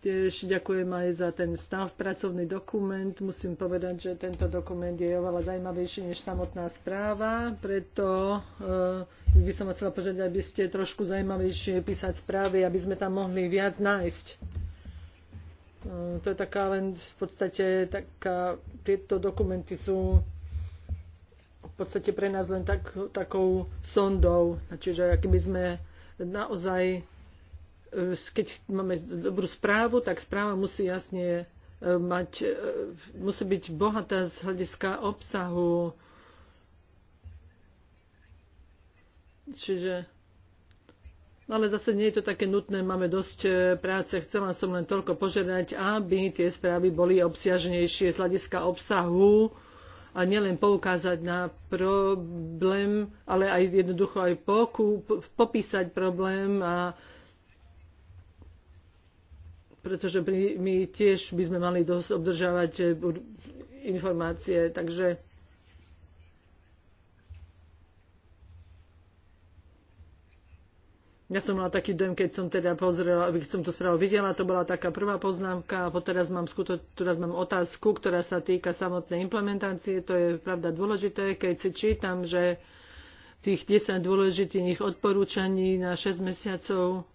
Tiež ďakujem aj za ten stav, pracovný dokument. Musím povedať, že tento dokument je oveľa zaujímavejší než samotná správa, preto uh, by som vás chcela požiadať, aby ste trošku zaujímavejšie písať správy, aby sme tam mohli viac nájsť. Uh, to je taká len v podstate taká, tieto dokumenty sú v podstate pre nás len tak, takou sondou, čiže aký by sme naozaj E, keď máme dobrú správu, tak správa musí jasne e, mať, e, musí byť bohatá z hľadiska obsahu. Čiže ale zase nie je to také nutné, máme dosť práce. Chcela som len toľko požiadať, aby tie správy boli obsiažnejšie z hľadiska obsahu a nielen poukázať na problém, ale aj jednoducho aj poku, popísať problém a pretože my tiež by sme mali dosť obdržávať eh, informácie, takže Ja som mala taký dojem, keď som teda pozrela, keď som to správu videla, to bola taká prvá poznámka a teraz mám, skuto, teraz mám otázku, ktorá sa týka samotnej implementácie. To je pravda dôležité, keď si čítam, že tých 10 dôležitých odporúčaní na 6 mesiacov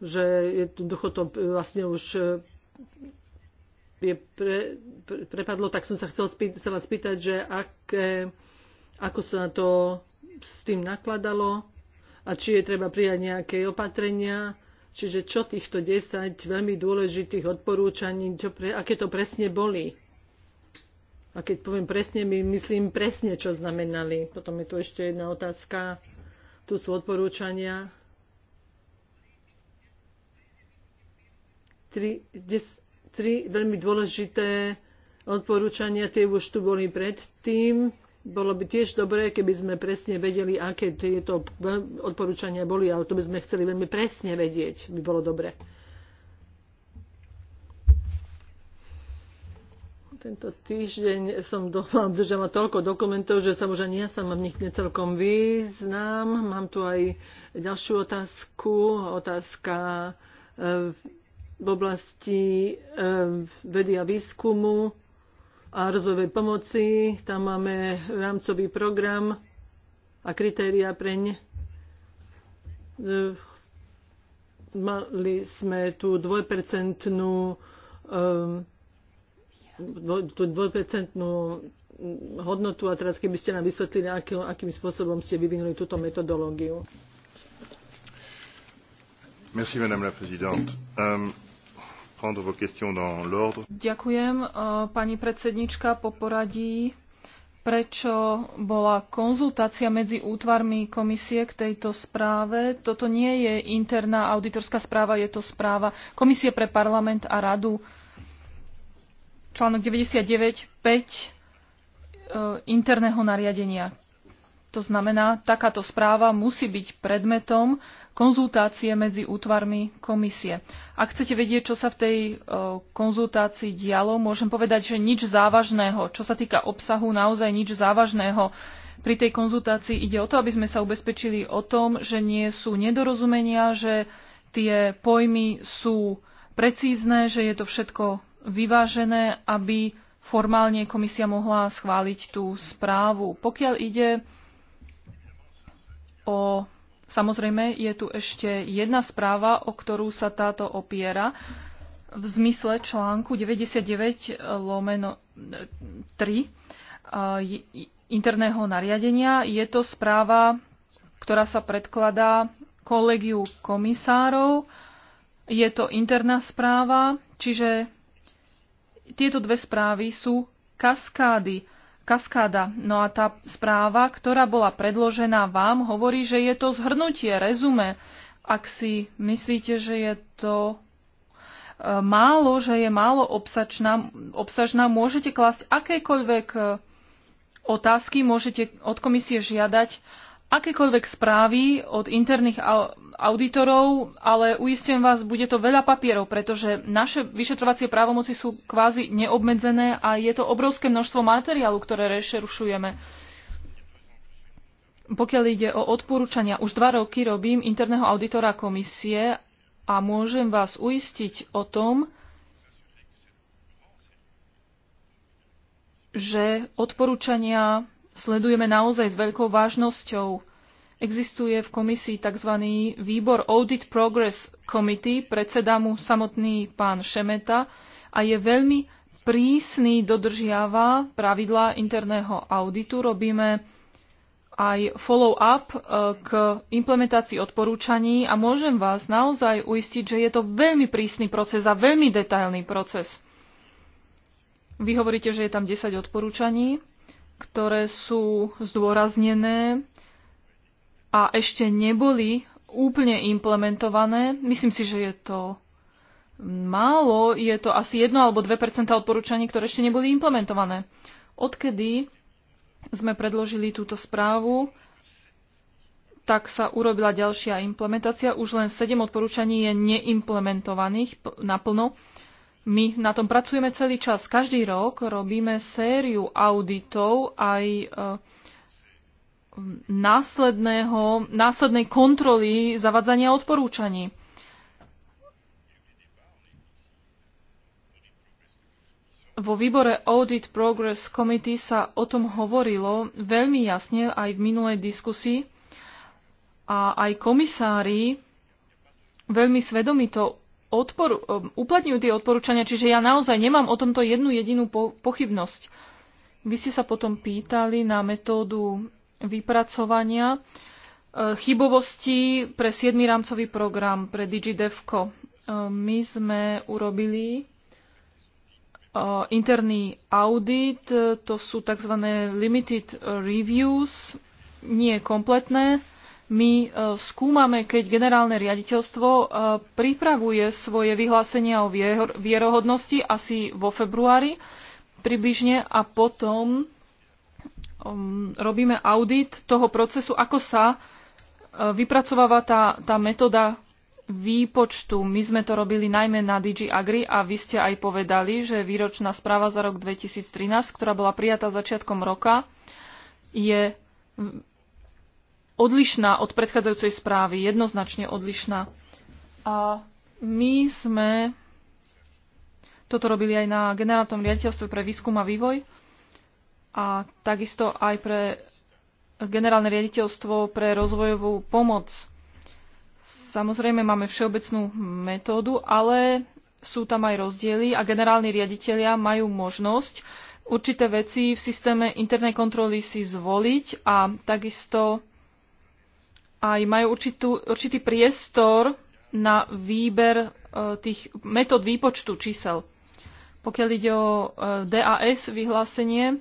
že jednoducho to e, vlastne už e, je pre, pre, prepadlo, tak som sa chcel spýt, chcela spýtať, že aké, ako sa to s tým nakladalo a či je treba prijať nejaké opatrenia, čiže čo týchto 10 veľmi dôležitých odporúčaní, čo pre, aké to presne boli. A keď poviem presne, my myslím presne, čo znamenali. Potom je tu ešte jedna otázka. Tu sú odporúčania tri, des, tri veľmi dôležité odporúčania, tie už tu boli predtým. Bolo by tiež dobré, keby sme presne vedeli, aké tieto odporúčania boli, ale to by sme chceli veľmi presne vedieť, by bolo dobré. Tento týždeň som doma držala toľko dokumentov, že sa už ani ja sama v nich necelkom význam. Mám tu aj ďalšiu otázku. Otázka eh, v oblasti vedy a výskumu a rozvojovej pomoci. Tam máme rámcový program a kritéria ne. Mali sme tú dvojpercentnú tú dvojpercentnú hodnotu a teraz keby ste nám vysvetlili, aký, akým spôsobom ste vyvinuli túto metodológiu. Merci, madame la présidente. Um, prendre vos questions dans l'ordre. Ďakujem, eh, pani predsednička, po poradí prečo bola konzultácia medzi útvarmi komisie k tejto správe. Toto nie je interná auditorská správa, je to správa Komisie pre parlament a radu. Článok 99.5 eh, interného nariadenia. To znamená, takáto správa musí byť predmetom konzultácie medzi útvarmi komisie. Ak chcete vedieť, čo sa v tej e, konzultácii dialo, môžem povedať, že nič závažného. Čo sa týka obsahu, naozaj nič závažného. Pri tej konzultácii ide o to, aby sme sa ubezpečili o tom, že nie sú nedorozumenia, že tie pojmy sú precízne, že je to všetko vyvážené, aby formálne komisia mohla schváliť tú správu. Pokiaľ ide o... Samozrejme, je tu ešte jedna správa, o ktorú sa táto opiera v zmysle článku 99 lomeno 3 interného nariadenia. Je to správa, ktorá sa predkladá kolegiu komisárov. Je to interná správa, čiže tieto dve správy sú kaskády kaskáda. No a tá správa, ktorá bola predložená vám, hovorí, že je to zhrnutie, rezume. Ak si myslíte, že je to e, málo, že je málo obsačná, obsažná, môžete klásť akékoľvek e, otázky, môžete od komisie žiadať akékoľvek správy od interných auditorov, ale uistujem vás, bude to veľa papierov, pretože naše vyšetrovacie právomoci sú kvázi neobmedzené a je to obrovské množstvo materiálu, ktoré rešerušujeme. Pokiaľ ide o odporúčania, už dva roky robím interného auditora komisie a môžem vás uistiť o tom, že odporúčania sledujeme naozaj s veľkou vážnosťou. Existuje v komisii tzv. výbor Audit Progress Committee, predseda mu samotný pán Šemeta a je veľmi prísny, dodržiava pravidlá interného auditu. Robíme aj follow-up e, k implementácii odporúčaní a môžem vás naozaj uistiť, že je to veľmi prísny proces a veľmi detailný proces. Vy hovoríte, že je tam 10 odporúčaní ktoré sú zdôraznené a ešte neboli úplne implementované. Myslím si, že je to málo, je to asi 1 alebo 2 odporúčaní, ktoré ešte neboli implementované. Odkedy sme predložili túto správu, tak sa urobila ďalšia implementácia. Už len 7 odporúčaní je neimplementovaných naplno. My na tom pracujeme celý čas. Každý rok robíme sériu auditov aj e, následného, následnej kontroly zavadzania odporúčaní. Vo výbore Audit Progress Committee sa o tom hovorilo veľmi jasne aj v minulej diskusii a aj komisári veľmi svedomito odporu, um, uplatňujú tie odporúčania, čiže ja naozaj nemám o tomto jednu jedinú po, pochybnosť. Vy ste sa potom pýtali na metódu vypracovania e, chybovosti pre 7. rámcový program pre DigiDevco. E, my sme urobili e, interný audit, to sú tzv. limited reviews, nie kompletné, my e, skúmame, keď generálne riaditeľstvo e, pripravuje svoje vyhlásenia o vierohodnosti asi vo februári približne a potom um, robíme audit toho procesu, ako sa e, vypracováva tá, tá metóda výpočtu. My sme to robili najmä na DG Agri a vy ste aj povedali, že výročná správa za rok 2013, ktorá bola prijatá začiatkom roka, je odlišná od predchádzajúcej správy, jednoznačne odlišná. A my sme toto robili aj na generálnom riaditeľstve pre výskum a vývoj a takisto aj pre generálne riaditeľstvo pre rozvojovú pomoc. Samozrejme máme všeobecnú metódu, ale sú tam aj rozdiely a generálni riaditeľia majú možnosť určité veci v systéme internej kontroly si zvoliť a takisto aj majú určitú, určitý priestor na výber e, tých metód výpočtu čísel. Pokiaľ ide o e, DAS vyhlásenie,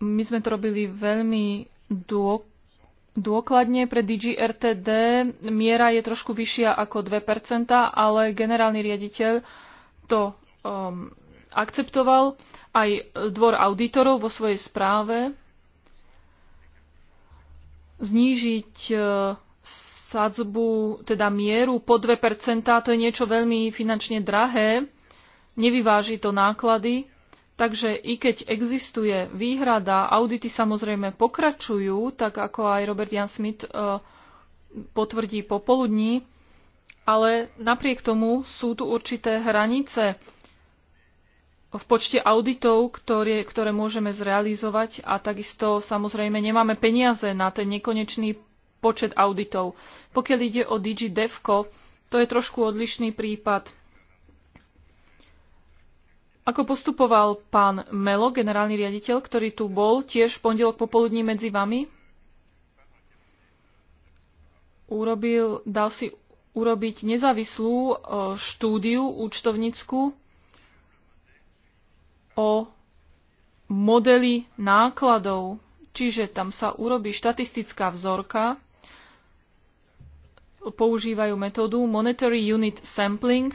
my sme to robili veľmi dôkladne pre DGRTD. Miera je trošku vyššia ako 2%, ale generálny riaditeľ to um, akceptoval aj dvor auditorov vo svojej správe znížiť e, sadzbu, teda mieru po 2%, to je niečo veľmi finančne drahé, nevyváži to náklady, takže i keď existuje výhrada, audity samozrejme pokračujú, tak ako aj Robert Jan Smith e, potvrdí popoludní, ale napriek tomu sú tu určité hranice v počte auditov, ktoré, ktoré môžeme zrealizovať a takisto samozrejme nemáme peniaze na ten nekonečný počet auditov. Pokiaľ ide o DigiDevco, to je trošku odlišný prípad. Ako postupoval pán Melo, generálny riaditeľ, ktorý tu bol tiež v pondelok popoludní medzi vami? Urobil, dal si urobiť nezávislú e, štúdiu účtovnícku o modely nákladov, čiže tam sa urobí štatistická vzorka, používajú metódu Monetary Unit Sampling,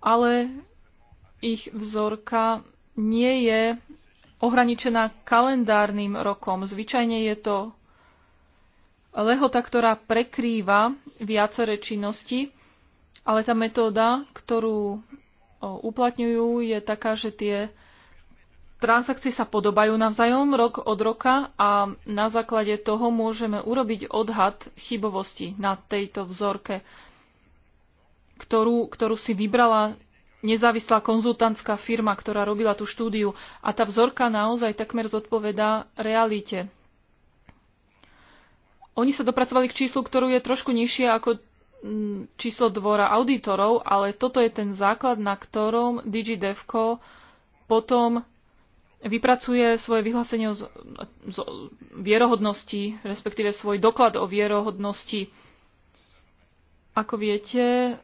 ale ich vzorka nie je ohraničená kalendárnym rokom. Zvyčajne je to lehota, ktorá prekrýva viaceré činnosti, ale tá metóda, ktorú uplatňujú, je taká, že tie transakcie sa podobajú navzájom rok od roka a na základe toho môžeme urobiť odhad chybovosti na tejto vzorke, ktorú, ktorú si vybrala nezávislá konzultantská firma, ktorá robila tú štúdiu a tá vzorka naozaj takmer zodpovedá realite. Oni sa dopracovali k číslu, ktorú je trošku nižšie ako číslo dvora auditorov, ale toto je ten základ, na ktorom DigiDevco potom vypracuje svoje vyhlásenie o z, z, vierohodnosti, respektíve svoj doklad o vierohodnosti. Ako viete,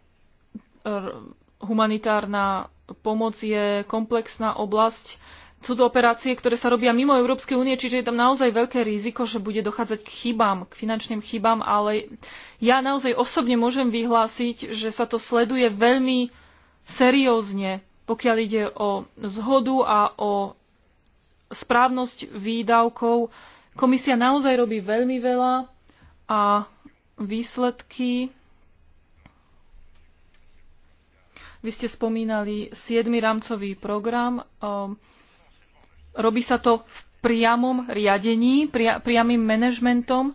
humanitárna pomoc je komplexná oblasť, sú to operácie, ktoré sa robia mimo Európskej únie, čiže je tam naozaj veľké riziko, že bude dochádzať k chybám, k finančným chybám, ale ja naozaj osobne môžem vyhlásiť, že sa to sleduje veľmi seriózne, pokiaľ ide o zhodu a o správnosť výdavkov. Komisia naozaj robí veľmi veľa a výsledky vy ste spomínali 7. rámcový program. Ehm, Robí sa to v priamom riadení, pria, priamým manažmentom.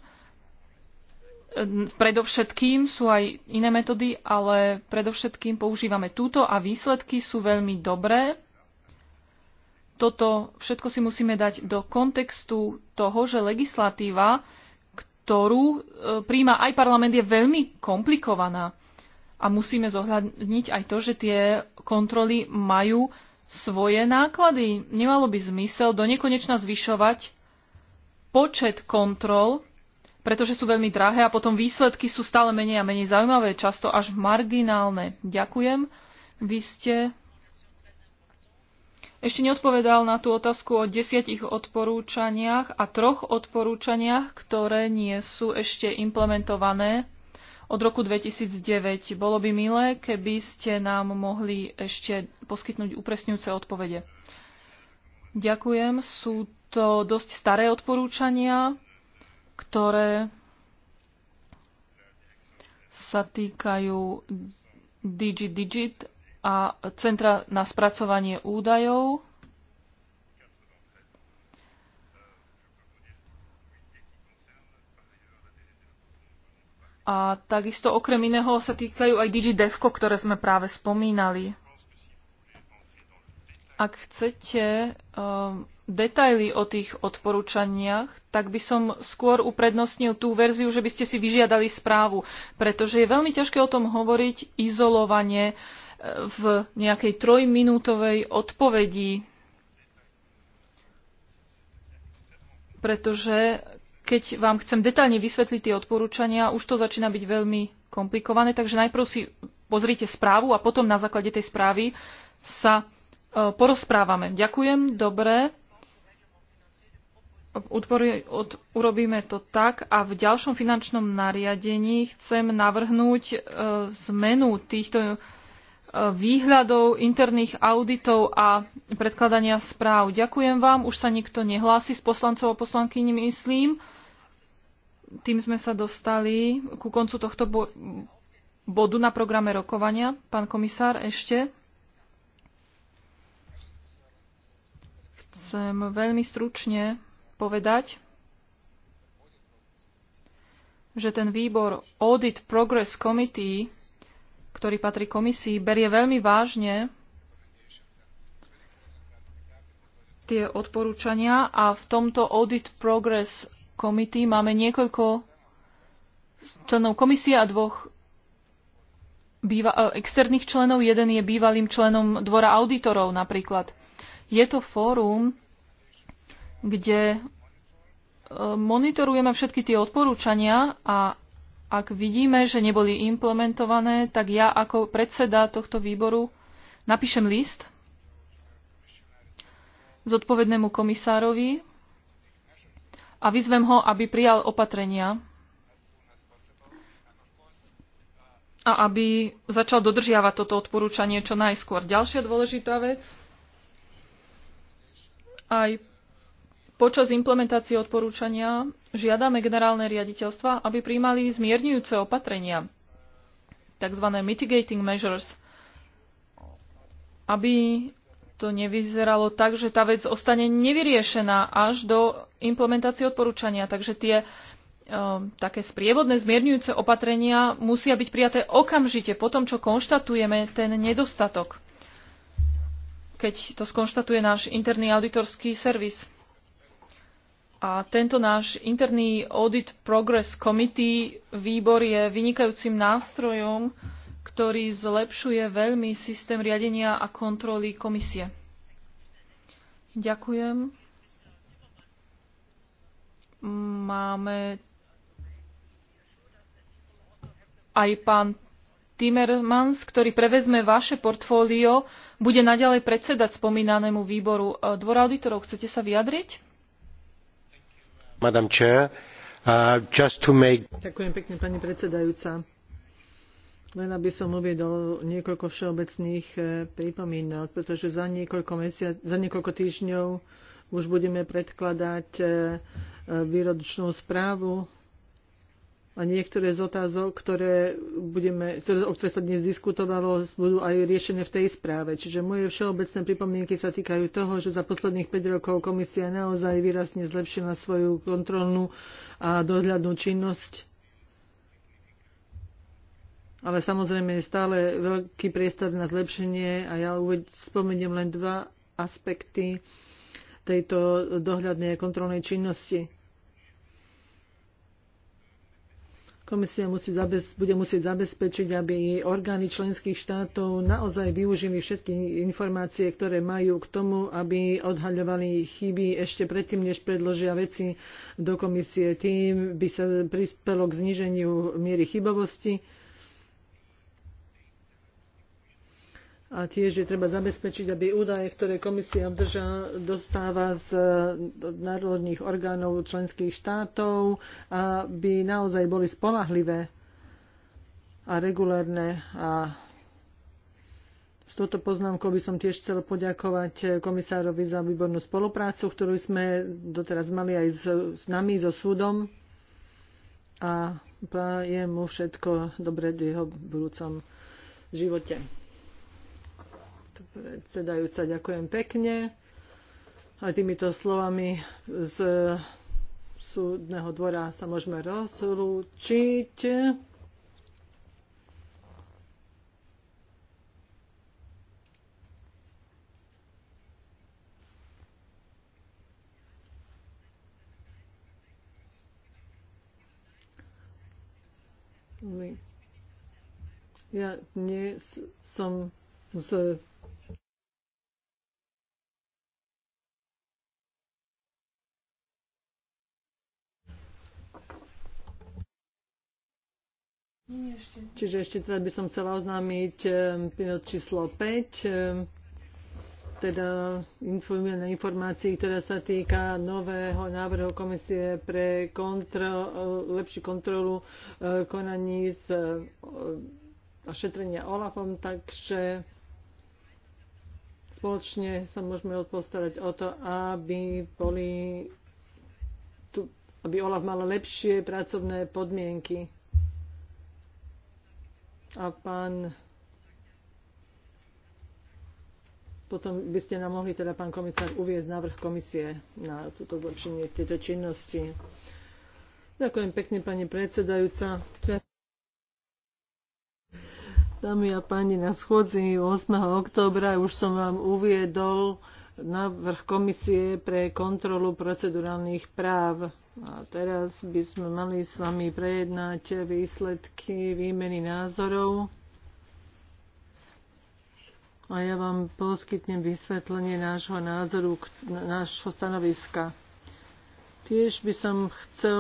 Predovšetkým sú aj iné metódy, ale predovšetkým používame túto a výsledky sú veľmi dobré. Toto všetko si musíme dať do kontextu toho, že legislatíva, ktorú e, príjma aj parlament, je veľmi komplikovaná. A musíme zohľadniť aj to, že tie kontroly majú svoje náklady. Nemalo by zmysel do nekonečna zvyšovať počet kontrol, pretože sú veľmi drahé a potom výsledky sú stále menej a menej zaujímavé, často až marginálne. Ďakujem. Vy ste ešte neodpovedal na tú otázku o desiatich odporúčaniach a troch odporúčaniach, ktoré nie sú ešte implementované od roku 2009. Bolo by milé, keby ste nám mohli ešte poskytnúť upresňujúce odpovede. Ďakujem. Sú to dosť staré odporúčania, ktoré sa týkajú DigiDigit a Centra na spracovanie údajov A takisto okrem iného sa týkajú aj DigiDevko, ktoré sme práve spomínali. Ak chcete um, detaily o tých odporúčaniach, tak by som skôr uprednostnil tú verziu, že by ste si vyžiadali správu, pretože je veľmi ťažké o tom hovoriť izolovane e, v nejakej trojminútovej odpovedi pretože keď vám chcem detálne vysvetliť tie odporúčania, už to začína byť veľmi komplikované, takže najprv si pozrite správu a potom na základe tej správy sa e, porozprávame. Ďakujem, dobre. urobíme to tak a v ďalšom finančnom nariadení chcem navrhnúť e, zmenu týchto e, výhľadov, interných auditov a predkladania správ. Ďakujem vám, už sa nikto nehlási s poslancov a poslankyni, myslím tým sme sa dostali ku koncu tohto bodu na programe rokovania. Pán komisár, ešte. Chcem veľmi stručne povedať, že ten výbor Audit Progress Committee, ktorý patrí komisii, berie veľmi vážne tie odporúčania a v tomto Audit Progress komity máme niekoľko členov komisie a dvoch býva- e, externých členov. Jeden je bývalým členom dvora auditorov napríklad. Je to fórum, kde e, monitorujeme všetky tie odporúčania a ak vidíme, že neboli implementované, tak ja ako predseda tohto výboru napíšem list zodpovednému komisárovi a vyzvem ho, aby prijal opatrenia a aby začal dodržiavať toto odporúčanie čo najskôr. Ďalšia dôležitá vec. Aj počas implementácie odporúčania žiadame generálne riaditeľstva, aby príjmali zmierňujúce opatrenia, tzv. mitigating measures, aby to nevyzeralo tak, že tá vec ostane nevyriešená až do implementácii odporúčania. Takže tie um, také sprievodné zmierňujúce opatrenia musia byť prijaté okamžite po tom, čo konštatujeme ten nedostatok, keď to skonštatuje náš interný auditorský servis. A tento náš interný Audit Progress Committee výbor je vynikajúcim nástrojom, ktorý zlepšuje veľmi systém riadenia a kontroly komisie. Ďakujem máme aj pán Timmermans, ktorý prevezme vaše portfólio, bude naďalej predsedať spomínanému výboru e, Dvor auditorov. Chcete sa vyjadriť? Madam Chair, uh, just to make... Ďakujem pekne, pani predsedajúca. Len aby som uviedol niekoľko všeobecných e, pripomínok, pretože za niekoľko, mesiac, za niekoľko týždňov už budeme predkladať e, výročnú správu a niektoré z otázok, ktoré, budeme, ktoré, o ktoré sa dnes diskutovalo, budú aj riešené v tej správe. Čiže moje všeobecné pripomienky sa týkajú toho, že za posledných 5 rokov komisia naozaj výrazne zlepšila svoju kontrolnú a dohľadnú činnosť. Ale samozrejme je stále veľký priestor na zlepšenie a ja spomeniem len dva aspekty tejto dohľadnej a kontrolnej činnosti. Komisia musí zabez, bude musieť zabezpečiť, aby orgány členských štátov naozaj využili všetky informácie, ktoré majú k tomu, aby odhaľovali chyby ešte predtým, než predložia veci do komisie. Tým by sa prispelo k zniženiu miery chybovosti a tiež je treba zabezpečiť, aby údaje, ktoré komisia obdrža, dostáva z e, národných orgánov členských štátov, aby naozaj boli spolahlivé a regulárne. A s touto poznámkou by som tiež chcel poďakovať komisárovi za výbornú spoluprácu, ktorú sme doteraz mali aj s, s nami, so súdom. A prajem mu všetko dobre v jeho budúcom živote predsedajúca. Ďakujem pekne. A týmito slovami z súdneho dvora sa môžeme rozlúčiť. Ja nie som z Čiže ešte teraz by som chcela oznámiť eh, pilot číslo 5 eh, teda informujeme informácií, ktorá sa týka nového návrhu komisie pre kontro, eh, lepšiu kontrolu konaní z ošetrenia OLAFom, takže spoločne sa môžeme odpostarať o to, aby boli aby OLAF mal lepšie pracovné podmienky a pán potom by ste nám mohli teda, pán komisár, uviezť návrh komisie na túto zlepšenie tejto činnosti. Ďakujem pekne, pani predsedajúca. Dámy a páni, na schôdzi 8. októbra už som vám uviedol, návrh komisie pre kontrolu procedurálnych práv. A teraz by sme mali s vami prejednať výsledky výmeny názorov. A ja vám poskytnem vysvetlenie nášho názoru, nášho stanoviska. Tiež by som chcel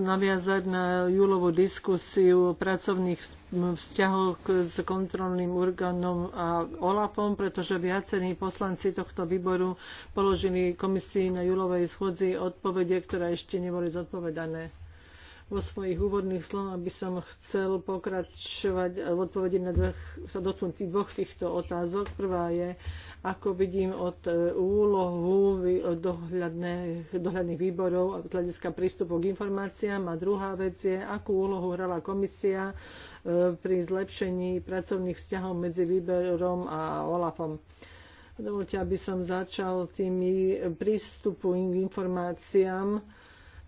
naviazať na júlovú diskusiu o pracovných vzťahoch s kontrolným orgánom a OLAPom, pretože viacerí poslanci tohto výboru položili komisii na júlovej schodzi odpovede, ktoré ešte neboli zodpovedané. Vo svojich úvodných slovách by som chcel pokračovať v odpovedi na dvoch, sa dvoch týchto otázok. Prvá je, ako vidím od e, úlohu dohľadných, dohľadných výborov a z hľadiska prístupu k informáciám. A druhá vec je, akú úlohu hrala komisia e, pri zlepšení pracovných vzťahov medzi výberom a OLAFom. Dovolte, aby som začal tými prístupu k informáciám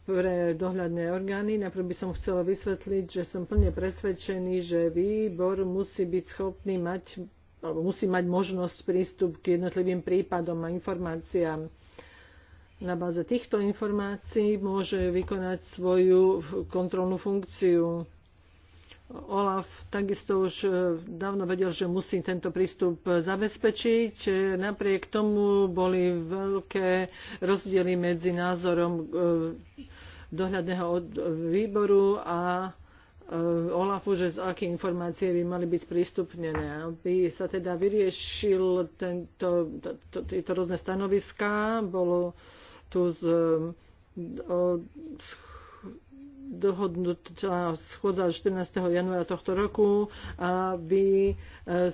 pre dohľadné orgány. Najprv by som chcela vysvetliť, že som plne presvedčený, že výbor musí byť schopný mať alebo musí mať možnosť prístup k jednotlivým prípadom a informáciám. Na báze týchto informácií môže vykonať svoju kontrolnú funkciu. Olaf takisto už e, dávno vedel, že musí tento prístup zabezpečiť. E, Napriek tomu boli veľké rozdiely medzi názorom e, dohľadného výboru a Eh, Olafu, že z aké informácie by mali byť prístupnené, aby sa teda vyriešil tento, tieto rôzne stanoviská. Bolo tu z, eh, o, dohodnutá schôdza 14. januára tohto roku, aby e,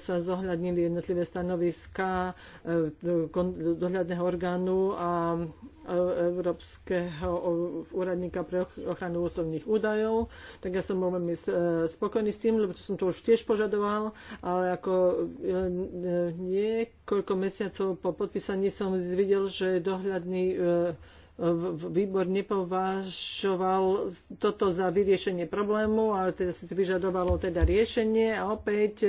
sa zohľadnili jednotlivé stanoviska e, dohľadného orgánu a e, Európskeho úradníka pre ochranu osobných údajov. Tak ja som veľmi spokojný s tým, lebo to som to už tiež požadoval, ale ako niekoľko mesiacov po podpísaní som videl, že dohľadný výbor nepovažoval toto za vyriešenie problému, ale teda si vyžadovalo teda riešenie a opäť e,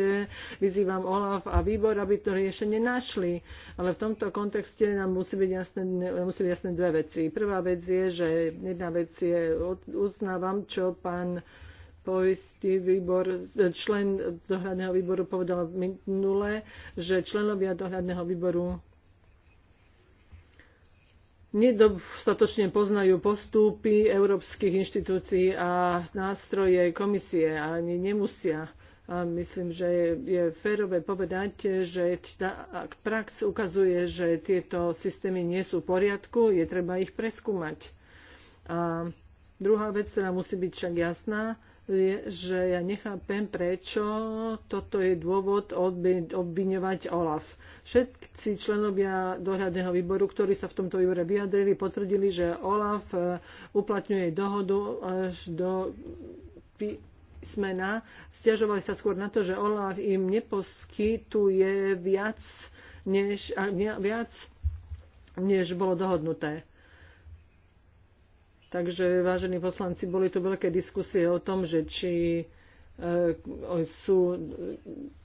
vyzývam OLAF a výbor, aby to riešenie našli. Ale v tomto kontexte nám musí byť jasné, musí byť jasné dve veci. Prvá vec je, že jedna vec je, uznávam, čo pán poistý výbor, e, člen dohľadného výboru povedal minule, že členovia dohľadného výboru nedostatočne poznajú postupy európskych inštitúcií a nástroje komisie a ani nemusia. A myslím, že je férové povedať, že ak prax ukazuje, že tieto systémy nie sú v poriadku, je treba ich preskúmať. A druhá vec, ktorá musí byť však jasná, že ja nechápem, prečo toto je dôvod obviňovať OLAF. Všetci členovia dohľadného výboru, ktorí sa v tomto výbore vyjadrili, potvrdili, že OLAF e, uplatňuje dohodu až do písmena. Stiažovali sa skôr na to, že OLAF im neposkytuje viac, než, viac, než bolo dohodnuté. Takže, vážení poslanci, boli tu veľké diskusie o tom, že či e, sú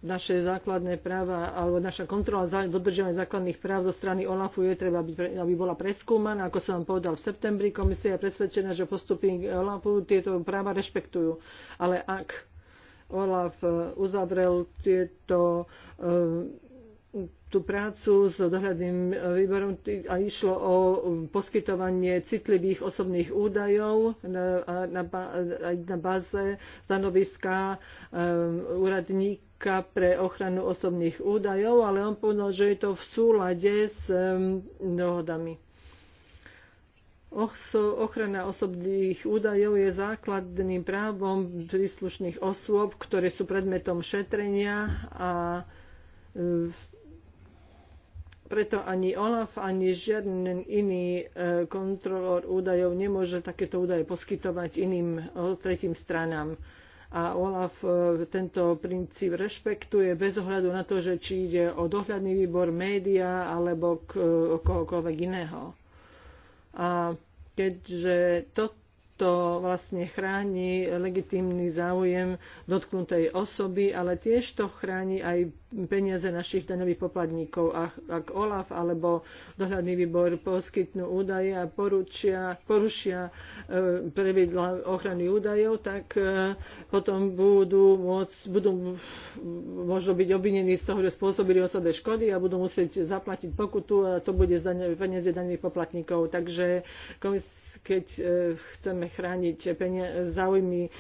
naše základné práva alebo naša kontrola dodržiavania základných práv zo strany OLAFu je treba, aby, aby bola preskúmaná. Ako som vám povedal v septembri, komisia je presvedčená, že postupy OLAFu tieto práva rešpektujú. Ale ak OLAF e, uzavrel tieto e, tú prácu s dohľadným výborom a išlo o poskytovanie citlivých osobných údajov na, na, na báze stanoviska um, úradníka pre ochranu osobných údajov, ale on povedal, že je to v súlade s um, dohodami. Ochrana osobných údajov je základným právom príslušných osôb, ktoré sú predmetom šetrenia a um, preto ani OLAF, ani žiaden iný e, kontrolór údajov nemôže takéto údaje poskytovať iným e, tretím stranám. A OLAF e, tento princíp rešpektuje bez ohľadu na to, že či ide o dohľadný výbor média alebo k, o kohokoľvek iného. A keďže toto vlastne chráni legitímny záujem dotknutej osoby, ale tiež to chráni aj peniaze našich daňových poplatníkov. A ak OLAF alebo dohľadný výbor poskytnú údaje a poručia, porušia e, pravidla ochrany údajov, tak e, potom budú, môcť, budú možno byť obvinení z toho, že spôsobili osobe škody a budú musieť zaplatiť pokutu a to bude peniaze daňových poplatníkov. Takže keď e, chceme chrániť záujmy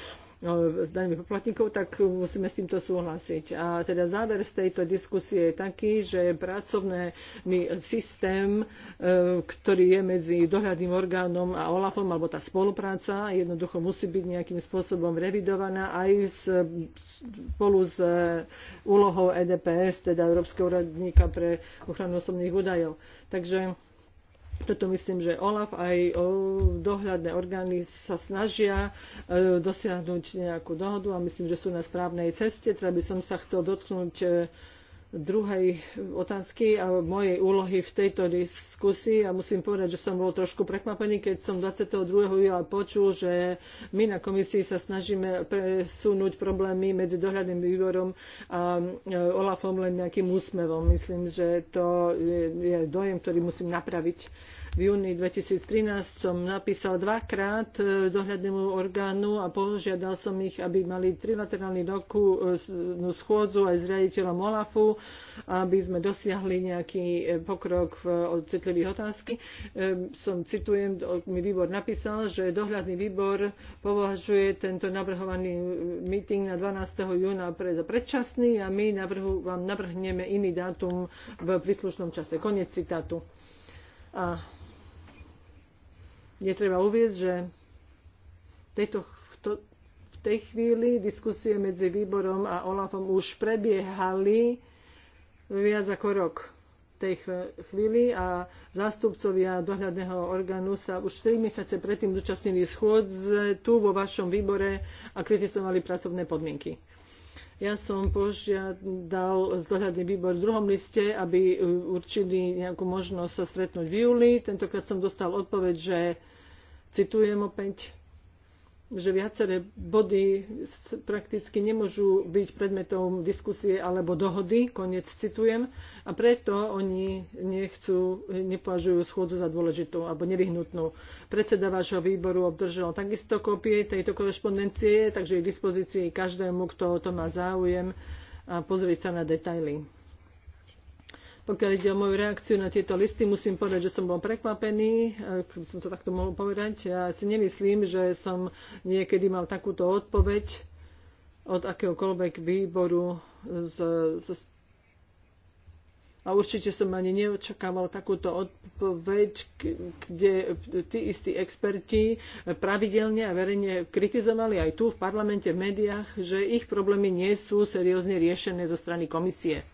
E, s daňmi poplatníkov, tak musíme s týmto súhlasiť. A teda záver z tejto diskusie je taký, že pracovný systém, e, ktorý je medzi dohľadným orgánom a OLAFom, alebo tá spolupráca, jednoducho musí byť nejakým spôsobom revidovaná aj spolu s e, úlohou EDPS, teda Európskeho radníka pre ochranu osobných údajov. Takže preto myslím, že OLAF aj dohľadné orgány sa snažia e, dosiahnuť nejakú dohodu a myslím, že sú na správnej ceste. Teda by som sa chcel dotknúť e, druhej otázky a mojej úlohy v tejto diskusii a musím povedať, že som bol trošku prekvapený, keď som 22. júla počul, že my na komisii sa snažíme presunúť problémy medzi dohľadným výborom a e, Olafom len nejakým úsmevom. Myslím, že to je dojem, ktorý musím napraviť v júni 2013 som napísal dvakrát e, dohľadnému orgánu a požiadal som ich, aby mali trilaterálny roku e, no, schôdzu aj s riaditeľom OLAFu, aby sme dosiahli nejaký e, pokrok v citlivých otázky. Som, citujem, mi výbor napísal, že dohľadný výbor považuje tento navrhovaný meeting na 12. júna pre predčasný a my navrhu, vám navrhneme iný dátum v príslušnom čase. Konec citátu. A netreba uvieť, že v to, v tej chvíli diskusie medzi výborom a OLAFom už prebiehali viac ako rok tej chvíli a zástupcovia dohľadného orgánu sa už 3 mesiace predtým zúčastnili schôdze tu vo vašom výbore a kritizovali pracovné podmienky. Ja som požiadal dohľadný výbor v druhom liste, aby e, určili nejakú možnosť sa stretnúť v júli. Tentokrát som dostal odpoveď, že citujem opäť že viaceré body prakticky nemôžu byť predmetom diskusie alebo dohody, koniec citujem, a preto oni nechcú, nepovažujú schôdzu za dôležitú alebo nevyhnutnú. Predseda vášho výboru obdržal takisto kopie tejto korešpondencie, takže je k dispozícii každému, kto o to má záujem a pozrieť sa na detaily. Pokiaľ ide o moju reakciu na tieto listy, musím povedať, že som bol prekvapený, eh, keby som to takto mohol povedať. Ja si nemyslím, že som niekedy mal takúto odpoveď od akéhokoľvek výboru z, z a určite som ani neočakával takúto odpoveď, kde tí istí experti pravidelne a verejne kritizovali aj tu v parlamente, v médiách, že ich problémy nie sú seriózne riešené zo strany komisie.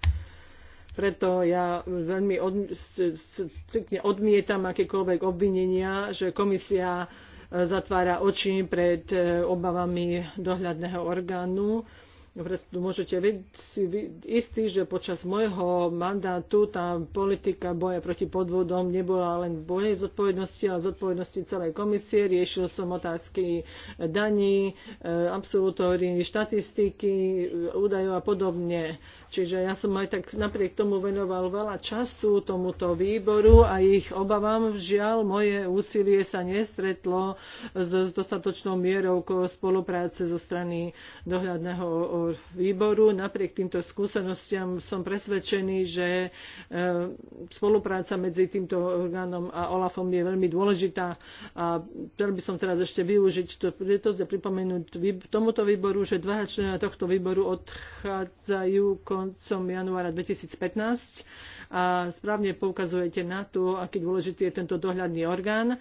Preto ja veľmi od, striktne odmietam akékoľvek obvinenia, že komisia e, zatvára oči pred e, obavami dohľadného orgánu. Preto môžete byť si istí, že počas môjho mandátu tá politika boja proti podvodom nebola len v mojej zodpovednosti, ale zodpovednosti celej komisie. Riešil som otázky daní, e, absolutórií, štatistiky, údajov a podobne. Čiže ja som aj tak napriek tomu venoval veľa času tomuto výboru a ich obavám. Žiaľ, moje úsilie sa nestretlo s, dostatočnou mierou spolupráce zo strany dohľadného výboru. Napriek týmto skúsenostiam som presvedčený, že e, spolupráca medzi týmto orgánom a OLAFom je veľmi dôležitá. A chcel by som teraz ešte využiť to, to pripomenúť tomuto výboru, že dva člena tohto výboru odchádzajú kon koncom januára 2015 a správne poukazujete na to, aký dôležitý je tento dohľadný orgán.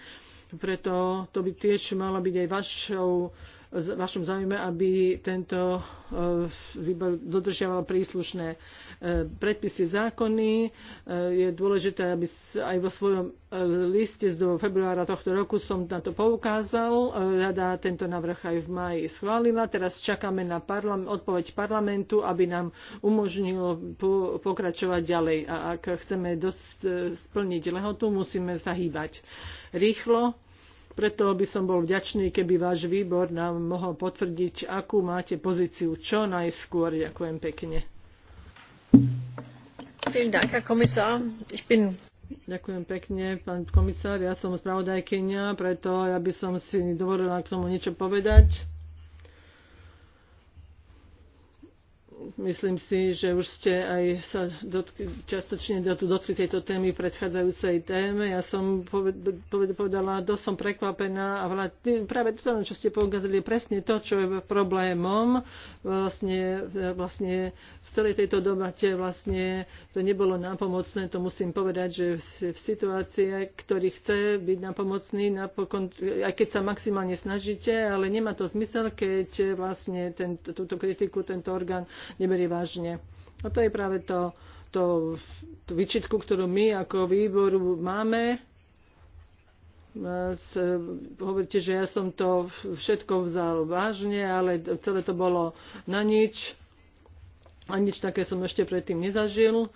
Preto to by tiež malo byť aj vašou vašom záujme, aby tento eh, výbor dodržiaval príslušné eh, predpisy zákony. Eh, je dôležité, aby aj vo svojom liste z februára tohto roku som na to poukázal. Rada tento návrh aj v maji schválila. Teraz čakáme na parlament, odpoveď parlamentu, aby nám umožnilo pokračovať ďalej. A ak chceme dosť splniť lehotu, musíme sa hýbať rýchlo preto by som bol vďačný, keby váš výbor nám mohol potvrdiť, akú máte pozíciu čo najskôr. Ďakujem pekne. Ďakujem pekne, pán komisár. Ja som spravodajkynia, preto ja by som si dovolila k tomu niečo povedať. myslím si, že už ste aj sa dotky, častočne dotkli tejto témy predchádzajúcej téme. Ja som povedala, dosť som prekvapená a práve to, na čo ste poukázali, je presne to, čo je problémom vlastne, vlastne v celej tejto dobate vlastne to nebolo nápomocné, to musím povedať, že v situácii, ktorý chce byť nápomocný, napokon, aj keď sa maximálne snažíte, ale nemá to zmysel, keď vlastne ten, túto kritiku tento orgán neberie vážne. A to je práve to, to, to vyčitku, ktorú my ako výboru máme. Hovoríte, že ja som to všetko vzal vážne, ale celé to bolo na nič. A nič také som ešte predtým nezažil.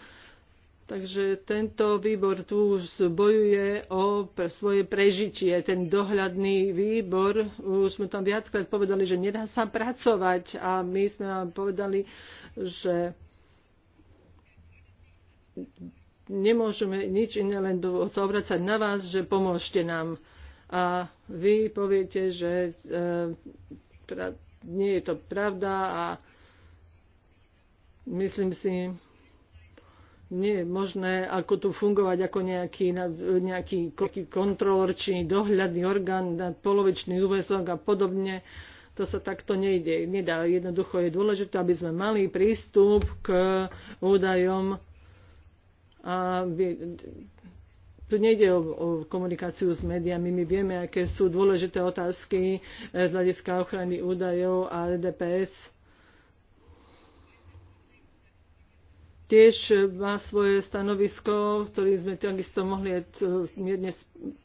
Takže tento výbor tu už bojuje o pre svoje prežitie. Ten dohľadný výbor, už sme tam viackrát povedali, že nedá sa pracovať a my sme vám povedali, že nemôžeme nič iné, len sa obracať na vás, že pomôžte nám. A vy poviete, že e, nie je to pravda a myslím si, nie je možné ako tu fungovať ako nejaký, nejaký, nejaký kontrolor či dohľadný orgán na polovičný úvezok a podobne. To sa takto nejde, nedá. Jednoducho je dôležité, aby sme mali prístup k údajom a tu nejde o, o komunikáciu s médiami. My vieme, aké sú dôležité otázky eh, z hľadiska ochrany údajov a DPS tiež má svoje stanovisko, ktoré sme takisto mohli eh, mierne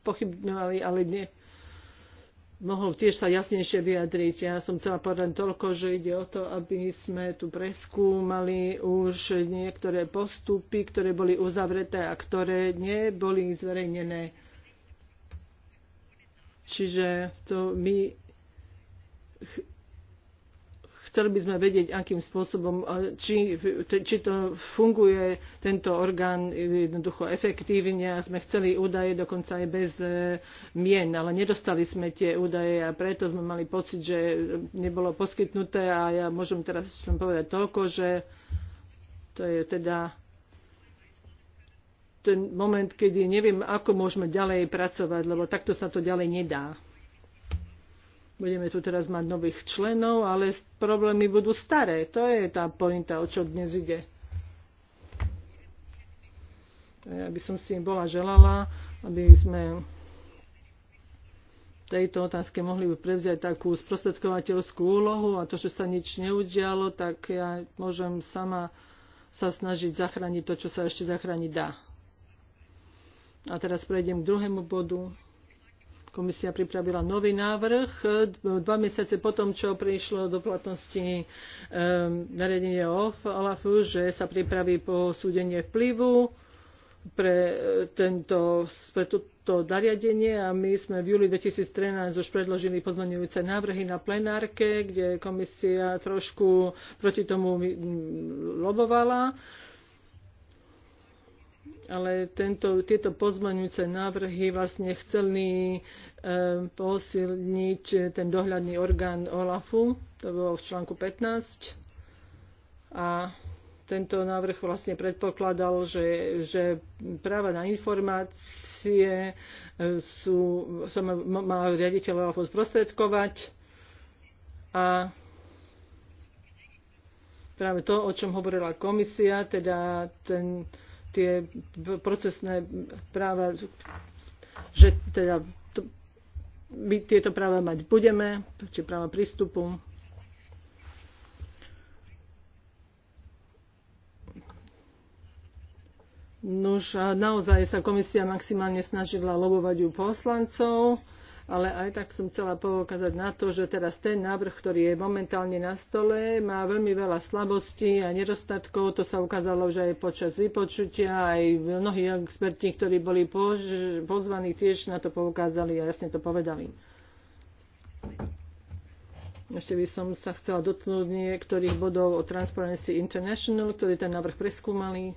pochybňovali, ale nie, mohol tiež sa jasnejšie vyjadriť. Ja som chcela povedať toľko, že ide o to, aby sme tu preskúmali už niektoré postupy, ktoré boli uzavreté a ktoré neboli zverejnené. Čiže to my Chceli by sme vedieť, akým spôsobom, či, či to funguje, tento orgán e, jednoducho efektívne a sme chceli údaje dokonca aj bez e, mien, ale nedostali sme tie údaje a preto sme mali pocit, že nebolo poskytnuté a ja môžem teraz povedať toľko, že to je teda ten moment, kedy neviem, ako môžeme ďalej pracovať, lebo takto sa to ďalej nedá budeme tu teraz mať nových členov, ale problémy budú staré. To je tá pointa, o čo dnes ide. Ja by som si bola želala, aby sme tejto otázke mohli by prevziať takú sprostredkovateľskú úlohu a to, že sa nič neudialo, tak ja môžem sama sa snažiť zachrániť to, čo sa ešte zachrániť dá. A teraz prejdem k druhému bodu komisia pripravila nový návrh dva mesiace po tom, čo prišlo do platnosti um, nariadenie OLAFu, že sa pripraví posúdenie vplyvu pre e, tento, pre toto nariadenie a my sme v júli 2013 už predložili pozmenujúce návrhy na plenárke, kde komisia trošku proti tomu mm, lobovala. Um, ale tento, tieto pozmaňujúce návrhy vlastne chceli e, posilniť ten dohľadný orgán OLAFu, to bolo v článku 15. A tento návrh vlastne predpokladal, že, že práva na informácie e, sú, sa má, má riaditeľ OLAFu sprostredkovať a práve to, o čom hovorila komisia, teda ten tie procesné práva, že teda to, my tieto práva mať budeme, či práva prístupu. Nuž, naozaj sa komisia maximálne snažila lobovať ju poslancov ale aj tak som chcela poukázať na to, že teraz ten návrh, ktorý je momentálne na stole, má veľmi veľa slabostí a nedostatkov. To sa ukázalo, že aj počas vypočutia, aj mnohí experti, ktorí boli pozvaní, tiež na to poukázali a jasne to povedali. Ešte by som sa chcela dotknúť niektorých bodov o Transparency International, ktorí ten návrh preskúmali,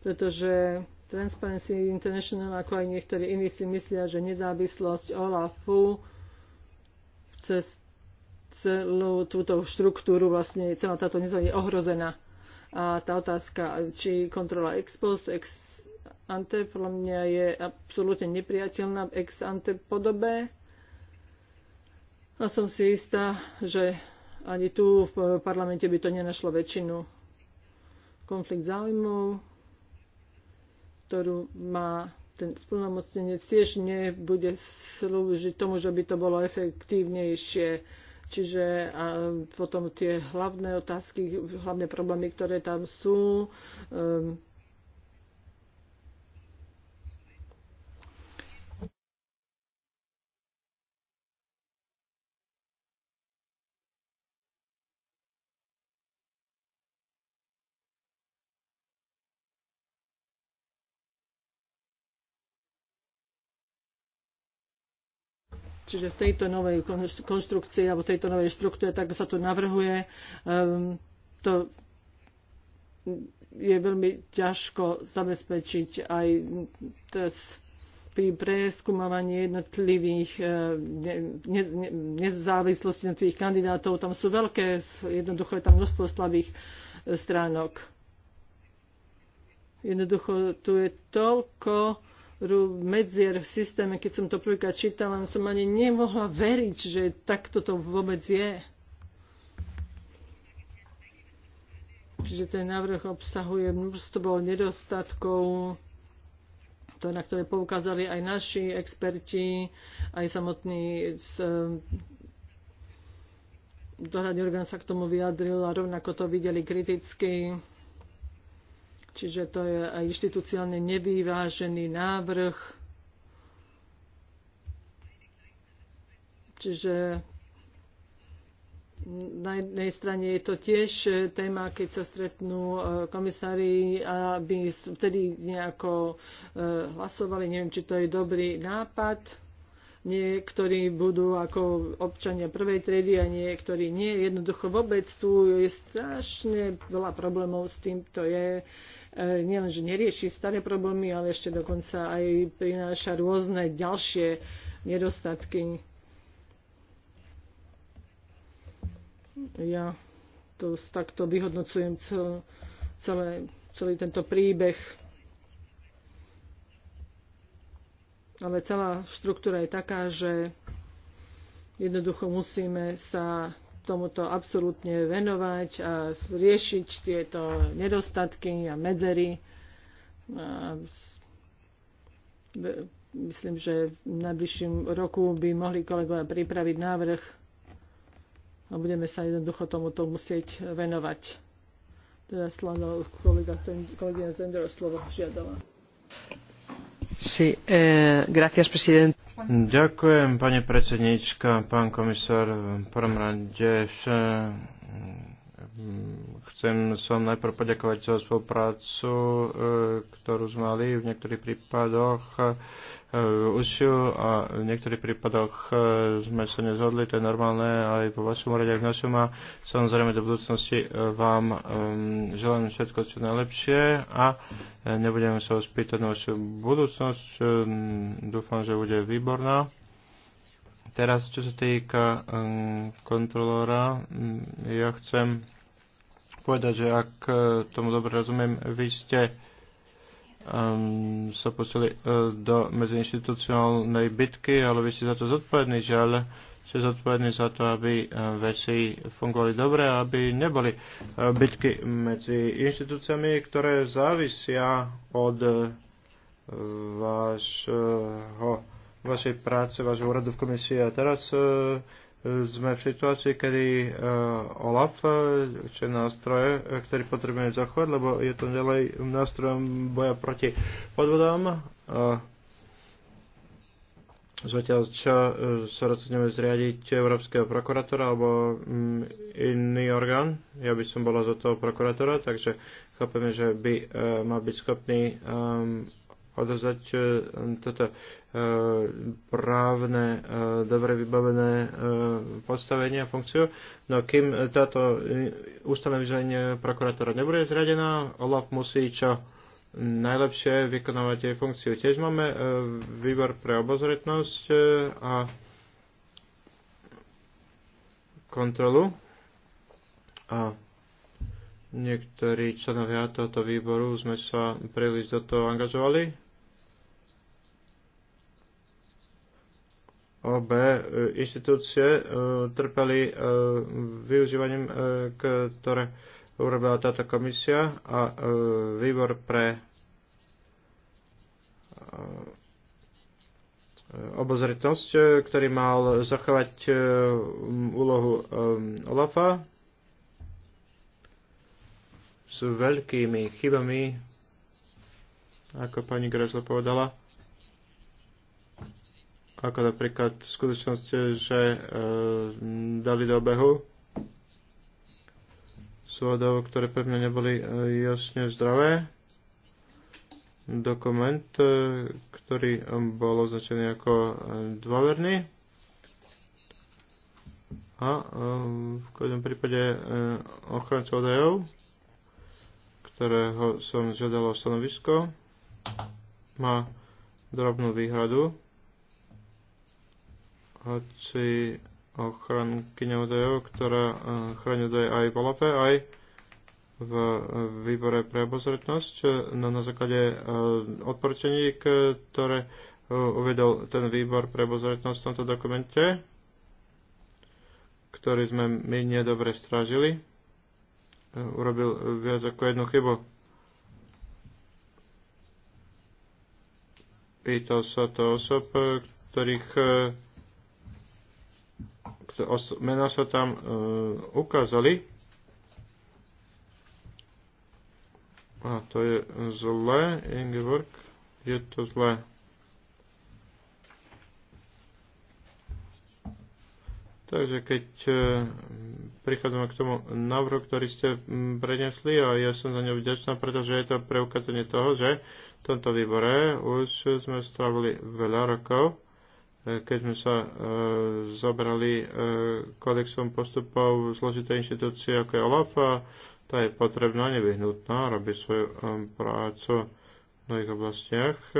pretože Transparency International, ako aj niektorí iní si myslia, že nezávislosť OLAFu cez celú túto štruktúru vlastne celá táto nezávislosť je ohrozená. A tá otázka, či kontrola ex post, ex ante, podľa mňa je absolútne nepriateľná v ex ante podobe. A som si istá, že ani tu v parlamente by to nenašlo väčšinu. Konflikt záujmov ktorú má ten splnomocnenec tiež nebude slúžiť tomu, že by to bolo efektívnejšie. Čiže a potom tie hlavné otázky, hlavné problémy, ktoré tam sú, um, Čiže v tejto novej konštrukcii alebo tejto novej štruktúre, tak sa to navrhuje, um, to je veľmi ťažko zabezpečiť aj teraz pri preskúmavaní jednotlivých ehm, ne, ne, ne, nezávislostí tých kandidátov. Tam sú veľké, jednoducho je tam množstvo slabých e, stránok. Jednoducho tu je toľko medzier v systéme, keď som to prvýkrát čítala, no som ani nemohla veriť, že takto to vôbec je. Čiže ten návrh obsahuje množstvo nedostatkov, to, na ktoré poukázali aj naši experti, aj samotný z, eh, dohľadný orgán sa k tomu vyjadril a rovnako to videli kriticky. Čiže to je aj inštitúciálne nevyvážený návrh. Čiže na jednej strane je to tiež téma, keď sa stretnú e, komisári, aby vtedy nejako e, hlasovali. Neviem, či to je dobrý nápad. Niektorí budú ako občania prvej triedy a niektorí nie. Jednoducho vôbec tu je strašne veľa problémov s týmto je. Uh, E, nielenže nerieši staré problémy, ale ešte dokonca aj prináša rôzne ďalšie nedostatky. Ja to takto vyhodnocujem cel, celé, celý tento príbeh. Ale celá štruktúra je taká, že jednoducho musíme sa tomuto absolútne venovať a riešiť tieto nedostatky a medzery. A myslím, že v najbližším roku by mohli kolegovia pripraviť návrh a budeme sa jednoducho tomuto musieť venovať. Teda slano, kolega, kolegyňa Zendero slovo žiadala. Sí, eh, gracias, presidente. Ďakujem, pani predsednička, pán komisár. V prvom rade e, chcem sa najprv poďakovať za spoluprácu, e, ktorú sme mali v niektorých prípadoch Eh, užšiu a v niektorých prípadoch eh, sme sa nezhodli, to je normálne aj vo vašom rade, aj v našom a samozrejme do budúcnosti eh, vám ehm, želám všetko čo najlepšie a nebudeme sa vás pýtať na vašu budúcnosť, dúfam, že bude výborná. Teraz, čo sa týka ehm, kontrolóra, mm, ja chcem povedať, že ak tomu dobre rozumiem, vy ste um, sa pustili uh, do medziinstitucionálnej bitky, ale vy ste za to zodpovední, že ale ste zodpovední za to, aby uh, veci fungovali dobre, aby neboli uh, bitky medzi inštitúciami, ktoré závisia od uh, vašho, vašej práce, vášho úradu v komisii. A teraz uh, sme v situácii, kedy uh, OLAF, e, čo je nástroj, e, ktorý potrebujeme zachovať, lebo je to ďalej nástrojom boja proti podvodom. Uh, zatiaľ čo uh, sa rozhodneme zriadiť Európskeho prokurátora alebo um, iný orgán. Ja by som bola za toho prokurátora, takže chápeme, že by uh, mal byť schopný um, odozvať e, toto e, právne, e, dobre vybavené postavenie a funkciu. No kým táto ústavné vyzvanie prokurátora nebude zradená, OLAF musí čo najlepšie vykonávať jej funkciu. Tiež máme výbor pre obozretnosť a kontrolu. A niektorí členovia tohoto výboru sme sa príliš do toho angažovali obe e, inštitúcie e, trpeli e, využívaním, ktoré urobila táto komisia a výbor pre obozretnosť, ktorý mal zachovať úlohu Olafa s veľkými chybami, ako pani Grezle povedala ako napríklad v skutočnosti, že e, dali do obehu súhodov, ktoré pre mňa neboli e, jasne zdravé. Dokument, e, ktorý bol označený ako e, dôverný. A e, v každom prípade e, ochranca údajov, ktorého som žiadal o stanovisko, má drobnú výhradu hoci ochrankyňou údajov, ktorá eh, chráni údaje aj v OLAPE, aj v eh, výbore pre obozretnosť eh, no, na základe odporčení, ktoré uvedol ten výbor pre obozretnosť v tomto dokumente, ktorý sme my nedobre strážili. Urobil viac ako jednu chybu. Pýtal sa to osob, ktorých mená sa tam e, ukázali. A to je zlé, Ingeborg, je to zlé. Takže keď e, prichádzame k tomu návrhu, ktorý ste prenesli a ja som za ňu vďačná, pretože je to preukázanie toho, že v tomto výbore už sme strávili veľa rokov E, keď sme sa e, zabrali e, kodexom postupov zložité inštitúcie ako je OLAF a tá je potrebná, nevyhnutná, robí svoju e, prácu v mnohých oblastiach, e,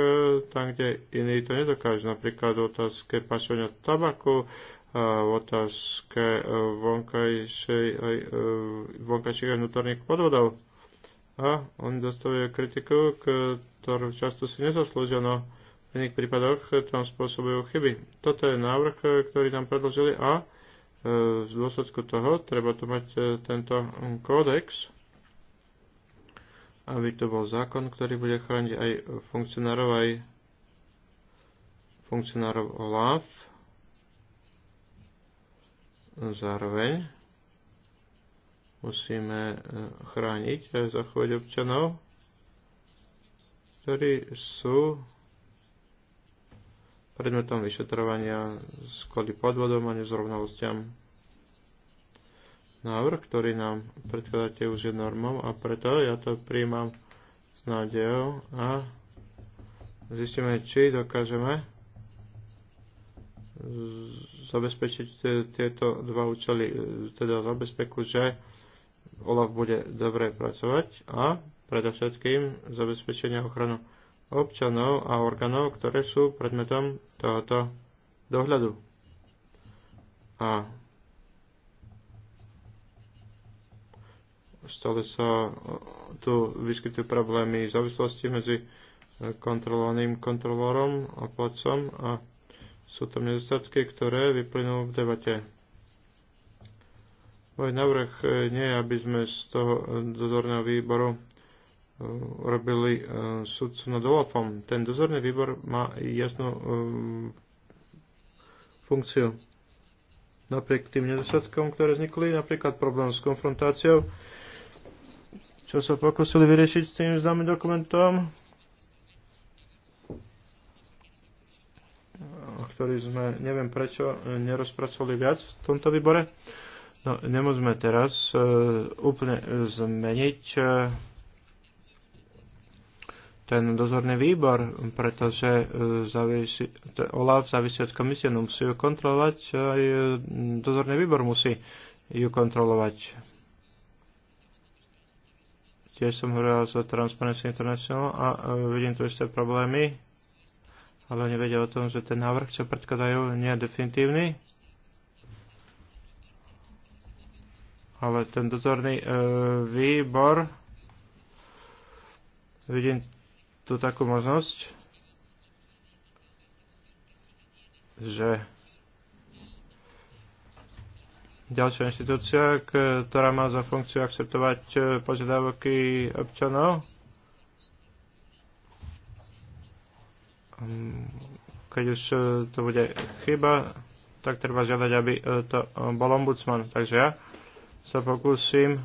tam, kde iní to nedokážu, napríklad v otázke pašovania tabaku, e, v otázke e, vonkajších a vnútorných podvodov. A oni dostávajú kritiku, ktorú často si nezaslúžia, no iných prípadoch tam spôsobujú chyby. Toto je návrh, ktorý nám predložili a z e, dôsledku toho treba tu mať e, tento kódex, aby to bol zákon, ktorý bude chrániť aj funkcionárov, aj funkcionárov OLAF. Zároveň musíme e, chrániť aj zachovať občanov, ktorí sú predmetom vyšetrovania kvôli podvodom a nezrovnalostiam. Návrh, ktorý nám predkladáte, už je normou a preto ja to príjmam s nádejou a zistíme, či dokážeme zabezpečiť tieto dva účely, teda zabezpeku, že OLAF bude dobre pracovať a predovšetkým zabezpečenia ochranu občanov a orgánov, ktoré sú predmetom tohoto dohľadu. A stále sa tu vyskytujú problémy závislosti medzi kontrolovaným kontrolórom a placom a sú tam nedostatky, ktoré vyplynú v debate. Môj návrh e, nie je, aby sme z toho dozorného výboru Eh, robili uh, eh, sudcu nad Olafom. Ten dozorný výbor má jasnú eh, funkciu. Napriek tým nedostatkom, ktoré vznikli, napríklad problém s konfrontáciou, čo sa pokusili vyriešiť s tým známym dokumentom, ktorý sme, neviem prečo, nerozpracovali viac v tomto výbore. No, nemôžeme teraz uh, úplne zmeniť e, ten dozorný výbor, pretože e, závisí, OLAF závisí od komisie, no musí ju kontrolovať, e, aj e, dozorný výbor musí ju kontrolovať. Tiež som hovoril o Transparency International a vidím tu isté problémy, ale nevedia o tom, že ten návrh, čo predkladajú, nie je definitívny. Ale ten dozorný e, výbor, vidím tu takú možnosť, že ďalšia inštitúcia, ktorá má za funkciu akceptovať e, požiadavky občanov, mm, keď už e, to bude chyba, tak treba žiadať, aby e, to bol ombudsman. Takže ja sa pokúsim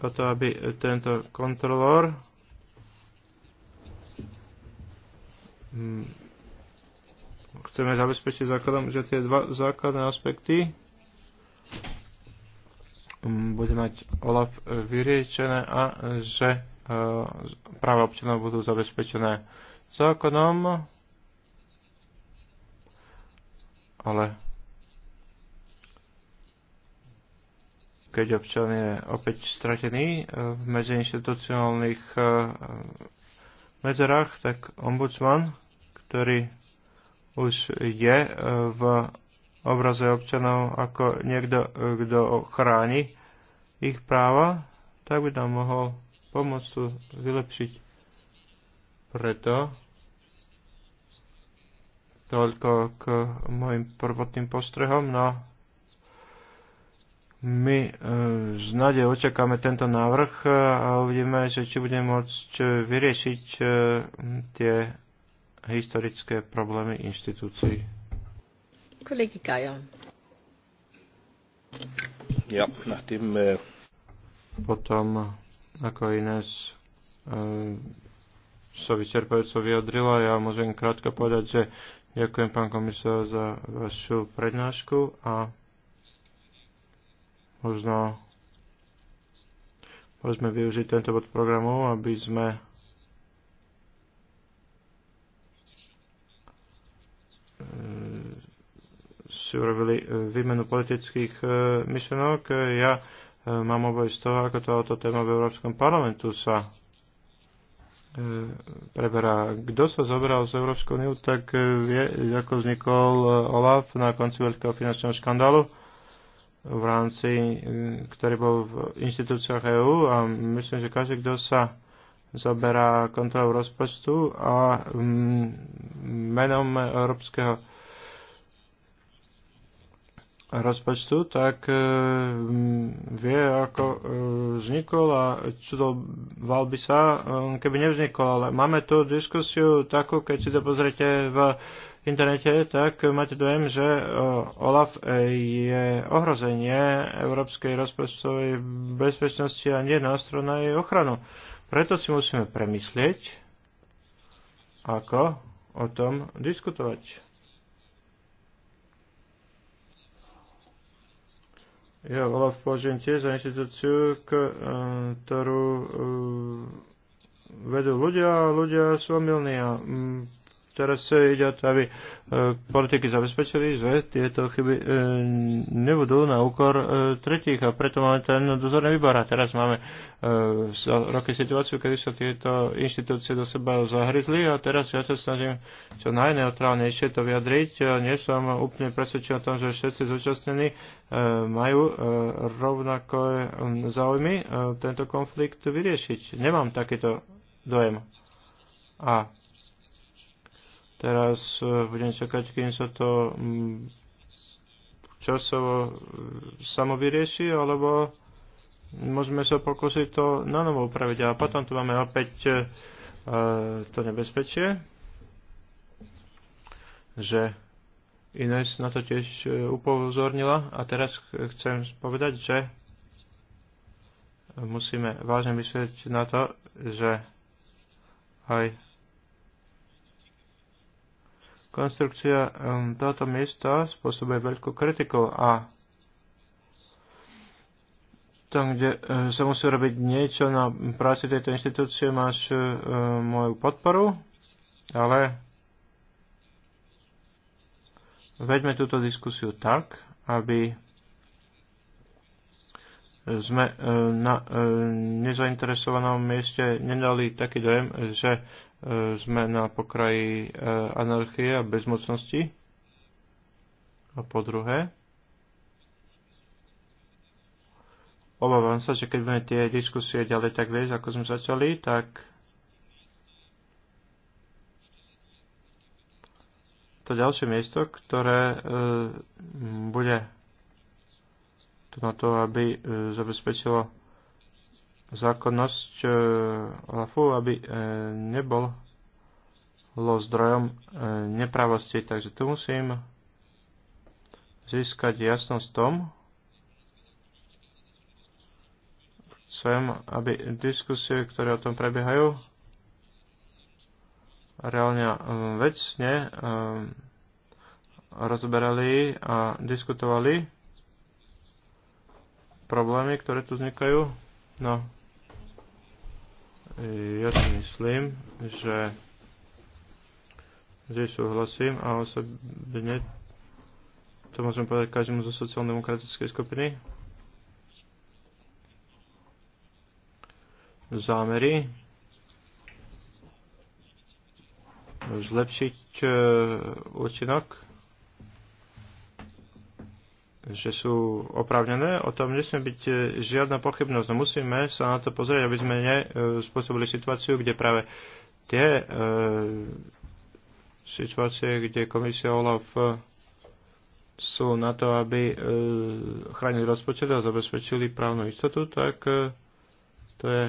o to, aby tento kontrolór Hm. chceme zabezpečiť základom, že tie dva základné aspekty hm, bude mať OLAF vyriečené a že e, práva občanov budú zabezpečené zákonom, ale keď občan je opäť stratený e, v medziinstitucionálnych e, medzerách, tak ombudsman, ktorý už je e, v obraze občanov ako niekto, e, kto chráni ich práva, tak by nám mohol pomôcť tu vylepšiť. Preto toľko k mojim prvotným postrehom, no my e, s nádej očakáme tento návrh e, a uvidíme, že či bude môcť e, vyriešiť tie historické problémy inštitúcií. Kolegy Gaja. Ja, nachdem... Potom, ako Ines sa vyčerpajúco vyjadrila, ja môžem krátko povedať, že ďakujem pán komisár za vašu prednášku a možno môžeme využiť tento bod programu, aby sme eh, si urobili eh, výmenu politických eh, myšlenok. Ja mám obaj z toho, ako táto téma v Európskom parlamentu sa preberá. Kto sa zobral z Európskej úniu, tak vie, ako vznikol OLAF na konci veľkého finančného škandálu v rámci, eh, ktorý bol v inštitúciách EÚ a myslím, že každý, kto sa zaberá kontrolu rozpočtu a mm, menom európskeho rozpočtu, tak eh, mm, vie, ako eh, vznikol a čudoval by sa, keby nevznikol. Ale máme tu diskusiu takú, keď si to pozrete v internete, tak máte dojem, že e, OLAF e, je ohrozenie európskej rozpočtovej bezpečnosti a nie nástroj na jej ochranu. Preto si musíme premyslieť, ako o tom diskutovať. Ja OLAF považujem tiež za inštitúciu, e, ktorú vedú ľudia a ľudia sú omilní a Teraz ide o to, aby e, politiky zabezpečili, že tieto chyby e, nebudú na úkor e, tretích a preto máme ten dozorný výbor. A teraz máme roky situáciu, kedy sa tieto inštitúcie do seba zahryzli a teraz ja sa snažím čo najneutrálnejšie to vyjadriť. Nie som úplne presvedčený o tom, že všetci zúčastnení majú rovnako záujmy tento konflikt vyriešiť. Nemám takýto dojem. A Teraz e, budem čakať, kým sa to mm, časovo e, samo vyrieši, alebo môžeme sa pokúsiť to na novo upraviť. A potom tu máme opäť e, to nebezpečie, že Ines na to tiež upozornila a teraz chcem povedať, že musíme vážne myslieť na to, že aj Konstrukcia tohoto miesta spôsobuje veľkú kritiku a tam, kde e, sa musí robiť niečo na práci tejto inštitúcie, máš e, moju podporu, ale veďme túto diskusiu tak, aby sme e, na nezainteresovanom mieste nedali taký dojem, že E, sme na pokraji e, anarchie a bezmocnosti. A po druhé, obávam sa, že keď budeme tie diskusie ďalej tak viesť, ako sme začali, tak to ďalšie miesto, ktoré e, bude to na to, aby e, zabezpečilo zákonnosť e, lafu aby e, nebol zdrojom e, nepravosti. Takže tu musím získať jasnosť tom, chcem, aby diskusie, ktoré o tom prebiehajú, reálne vecne rozberali a diskutovali problémy, ktoré tu vznikajú. No, ja si myslím, že že súhlasím a osobne to môžem povedať každému zo sociálno-demokratickej skupiny. Zámery zlepšiť e, účinok že sú opravnené, o tom nesmie byť e, žiadna pochybnosť. No musíme sa na to pozrieť, aby sme nespôsobili e, situáciu, kde práve tie e, situácie, kde komisia OLAF e, sú na to, aby e, chránili rozpočet a zabezpečili právnu istotu, tak e, to je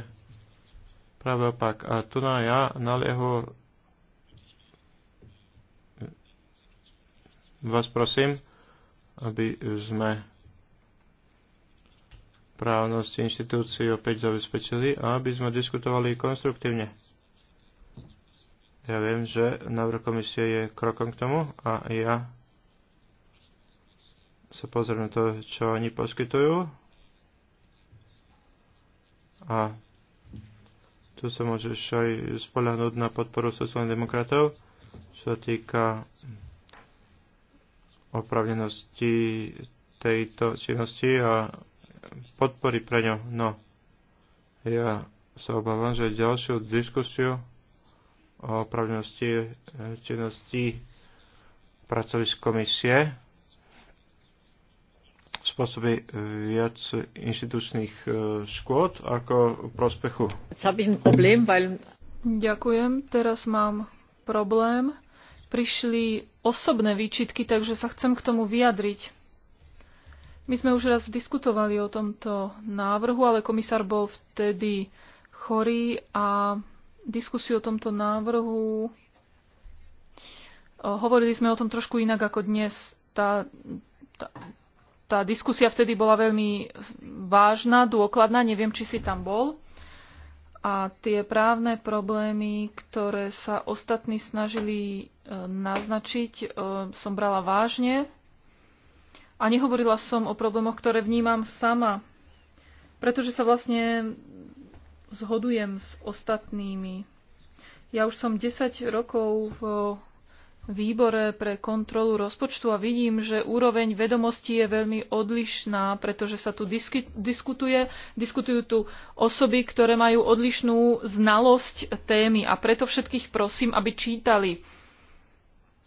práve opak. A tu na ja naliehu vás prosím, aby sme právnosť inštitúcií opäť zabezpečili a aby sme diskutovali konstruktívne. Ja viem, že návrh komisie je krokom k tomu a ja sa pozriem na to, čo oni poskytujú. A tu sa môžeš aj spolahnúť na podporu sociálnych demokratov, čo sa týka opravdenosti tejto činnosti a podpory pre ňo. No, ja sa obávam, že ďalšiu diskusiu o opravdenosti činnosti pracovisk komisie spôsobí viac inštitučných e, škôd ako prospechu. Ďakujem, teraz mám problém prišli osobné výčitky, takže sa chcem k tomu vyjadriť. My sme už raz diskutovali o tomto návrhu, ale komisár bol vtedy chorý a diskusiu o tomto návrhu eh, hovorili sme o tom trošku inak ako dnes. Tá, tá, tá diskusia vtedy bola veľmi vážna, dôkladná, neviem, či si tam bol a tie právne problémy, ktoré sa ostatní snažili e, naznačiť, e, som brala vážne a nehovorila som o problémoch, ktoré vnímam sama, pretože sa vlastne zhodujem s ostatnými. Ja už som 10 rokov v výbore pre kontrolu rozpočtu a vidím, že úroveň vedomostí je veľmi odlišná, pretože sa tu diskutuje, diskutujú tu osoby, ktoré majú odlišnú znalosť témy a preto všetkých prosím, aby čítali.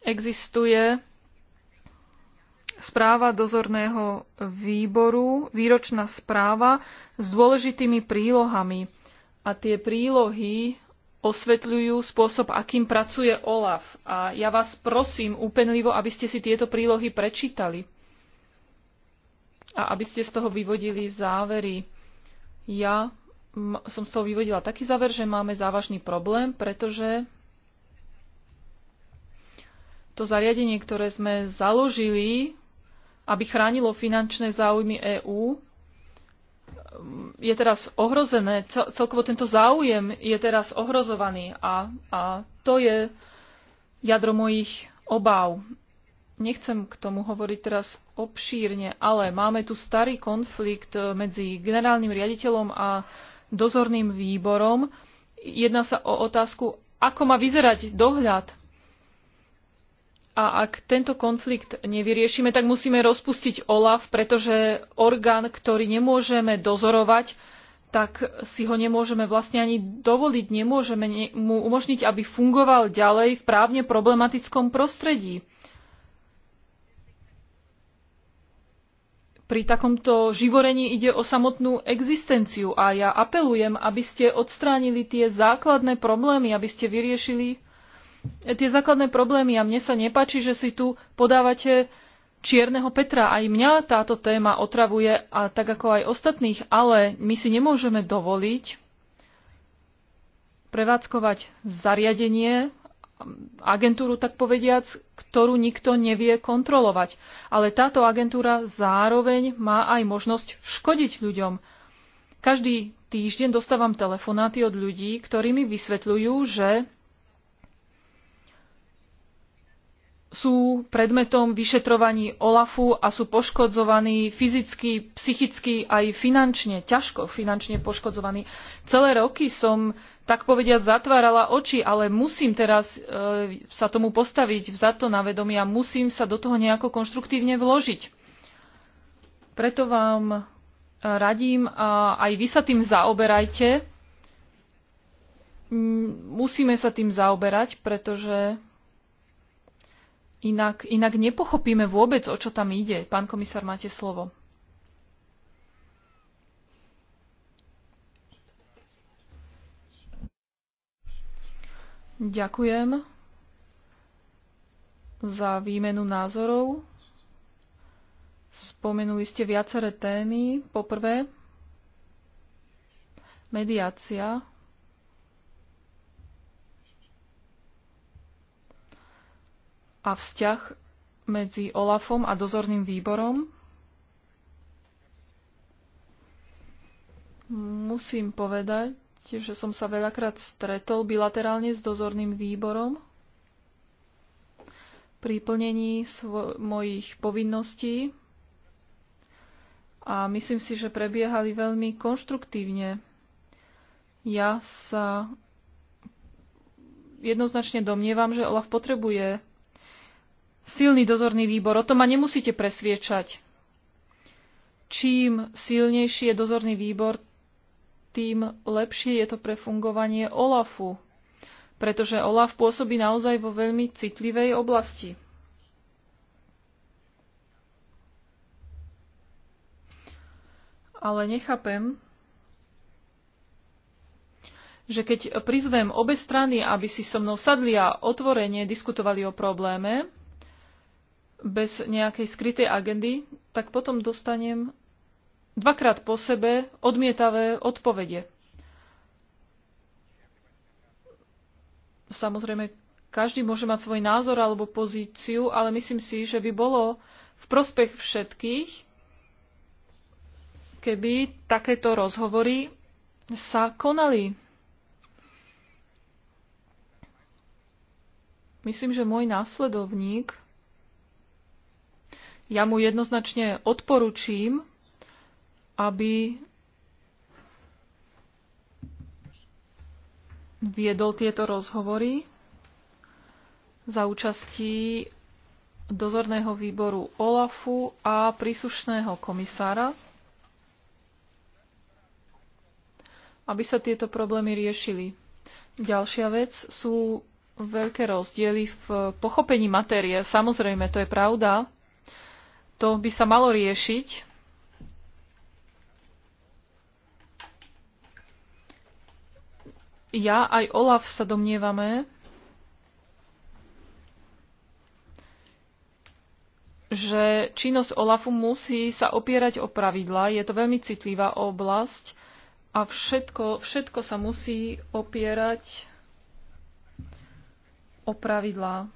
Existuje správa dozorného výboru, výročná správa s dôležitými prílohami. A tie prílohy osvetľujú spôsob, akým pracuje OLAF. A ja vás prosím úpenlivo, aby ste si tieto prílohy prečítali a aby ste z toho vyvodili závery. Ja som z toho vyvodila taký záver, že máme závažný problém, pretože to zariadenie, ktoré sme založili, aby chránilo finančné záujmy EÚ, je teraz ohrozené, celkovo tento záujem je teraz ohrozovaný a, a to je jadro mojich obáv. Nechcem k tomu hovoriť teraz obšírne, ale máme tu starý konflikt medzi generálnym riaditeľom a dozorným výborom. Jedná sa o otázku, ako má vyzerať dohľad a ak tento konflikt nevyriešime, tak musíme rozpustiť OLAF, pretože orgán, ktorý nemôžeme dozorovať, tak si ho nemôžeme vlastne ani dovoliť, nemôžeme mu umožniť, aby fungoval ďalej v právne problematickom prostredí. Pri takomto živorení ide o samotnú existenciu a ja apelujem, aby ste odstránili tie základné problémy, aby ste vyriešili tie základné problémy a mne sa nepáči, že si tu podávate čierneho Petra. Aj mňa táto téma otravuje a tak ako aj ostatných, ale my si nemôžeme dovoliť prevádzkovať zariadenie, agentúru tak povediac, ktorú nikto nevie kontrolovať. Ale táto agentúra zároveň má aj možnosť škodiť ľuďom. Každý týždeň dostávam telefonáty od ľudí, ktorí mi vysvetľujú, že sú predmetom vyšetrovaní OLAFu a sú poškodzovaní fyzicky, psychicky aj finančne, ťažko finančne poškodzovaní. Celé roky som, tak povediať, zatvárala oči, ale musím teraz e, sa tomu postaviť to na vedomie a musím sa do toho nejako konštruktívne vložiť. Preto vám e, radím a aj vy sa tým zaoberajte. Musíme sa tým zaoberať, pretože Inak, inak nepochopíme vôbec, o čo tam ide. Pán komisár, máte slovo. Ďakujem za výmenu názorov. Spomenuli ste viaceré témy. Poprvé, mediácia a vzťah medzi OLAFom a dozorným výborom. Musím povedať, že som sa veľakrát stretol bilaterálne s dozorným výborom pri plnení mojich povinností a myslím si, že prebiehali veľmi konštruktívne. Ja sa jednoznačne domnievam, že Olaf potrebuje silný dozorný výbor. O tom ma nemusíte presviečať. Čím silnejší je dozorný výbor, tým lepšie je to pre fungovanie OLAFu, pretože OLAF pôsobí naozaj vo veľmi citlivej oblasti. Ale nechápem, že keď prizvem obe strany, aby si so mnou sadli a otvorene diskutovali o probléme, bez nejakej skrytej agendy, tak potom dostanem dvakrát po sebe odmietavé odpovede. Samozrejme, každý môže mať svoj názor alebo pozíciu, ale myslím si, že by bolo v prospech všetkých, keby takéto rozhovory sa konali. Myslím, že môj následovník ja mu jednoznačne odporučím, aby viedol tieto rozhovory za účastí dozorného výboru OLAFu a príslušného komisára, aby sa tieto problémy riešili. Ďalšia vec sú veľké rozdiely v pochopení matérie. Samozrejme, to je pravda. To by sa malo riešiť. Ja aj Olaf sa domnievame, že činnosť OLAFu musí sa opierať o pravidla. Je to veľmi citlivá oblasť a všetko, všetko sa musí opierať o pravidlá.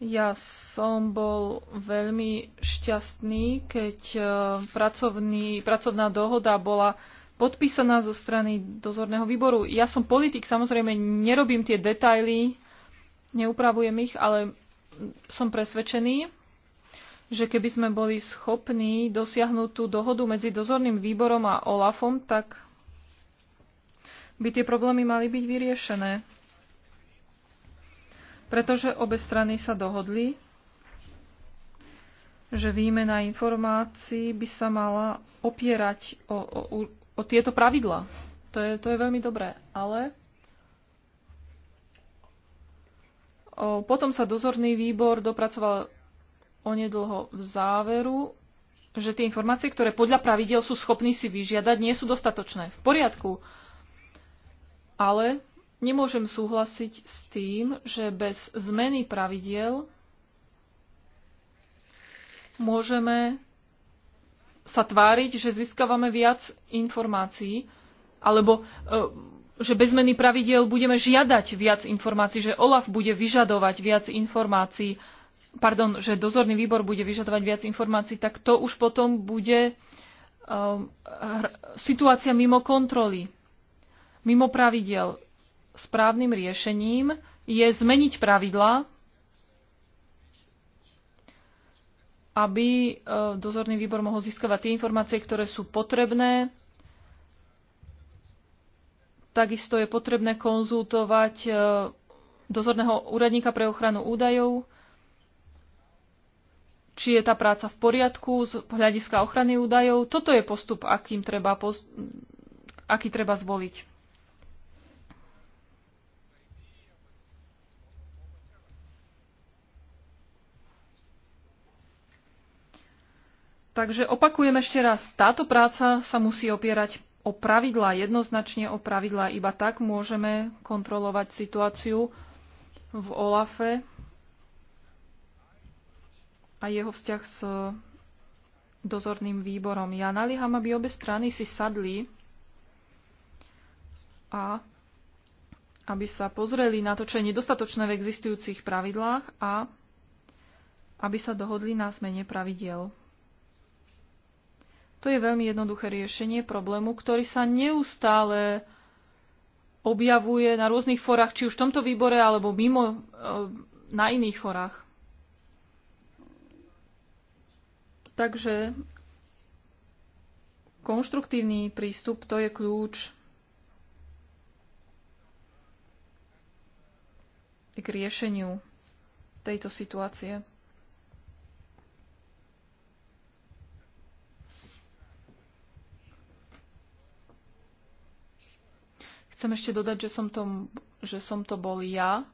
Ja som bol veľmi šťastný, keď e, pracovný, pracovná dohoda bola podpísaná zo strany dozorného výboru. Ja som politik, samozrejme nerobím tie detaily, neupravujem ich, ale som presvedčený, že keby sme boli schopní dosiahnuť tú dohodu medzi dozorným výborom a OLAFom, tak by tie problémy mali byť vyriešené pretože obe strany sa dohodli, že výmena informácií by sa mala opierať o, o, o tieto pravidlá. To je, to je veľmi dobré, ale o, potom sa dozorný výbor dopracoval onedlho v záveru, že tie informácie, ktoré podľa pravidel sú schopní si vyžiadať, nie sú dostatočné. V poriadku. Ale Nemôžem súhlasiť s tým, že bez zmeny pravidiel môžeme sa tváriť, že získavame viac informácií, alebo e, že bez zmeny pravidiel budeme žiadať viac informácií, že OLAF bude vyžadovať viac informácií, pardon, že dozorný výbor bude vyžadovať viac informácií, tak to už potom bude e, situácia mimo kontroly, mimo pravidel správnym riešením je zmeniť pravidla, aby e, dozorný výbor mohol získavať tie informácie, ktoré sú potrebné. Takisto je potrebné konzultovať e, dozorného úradníka pre ochranu údajov, či je tá práca v poriadku z hľadiska ochrany údajov. Toto je postup, akým treba, aký treba zvoliť. Takže opakujem ešte raz, táto práca sa musí opierať o pravidlá, jednoznačne o pravidlá. Iba tak môžeme kontrolovať situáciu v OLAFe a jeho vzťah s dozorným výborom. Ja nalieham, aby obe strany si sadli a aby sa pozreli na to, čo je nedostatočné v existujúcich pravidlách a aby sa dohodli na zmene pravidiel. To je veľmi jednoduché riešenie problému, ktorý sa neustále objavuje na rôznych forách, či už v tomto výbore alebo mimo e, na iných forách. Takže konštruktívny prístup to je kľúč k riešeniu tejto situácie. Chcem ešte dodať, že som to, že som to bol ja,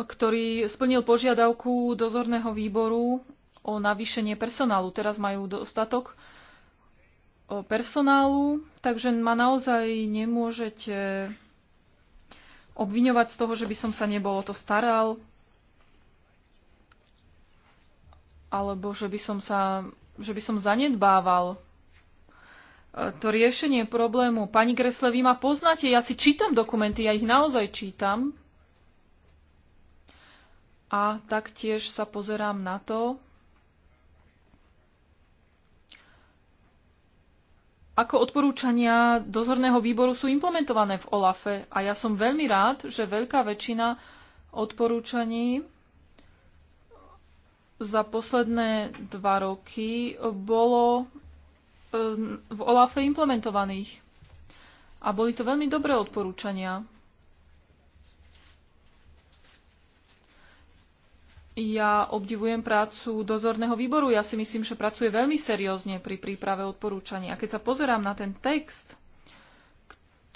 ktorý splnil požiadavku dozorného výboru o navýšenie personálu. Teraz majú dostatok personálu, takže ma naozaj nemôžete obviňovať z toho, že by som sa nebol o to staral, alebo že by som sa že by som zanedbával E, to riešenie problému. Pani Gresle, vy ma poznáte, ja si čítam dokumenty, ja ich naozaj čítam. A taktiež sa pozerám na to, ako odporúčania dozorného výboru sú implementované v OLAFe. A ja som veľmi rád, že veľká väčšina odporúčaní za posledné dva roky bolo Ehm, v OLAFe implementovaných. A boli to veľmi dobré odporúčania. Ja obdivujem prácu dozorného výboru. Ja si myslím, že pracuje veľmi seriózne pri príprave odporúčaní. A keď sa pozerám na ten text,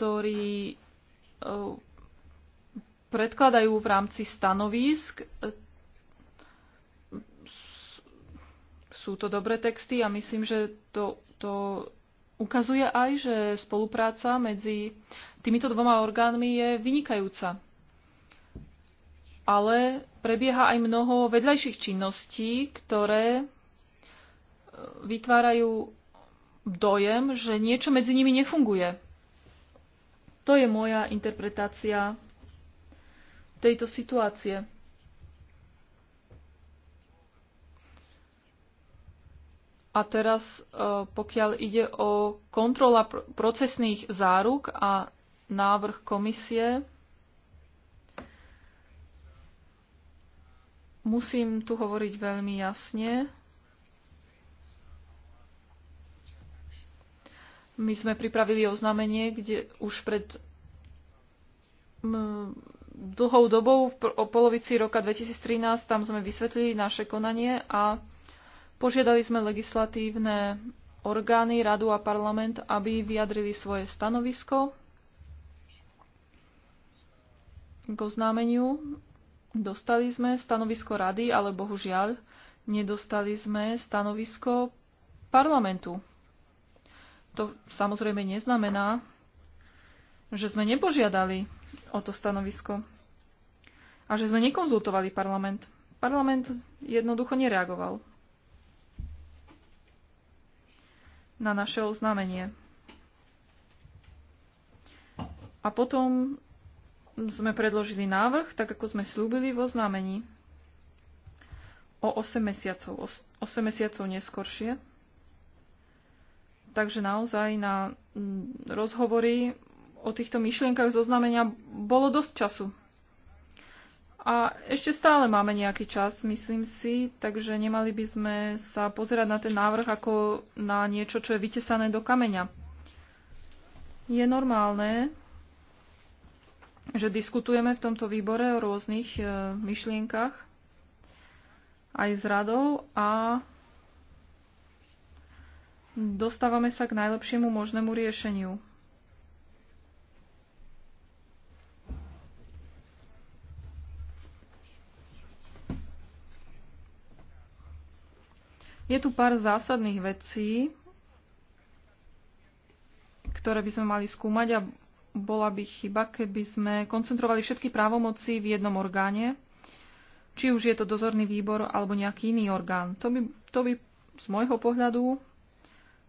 ktorý ehm, predkladajú v rámci stanovísk, sú to dobré texty a myslím, že to, to ukazuje aj, že spolupráca medzi týmito dvoma orgánmi je vynikajúca. Ale prebieha aj mnoho vedľajších činností, ktoré e, vytvárajú dojem, že niečo medzi nimi nefunguje. To je moja interpretácia tejto situácie. A teraz, e, pokiaľ ide o kontrola procesných záruk a návrh komisie, musím tu hovoriť veľmi jasne. My sme pripravili oznámenie, kde už pred dlhou dobou, o polovici roka 2013, tam sme vysvetlili naše konanie a Požiadali sme legislatívne orgány, radu a parlament, aby vyjadrili svoje stanovisko k oznámeniu. Dostali sme stanovisko rady, ale bohužiaľ nedostali sme stanovisko parlamentu. To samozrejme neznamená, že sme nepožiadali o to stanovisko a že sme nekonzultovali parlament. Parlament jednoducho nereagoval. na naše oznámenie. A potom sme predložili návrh, tak ako sme slúbili v oznámení, o 8 mesiacov, 8 mesiacov neskoršie. Takže naozaj na mm, rozhovory o týchto myšlienkach zoznamenia bolo dosť času. A ešte stále máme nejaký čas, myslím si, takže nemali by sme sa pozerať na ten návrh ako na niečo, čo je vytesané do kameňa. Je normálne, že diskutujeme v tomto výbore o rôznych e, myšlienkach aj s radou a dostávame sa k najlepšiemu možnému riešeniu. Je tu pár zásadných vecí, ktoré by sme mali skúmať a bola by chyba, keby sme koncentrovali všetky právomoci v jednom orgáne, či už je to dozorný výbor alebo nejaký iný orgán. To by, to by z môjho pohľadu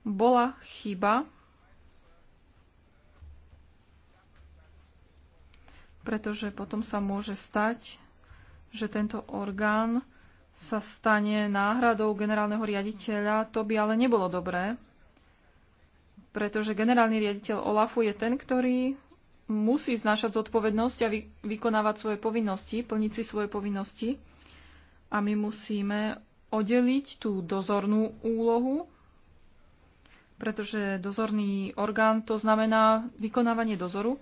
bola chyba, pretože potom sa môže stať, že tento orgán sa stane náhradou generálneho riaditeľa, to by ale nebolo dobré, pretože generálny riaditeľ OLAFu je ten, ktorý musí znášať zodpovednosť a vy, vykonávať svoje povinnosti, plniť si svoje povinnosti. A my musíme oddeliť tú dozornú úlohu, pretože dozorný orgán to znamená vykonávanie dozoru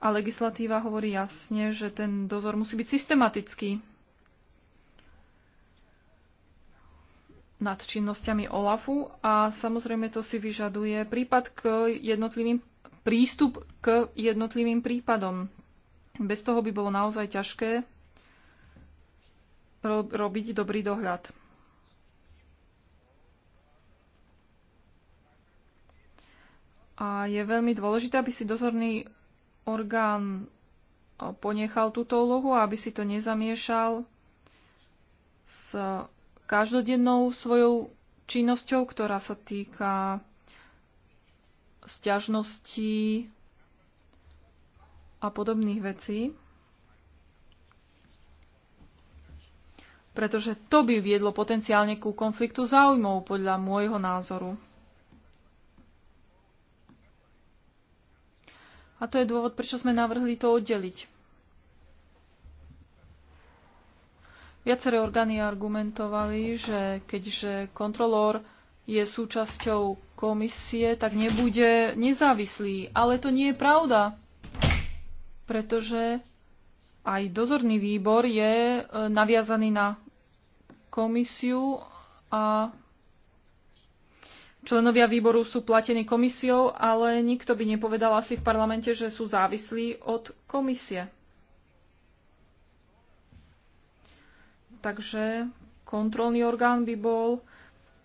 a legislatíva hovorí jasne, že ten dozor musí byť systematický nad činnosťami OLAFu a samozrejme to si vyžaduje prípad k jednotlivým prístup k jednotlivým prípadom. Bez toho by bolo naozaj ťažké ro- robiť dobrý dohľad. A je veľmi dôležité, aby si dozorný orgán eh, ponechal túto úlohu a aby si to nezamiešal s každodennou svojou činnosťou, ktorá sa týka sťažností a podobných vecí. Pretože to by viedlo potenciálne ku konfliktu záujmov podľa môjho názoru. A to je dôvod, prečo sme navrhli to oddeliť. Viaceré orgány argumentovali, že keďže kontrolór je súčasťou komisie, tak nebude nezávislý. Ale to nie je pravda, pretože aj dozorný výbor je e, naviazaný na komisiu a členovia výboru sú platení komisiou, ale nikto by nepovedal asi v parlamente, že sú závislí od komisie. Takže kontrolný orgán by bol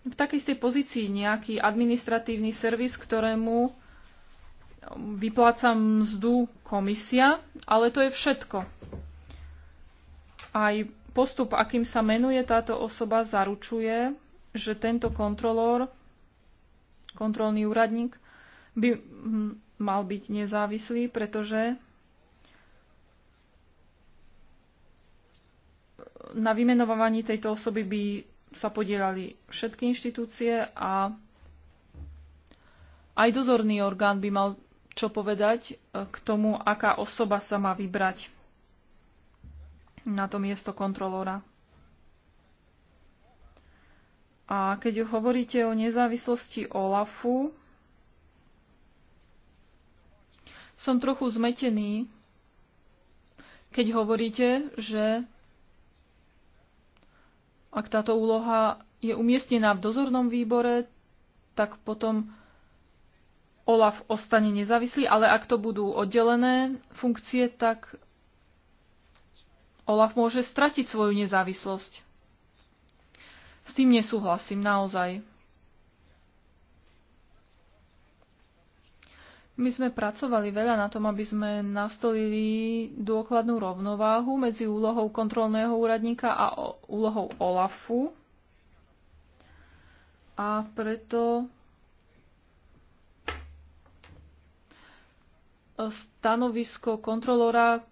v takej istej pozícii nejaký administratívny servis, ktorému vypláca mzdu komisia, ale to je všetko. Aj postup, akým sa menuje táto osoba, zaručuje, že tento kontrolór, kontrolný úradník, by hm, mal byť nezávislý, pretože na vymenovaní tejto osoby by sa podielali všetky inštitúcie a aj dozorný orgán by mal čo povedať e, k tomu, aká osoba sa má vybrať na to miesto kontrolóra. A keď hovoríte o nezávislosti OLAFu, som trochu zmetený, keď hovoríte, že ak táto úloha je umiestnená v dozornom výbore, tak potom OLAF ostane nezávislý, ale ak to budú oddelené funkcie, tak OLAF môže stratiť svoju nezávislosť. S tým nesúhlasím naozaj. My sme pracovali veľa na tom, aby sme nastolili dôkladnú rovnováhu medzi úlohou kontrolného úradníka a úlohou OLAFu. A preto e, stanovisko kontrolora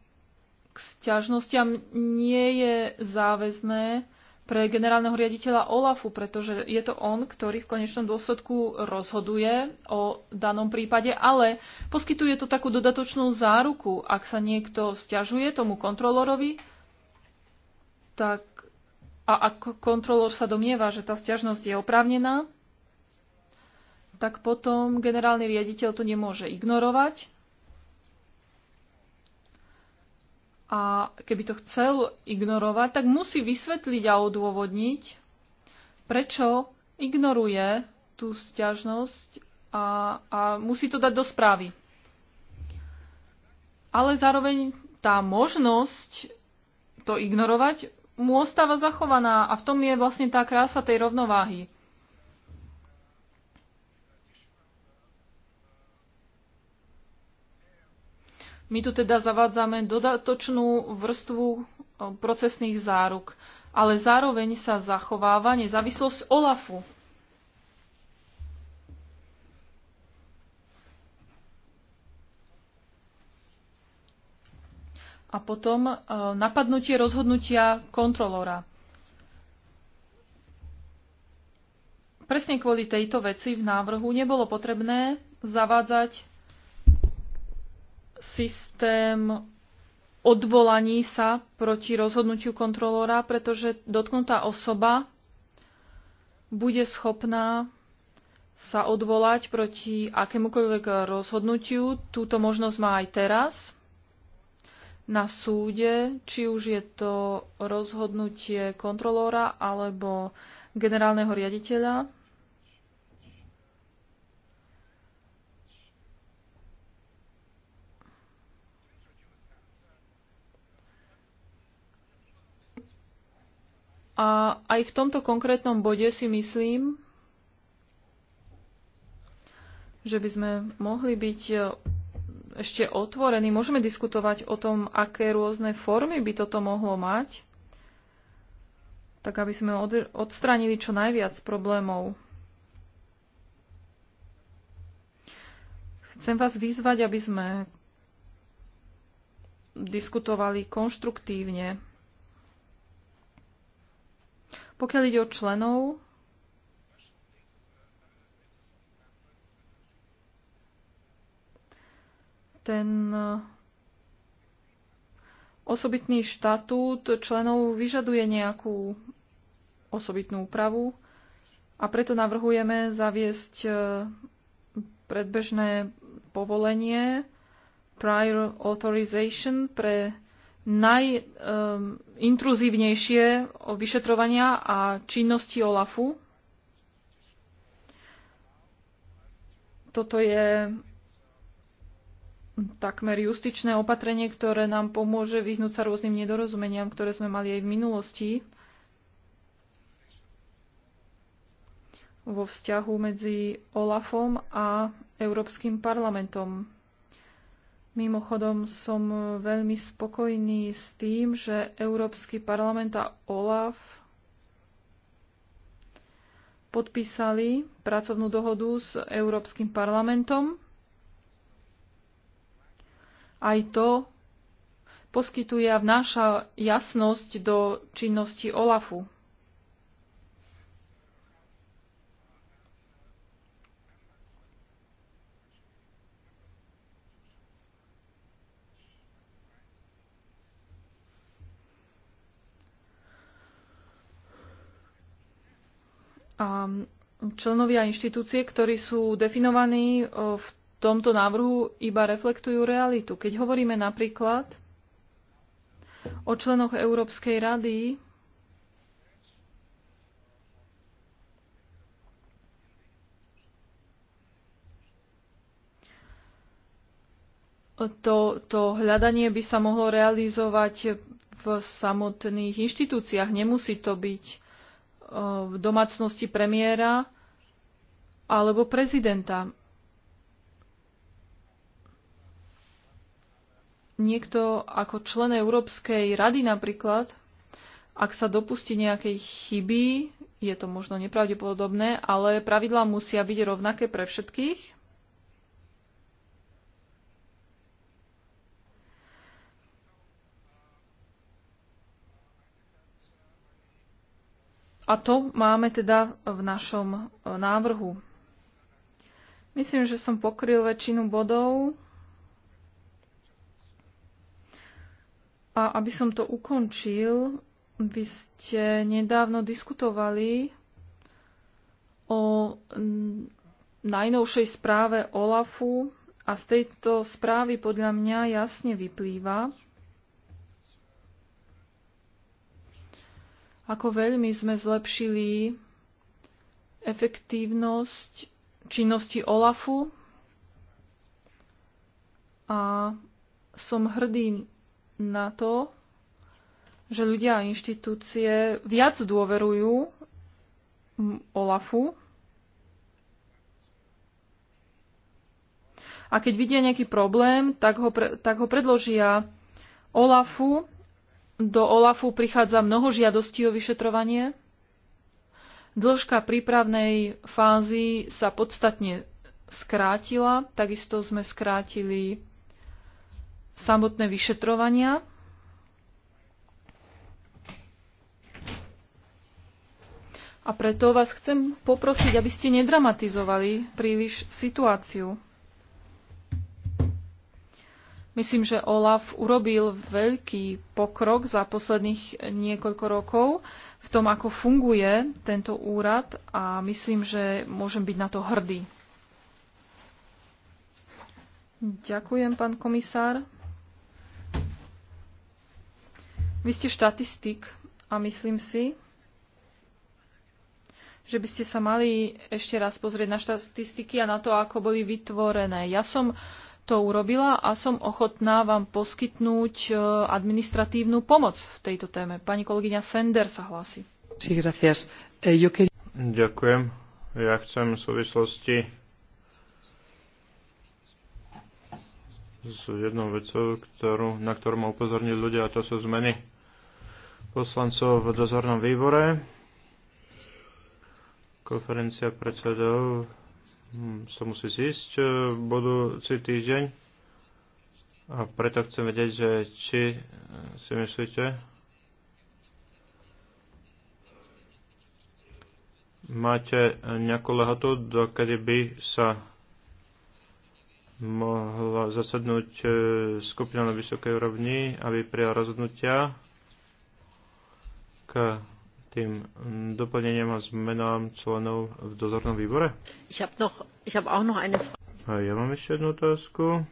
k sťažnostiam nie je záväzné pre generálneho riaditeľa OLAFu, pretože je to on, ktorý v konečnom dôsledku rozhoduje o danom prípade, ale poskytuje to takú dodatočnú záruku. Ak sa niekto stiažuje tomu kontrolorovi, tak a ak kontrolór sa domnieva, že tá stiažnosť je oprávnená, tak potom generálny riaditeľ to nemôže ignorovať a keby to chcel ignorovať, tak musí vysvetliť a odôvodniť, prečo ignoruje tú sťažnosť a, a musí to dať do správy. Ale zároveň tá možnosť to ignorovať mu ostáva zachovaná a v tom je vlastne tá krása tej rovnováhy. My tu teda zavádzame dodatočnú vrstvu procesných záruk, ale zároveň sa zachováva nezávislosť OLAFu. A potom napadnutie rozhodnutia kontrolóra. Presne kvôli tejto veci v návrhu nebolo potrebné zavádzať systém odvolaní sa proti rozhodnutiu kontrolóra, pretože dotknutá osoba bude schopná sa odvolať proti akémukoľvek rozhodnutiu. Túto možnosť má aj teraz na súde, či už je to rozhodnutie kontrolóra alebo generálneho riaditeľa A aj v tomto konkrétnom bode si myslím, že by sme mohli byť e, ešte otvorení. Môžeme diskutovať o tom, aké rôzne formy by toto mohlo mať, tak aby sme odstránili čo najviac problémov. Chcem vás vyzvať, aby sme diskutovali konštruktívne pokiaľ ide o členov, ten eh, osobitný štatút členov vyžaduje nejakú osobitnú úpravu a preto navrhujeme zaviesť eh, predbežné povolenie prior authorization pre najintruzívnejšie um, vyšetrovania a činnosti OLAFu. Toto je takmer justičné opatrenie, ktoré nám pomôže vyhnúť sa rôznym nedorozumeniam, ktoré sme mali aj v minulosti vo vzťahu medzi OLAFom a Európskym parlamentom. Mimochodom som veľmi spokojný s tým, že Európsky parlament a OLAF podpísali pracovnú dohodu s Európskym parlamentom. Aj to poskytuje a vnáša jasnosť do činnosti OLAFu. členovia inštitúcie, ktorí sú definovaní e, v tomto návrhu, iba reflektujú realitu. Keď hovoríme napríklad o členoch Európskej rady, to, to hľadanie by sa mohlo realizovať v samotných inštitúciách. Nemusí to byť v domácnosti premiéra alebo prezidenta. Niekto ako člen Európskej rady napríklad, ak sa dopustí nejakej chyby, je to možno nepravdepodobné, ale pravidlá musia byť rovnaké pre všetkých A to máme teda v našom e, návrhu. Myslím, že som pokryl väčšinu bodov. A aby som to ukončil, vy ste nedávno diskutovali o najnovšej správe OLAFu a z tejto správy podľa mňa jasne vyplýva, ako veľmi sme zlepšili efektívnosť činnosti OLAFu a som hrdý na to, že ľudia a inštitúcie viac dôverujú OLAFu. A keď vidia nejaký problém, tak ho, pre, tak ho predložia OLAFu do OLAFu prichádza mnoho žiadostí o vyšetrovanie. Dĺžka prípravnej fázy sa podstatne skrátila, takisto sme skrátili samotné vyšetrovania. A preto vás chcem poprosiť, aby ste nedramatizovali príliš situáciu. Myslím, že Olaf urobil veľký pokrok za posledných niekoľko rokov v tom, ako funguje tento úrad a myslím, že môžem byť na to hrdý. Ďakujem, pán komisár. Vy ste štatistik a myslím si, že by ste sa mali ešte raz pozrieť na štatistiky a na to, ako boli vytvorené. Ja som uh, to urobila a som ochotná vám poskytnúť e, administratívnu pomoc v tejto téme. Pani kolegyňa Sender sa hlási. Eh, Ďakujem. Ja chcem v súvislosti s jednou vecou, ktorú, na ktorú ma upozornili ľudia, a to sú zmeny poslancov v dozornom výbore. Konferencia predsedov sa hm, musí zísť eh, budúci týždeň a preto chcem vedieť, že či eh, si myslíte, máte nejakú lehotu, dokedy by sa mohla zasadnúť eh, skupina na vysokej úrovni, aby prijala rozhodnutia k tým doplnením a zmenám členov v dozornom výbore? A ja mám ešte jednu otázku.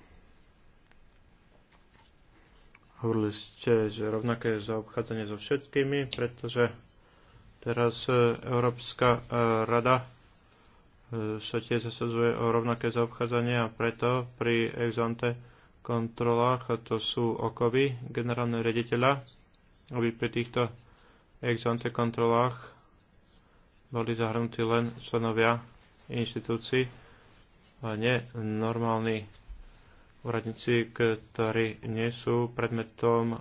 Hovorili ste, že rovnaké zaobchádzanie so všetkými, pretože teraz e, Európska e, rada e, sa tiež zasadzuje o rovnaké zaobchádzanie a preto pri exante kontrolách, a to sú okovy generálneho rediteľa, aby pri týchto ex ante kontrolách boli zahrnutí len členovia inštitúcií, a nie normálni úradníci, ktorí nie sú predmetom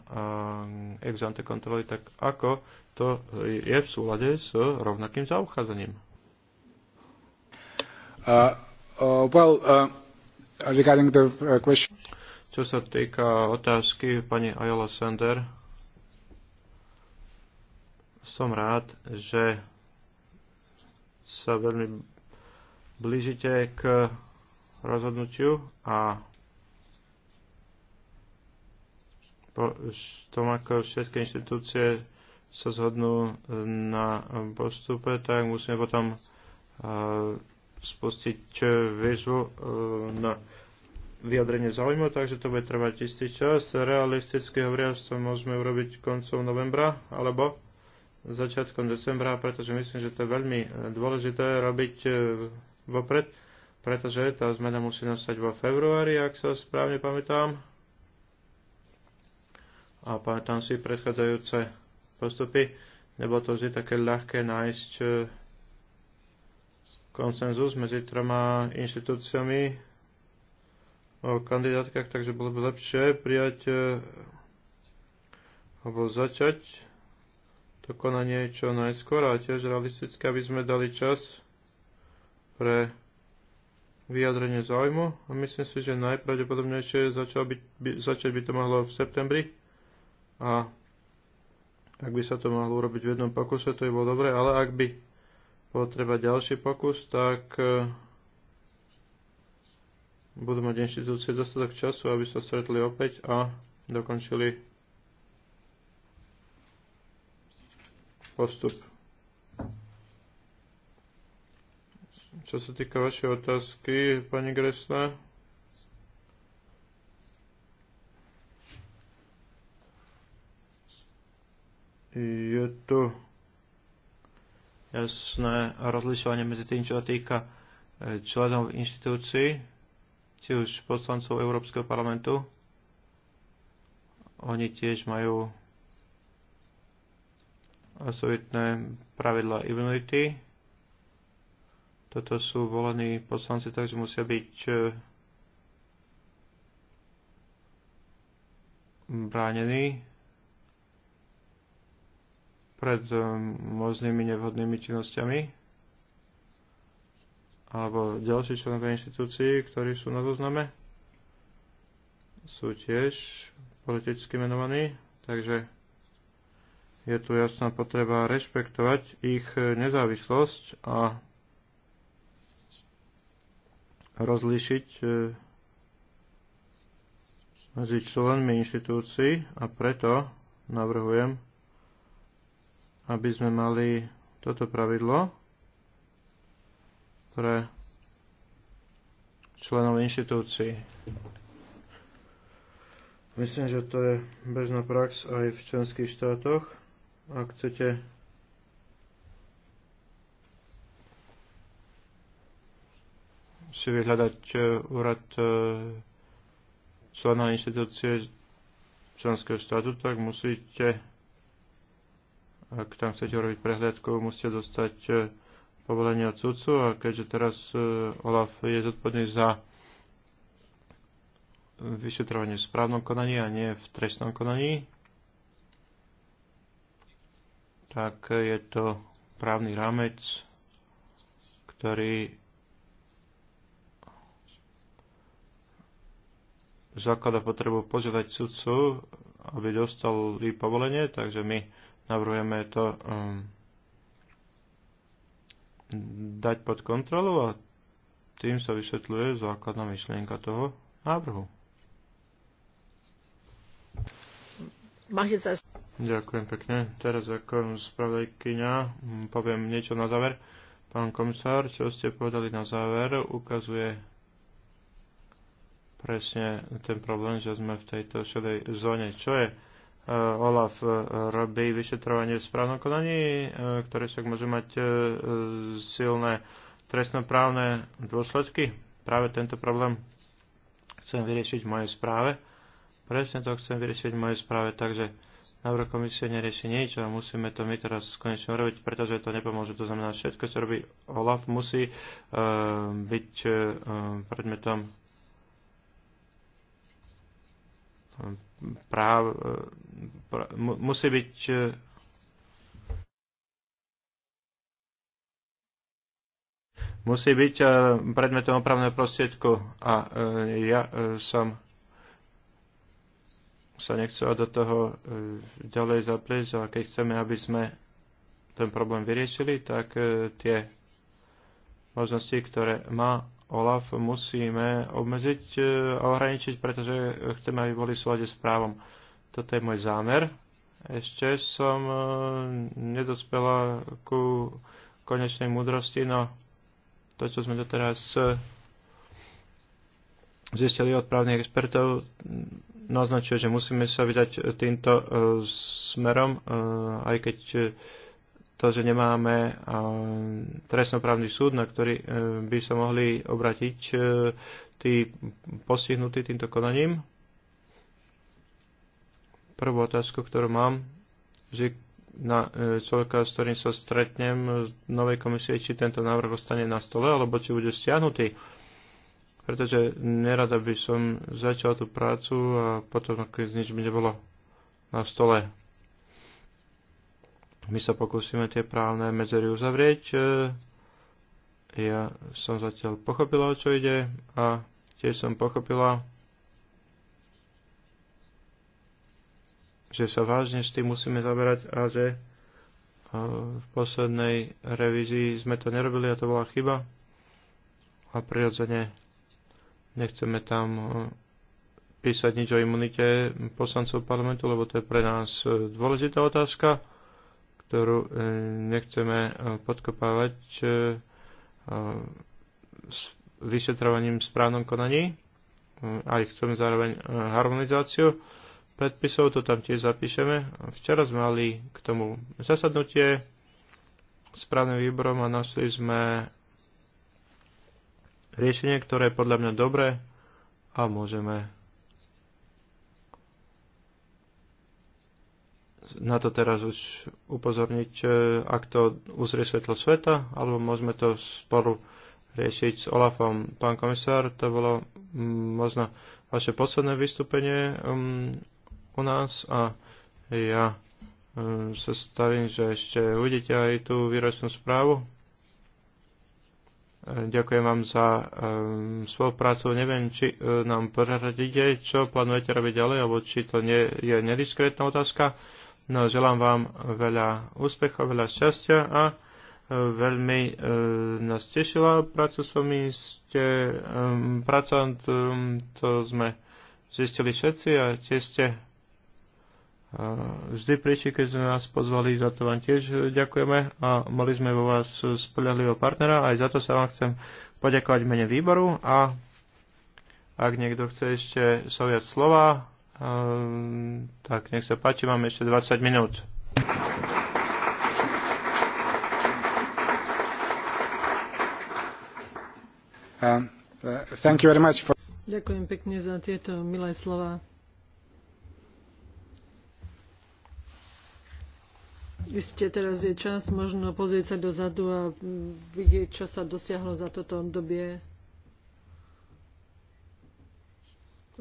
ex ante kontroly, tak ako to je v súlade s rovnakým zaobchádzaním? Uh, uh, well, uh, regarding the uh, question... Čo sa týka otázky pani Ayala Sender, som rád, že sa veľmi blížite k rozhodnutiu a tom, ako všetky inštitúcie sa zhodnú na postupe, tak musíme potom e, spustiť výzvu e, na vyjadrenie záujmu, takže to bude trvať istý čas. Realisticky hovoriac to môžeme urobiť koncom novembra, alebo začiatkom decembra, pretože myslím, že to je veľmi e, dôležité robiť e, vopred, pretože tá zmena musí nastať vo februári, ak sa správne pamätám. A pamätám si predchádzajúce postupy. Nebolo to vždy také ľahké nájsť e, konsenzus medzi troma inštitúciami o kandidátkach, takže bolo by lepšie prijať alebo začať to konanie čo najskôr a tiež realistické, aby sme dali čas pre vyjadrenie záujmu a myslím si, že najpravdepodobnejšie začal by, by, začať by to mohlo v septembri a ak by sa to mohlo urobiť v jednom pokuse, to by bolo dobre, ale ak by bolo treba ďalší pokus, tak e, budú mať inštitúcie dostatok času, aby sa stretli opäť a dokončili postup. Čo sa týka vašej otázky, pani Gresla? je tu jasné rozlišovanie medzi tým, čo sa týka e, členov inštitúcií, či už poslancov Európskeho parlamentu. Oni tiež majú osobitné pravidla immunity. Toto sú volení poslanci, takže musia byť e, bránení pred e, možnými nevhodnými činnosťami alebo ďalší členovia inštitúcií, ktorí sú na zozname, sú tiež politicky menovaní, takže je tu jasná potreba rešpektovať ich nezávislosť a rozlišiť e, medzi členmi inštitúcií a preto navrhujem, aby sme mali toto pravidlo pre členov inštitúcií. Myslím, že to je bežná prax aj v členských štátoch ak chcete si vyhľadať e, úrad e, člena inštitúcie členského štátu, tak musíte, ak tam chcete urobiť prehľadku, musíte dostať e, povolenie od sudcu a keďže teraz Olaf je zodpovedný za vyšetrovanie v správnom konaní a nie v trestnom konaní, tak je to právny rámec, ktorý zaklada potrebu požiadať sudcu, aby dostal jej povolenie, takže my navrhujeme to um, dať pod kontrolu a tým sa vysvetľuje základná myšlienka toho návrhu. Máte sa Ďakujem pekne. Teraz ako spravodajkyňa mm, poviem niečo na záver. Pán komisár, čo ste povedali na záver, ukazuje presne ten problém, že sme v tejto šedej zóne. Čo je? E, Olaf e, robí vyšetrovanie v správnom konaní, e, ktoré však môže mať silné trestnoprávne dôsledky. Práve tento problém chcem vyriešiť v mojej správe. Presne to chcem vyriešiť v mojej správe, takže návrh komisie nerieši nič a musíme to my teraz konečne urobiť, pretože to nepomôže. To znamená, všetko, čo robí OLAF, musí uh, byť uh, predmetom eh, práv, pra, musí byť musí byť predmetom opravného prostriedku a ja som sa nechcela do toho e, ďalej zaprieť a keď chceme, aby sme ten problém vyriešili, tak e, tie možnosti, ktoré má OLAF, musíme obmedziť e, a ohraničiť, pretože chceme, aby boli v súlade s právom. Toto je môj zámer. Ešte som nedospela ku konečnej múdrosti, no to, čo sme doteraz zistili od právnych expertov, mm, naznačuje, že musíme sa vydať e, týmto e, smerom, e, aj keď to, že nemáme trestnoprávny súd, na ktorý by sa mohli obratiť tí postihnutí týmto konaním. Prvú otázku, ktorú mám, že na človeka, s ktorým sa stretnem z novej komisie, či tento návrh ostane na stole, alebo či bude stiahnutý pretože nerada by som začal tú prácu a potom nakoniec nič by nebolo na stole. My sa pokúsime tie právne medzery uzavrieť. E, ja som zatiaľ pochopila, o čo ide a tiež som pochopila, že sa vážne s tým musíme zaberať a že e, v poslednej revízii sme to nerobili a to bola chyba. A prirodzene Nechceme tam e, písať nič o imunite poslancov parlamentu, lebo to je pre nás e, dôležitá otázka, ktorú e, nechceme podkopávať s vyšetrovaním správnom konaní. Aj chceme zároveň harmonizáciu predpisov, to tam tiež zapíšeme. Včera sme mali k tomu zasadnutie správnym výborom a našli sme riešenie, ktoré je podľa mňa dobré a môžeme na to teraz už upozorniť, e, ak to uzrie svetlo sveta, alebo môžeme to spolu riešiť s Olafom. Pán komisár, to bolo možno vaše posledné vystúpenie um, u nás a ja um, sa stavím, že ešte uvidíte aj tú výročnú správu. Ďakujem vám za um, ehm, prácu. Neviem, či uh, nám poradíte, čo plánujete robiť ďalej, alebo či to nie je nediskrétna otázka. No, želám vám veľa úspechov, veľa šťastia a e, veľmi uh, nás tešila práca s vami. Ste um, pracant, um, to sme zistili všetci a tie ste vždy prišli, keď sme vás pozvali, za to vám tiež ďakujeme a mali sme vo vás spolahlivého partnera, aj za to sa vám chcem poďakovať v mene výboru a ak niekto chce ešte soviať slova, tak nech sa páči, máme ešte 20 minút. Um, uh, for... Ďakujem pekne za tieto milé slova. Isté, teraz je čas možno pozrieť sa dozadu a vidieť, čo sa dosiahlo za toto obdobie.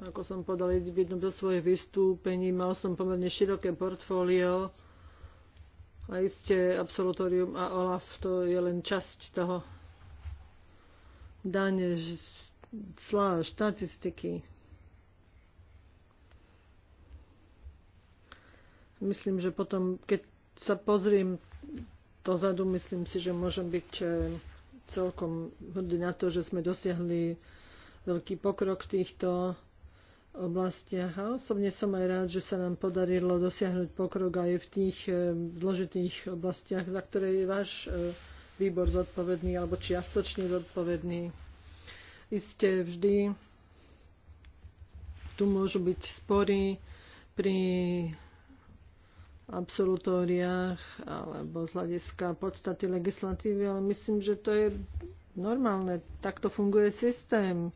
Ako som podal v jednom do svojich vystúpení, mal som pomerne široké portfólio a iste absolutorium a OLAF to je len časť toho. dáne slá, štatistiky. Myslím, že potom, keď sa pozriem dozadu, myslím si, že môžem byť eh, celkom hrdý na to, že sme dosiahli veľký pokrok v týchto oblastiach. A osobne som aj rád, že sa nám podarilo dosiahnuť pokrok aj v tých eh, zložitých oblastiach, za ktoré je váš eh, výbor zodpovedný alebo čiastočne zodpovedný. Isté vždy tu môžu byť spory pri absolutóriách alebo z hľadiska podstaty legislatívy, ale myslím, že to je normálne. Takto funguje systém.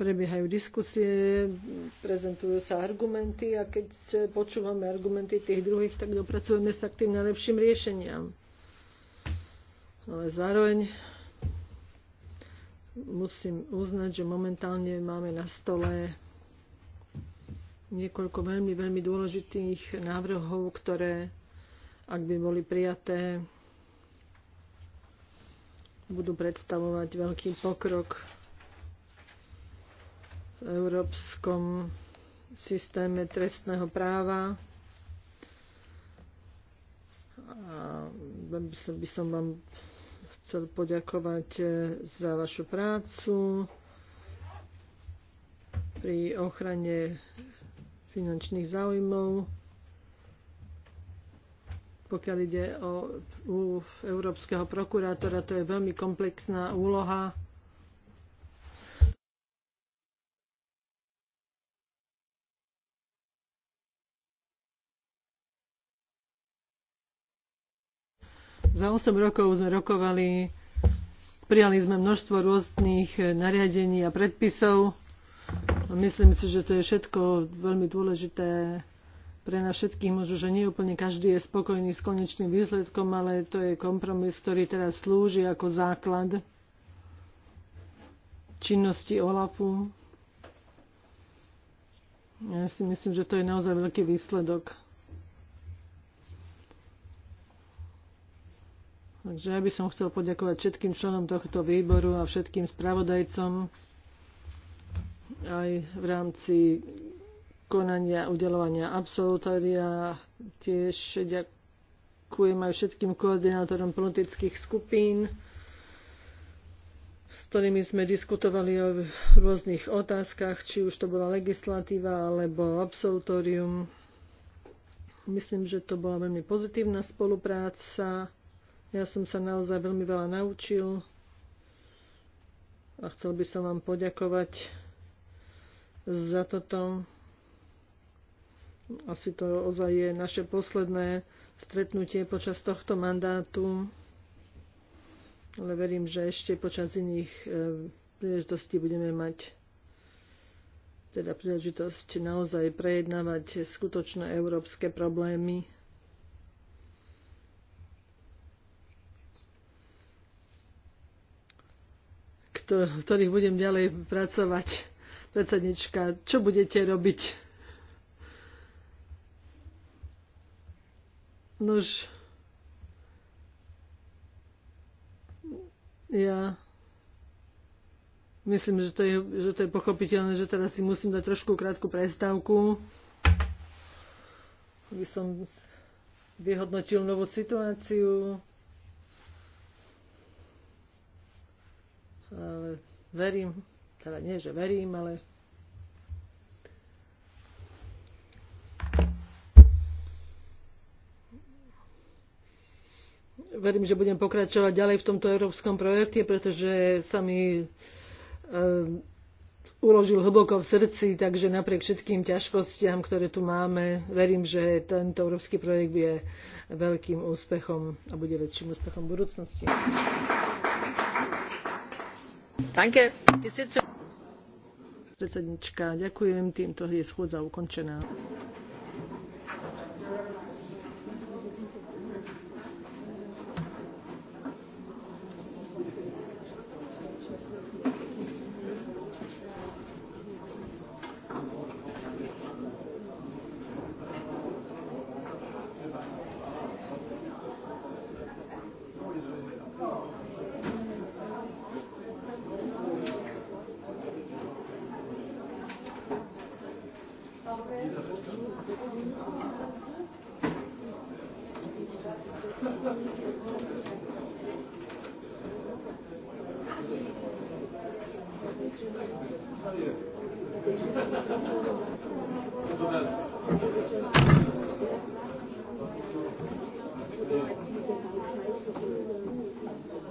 Prebiehajú diskusie, prezentujú sa argumenty a keď počúvame argumenty tých druhých, tak dopracujeme sa k tým najlepším riešeniam. Ale zároveň musím uznať, že momentálne máme na stole niekoľko veľmi, veľmi dôležitých návrhov, ktoré, ak by boli prijaté, budú predstavovať veľký pokrok v európskom systéme trestného práva. A by som vám chcel poďakovať eh, za vašu prácu pri ochrane finančných záujmov, pokiaľ ide o u európskeho prokurátora, to je veľmi komplexná úloha. Za 8 rokov sme rokovali, prijali sme množstvo rôznych nariadení a predpisov Myslím si, že to je všetko veľmi dôležité pre nás všetkých. Možno, že nie úplne každý je spokojný s konečným výsledkom, ale to je kompromis, ktorý teraz slúži ako základ činnosti OLAFu. Ja si myslím, že to je naozaj veľký výsledok. Takže ja by som chcel poďakovať všetkým členom tohto výboru a všetkým spravodajcom aj v rámci konania udelovania absolutória. Tiež ďakujem aj všetkým koordinátorom politických skupín, s ktorými sme diskutovali o rôznych otázkach, či už to bola legislatíva alebo absolutórium. Myslím, že to bola veľmi pozitívna spolupráca. Ja som sa naozaj veľmi veľa naučil a chcel by som vám poďakovať za toto. Asi to ozaj je naše posledné stretnutie počas tohto mandátu, ale verím, že ešte počas iných e, príležitostí budeme mať teda príležitosť naozaj prejednávať skutočné európske problémy. ktorých budem ďalej pracovať predsednička, čo budete robiť? Nož, ja myslím, že to, je, že to je pochopiteľné, že teraz si musím dať trošku krátku prestávku, aby som vyhodnotil novú situáciu. Ale verím, teda nie, že verím, ale verím, že budem pokračovať ďalej v tomto európskom projekte, pretože sa mi e, uložil hlboko v srdci, takže napriek všetkým ťažkostiam, ktoré tu máme, verím, že tento európsky projekt je veľkým úspechom a bude väčším úspechom v budúcnosti. Predsednička, ďakujem. Týmto je schôdza ukončená.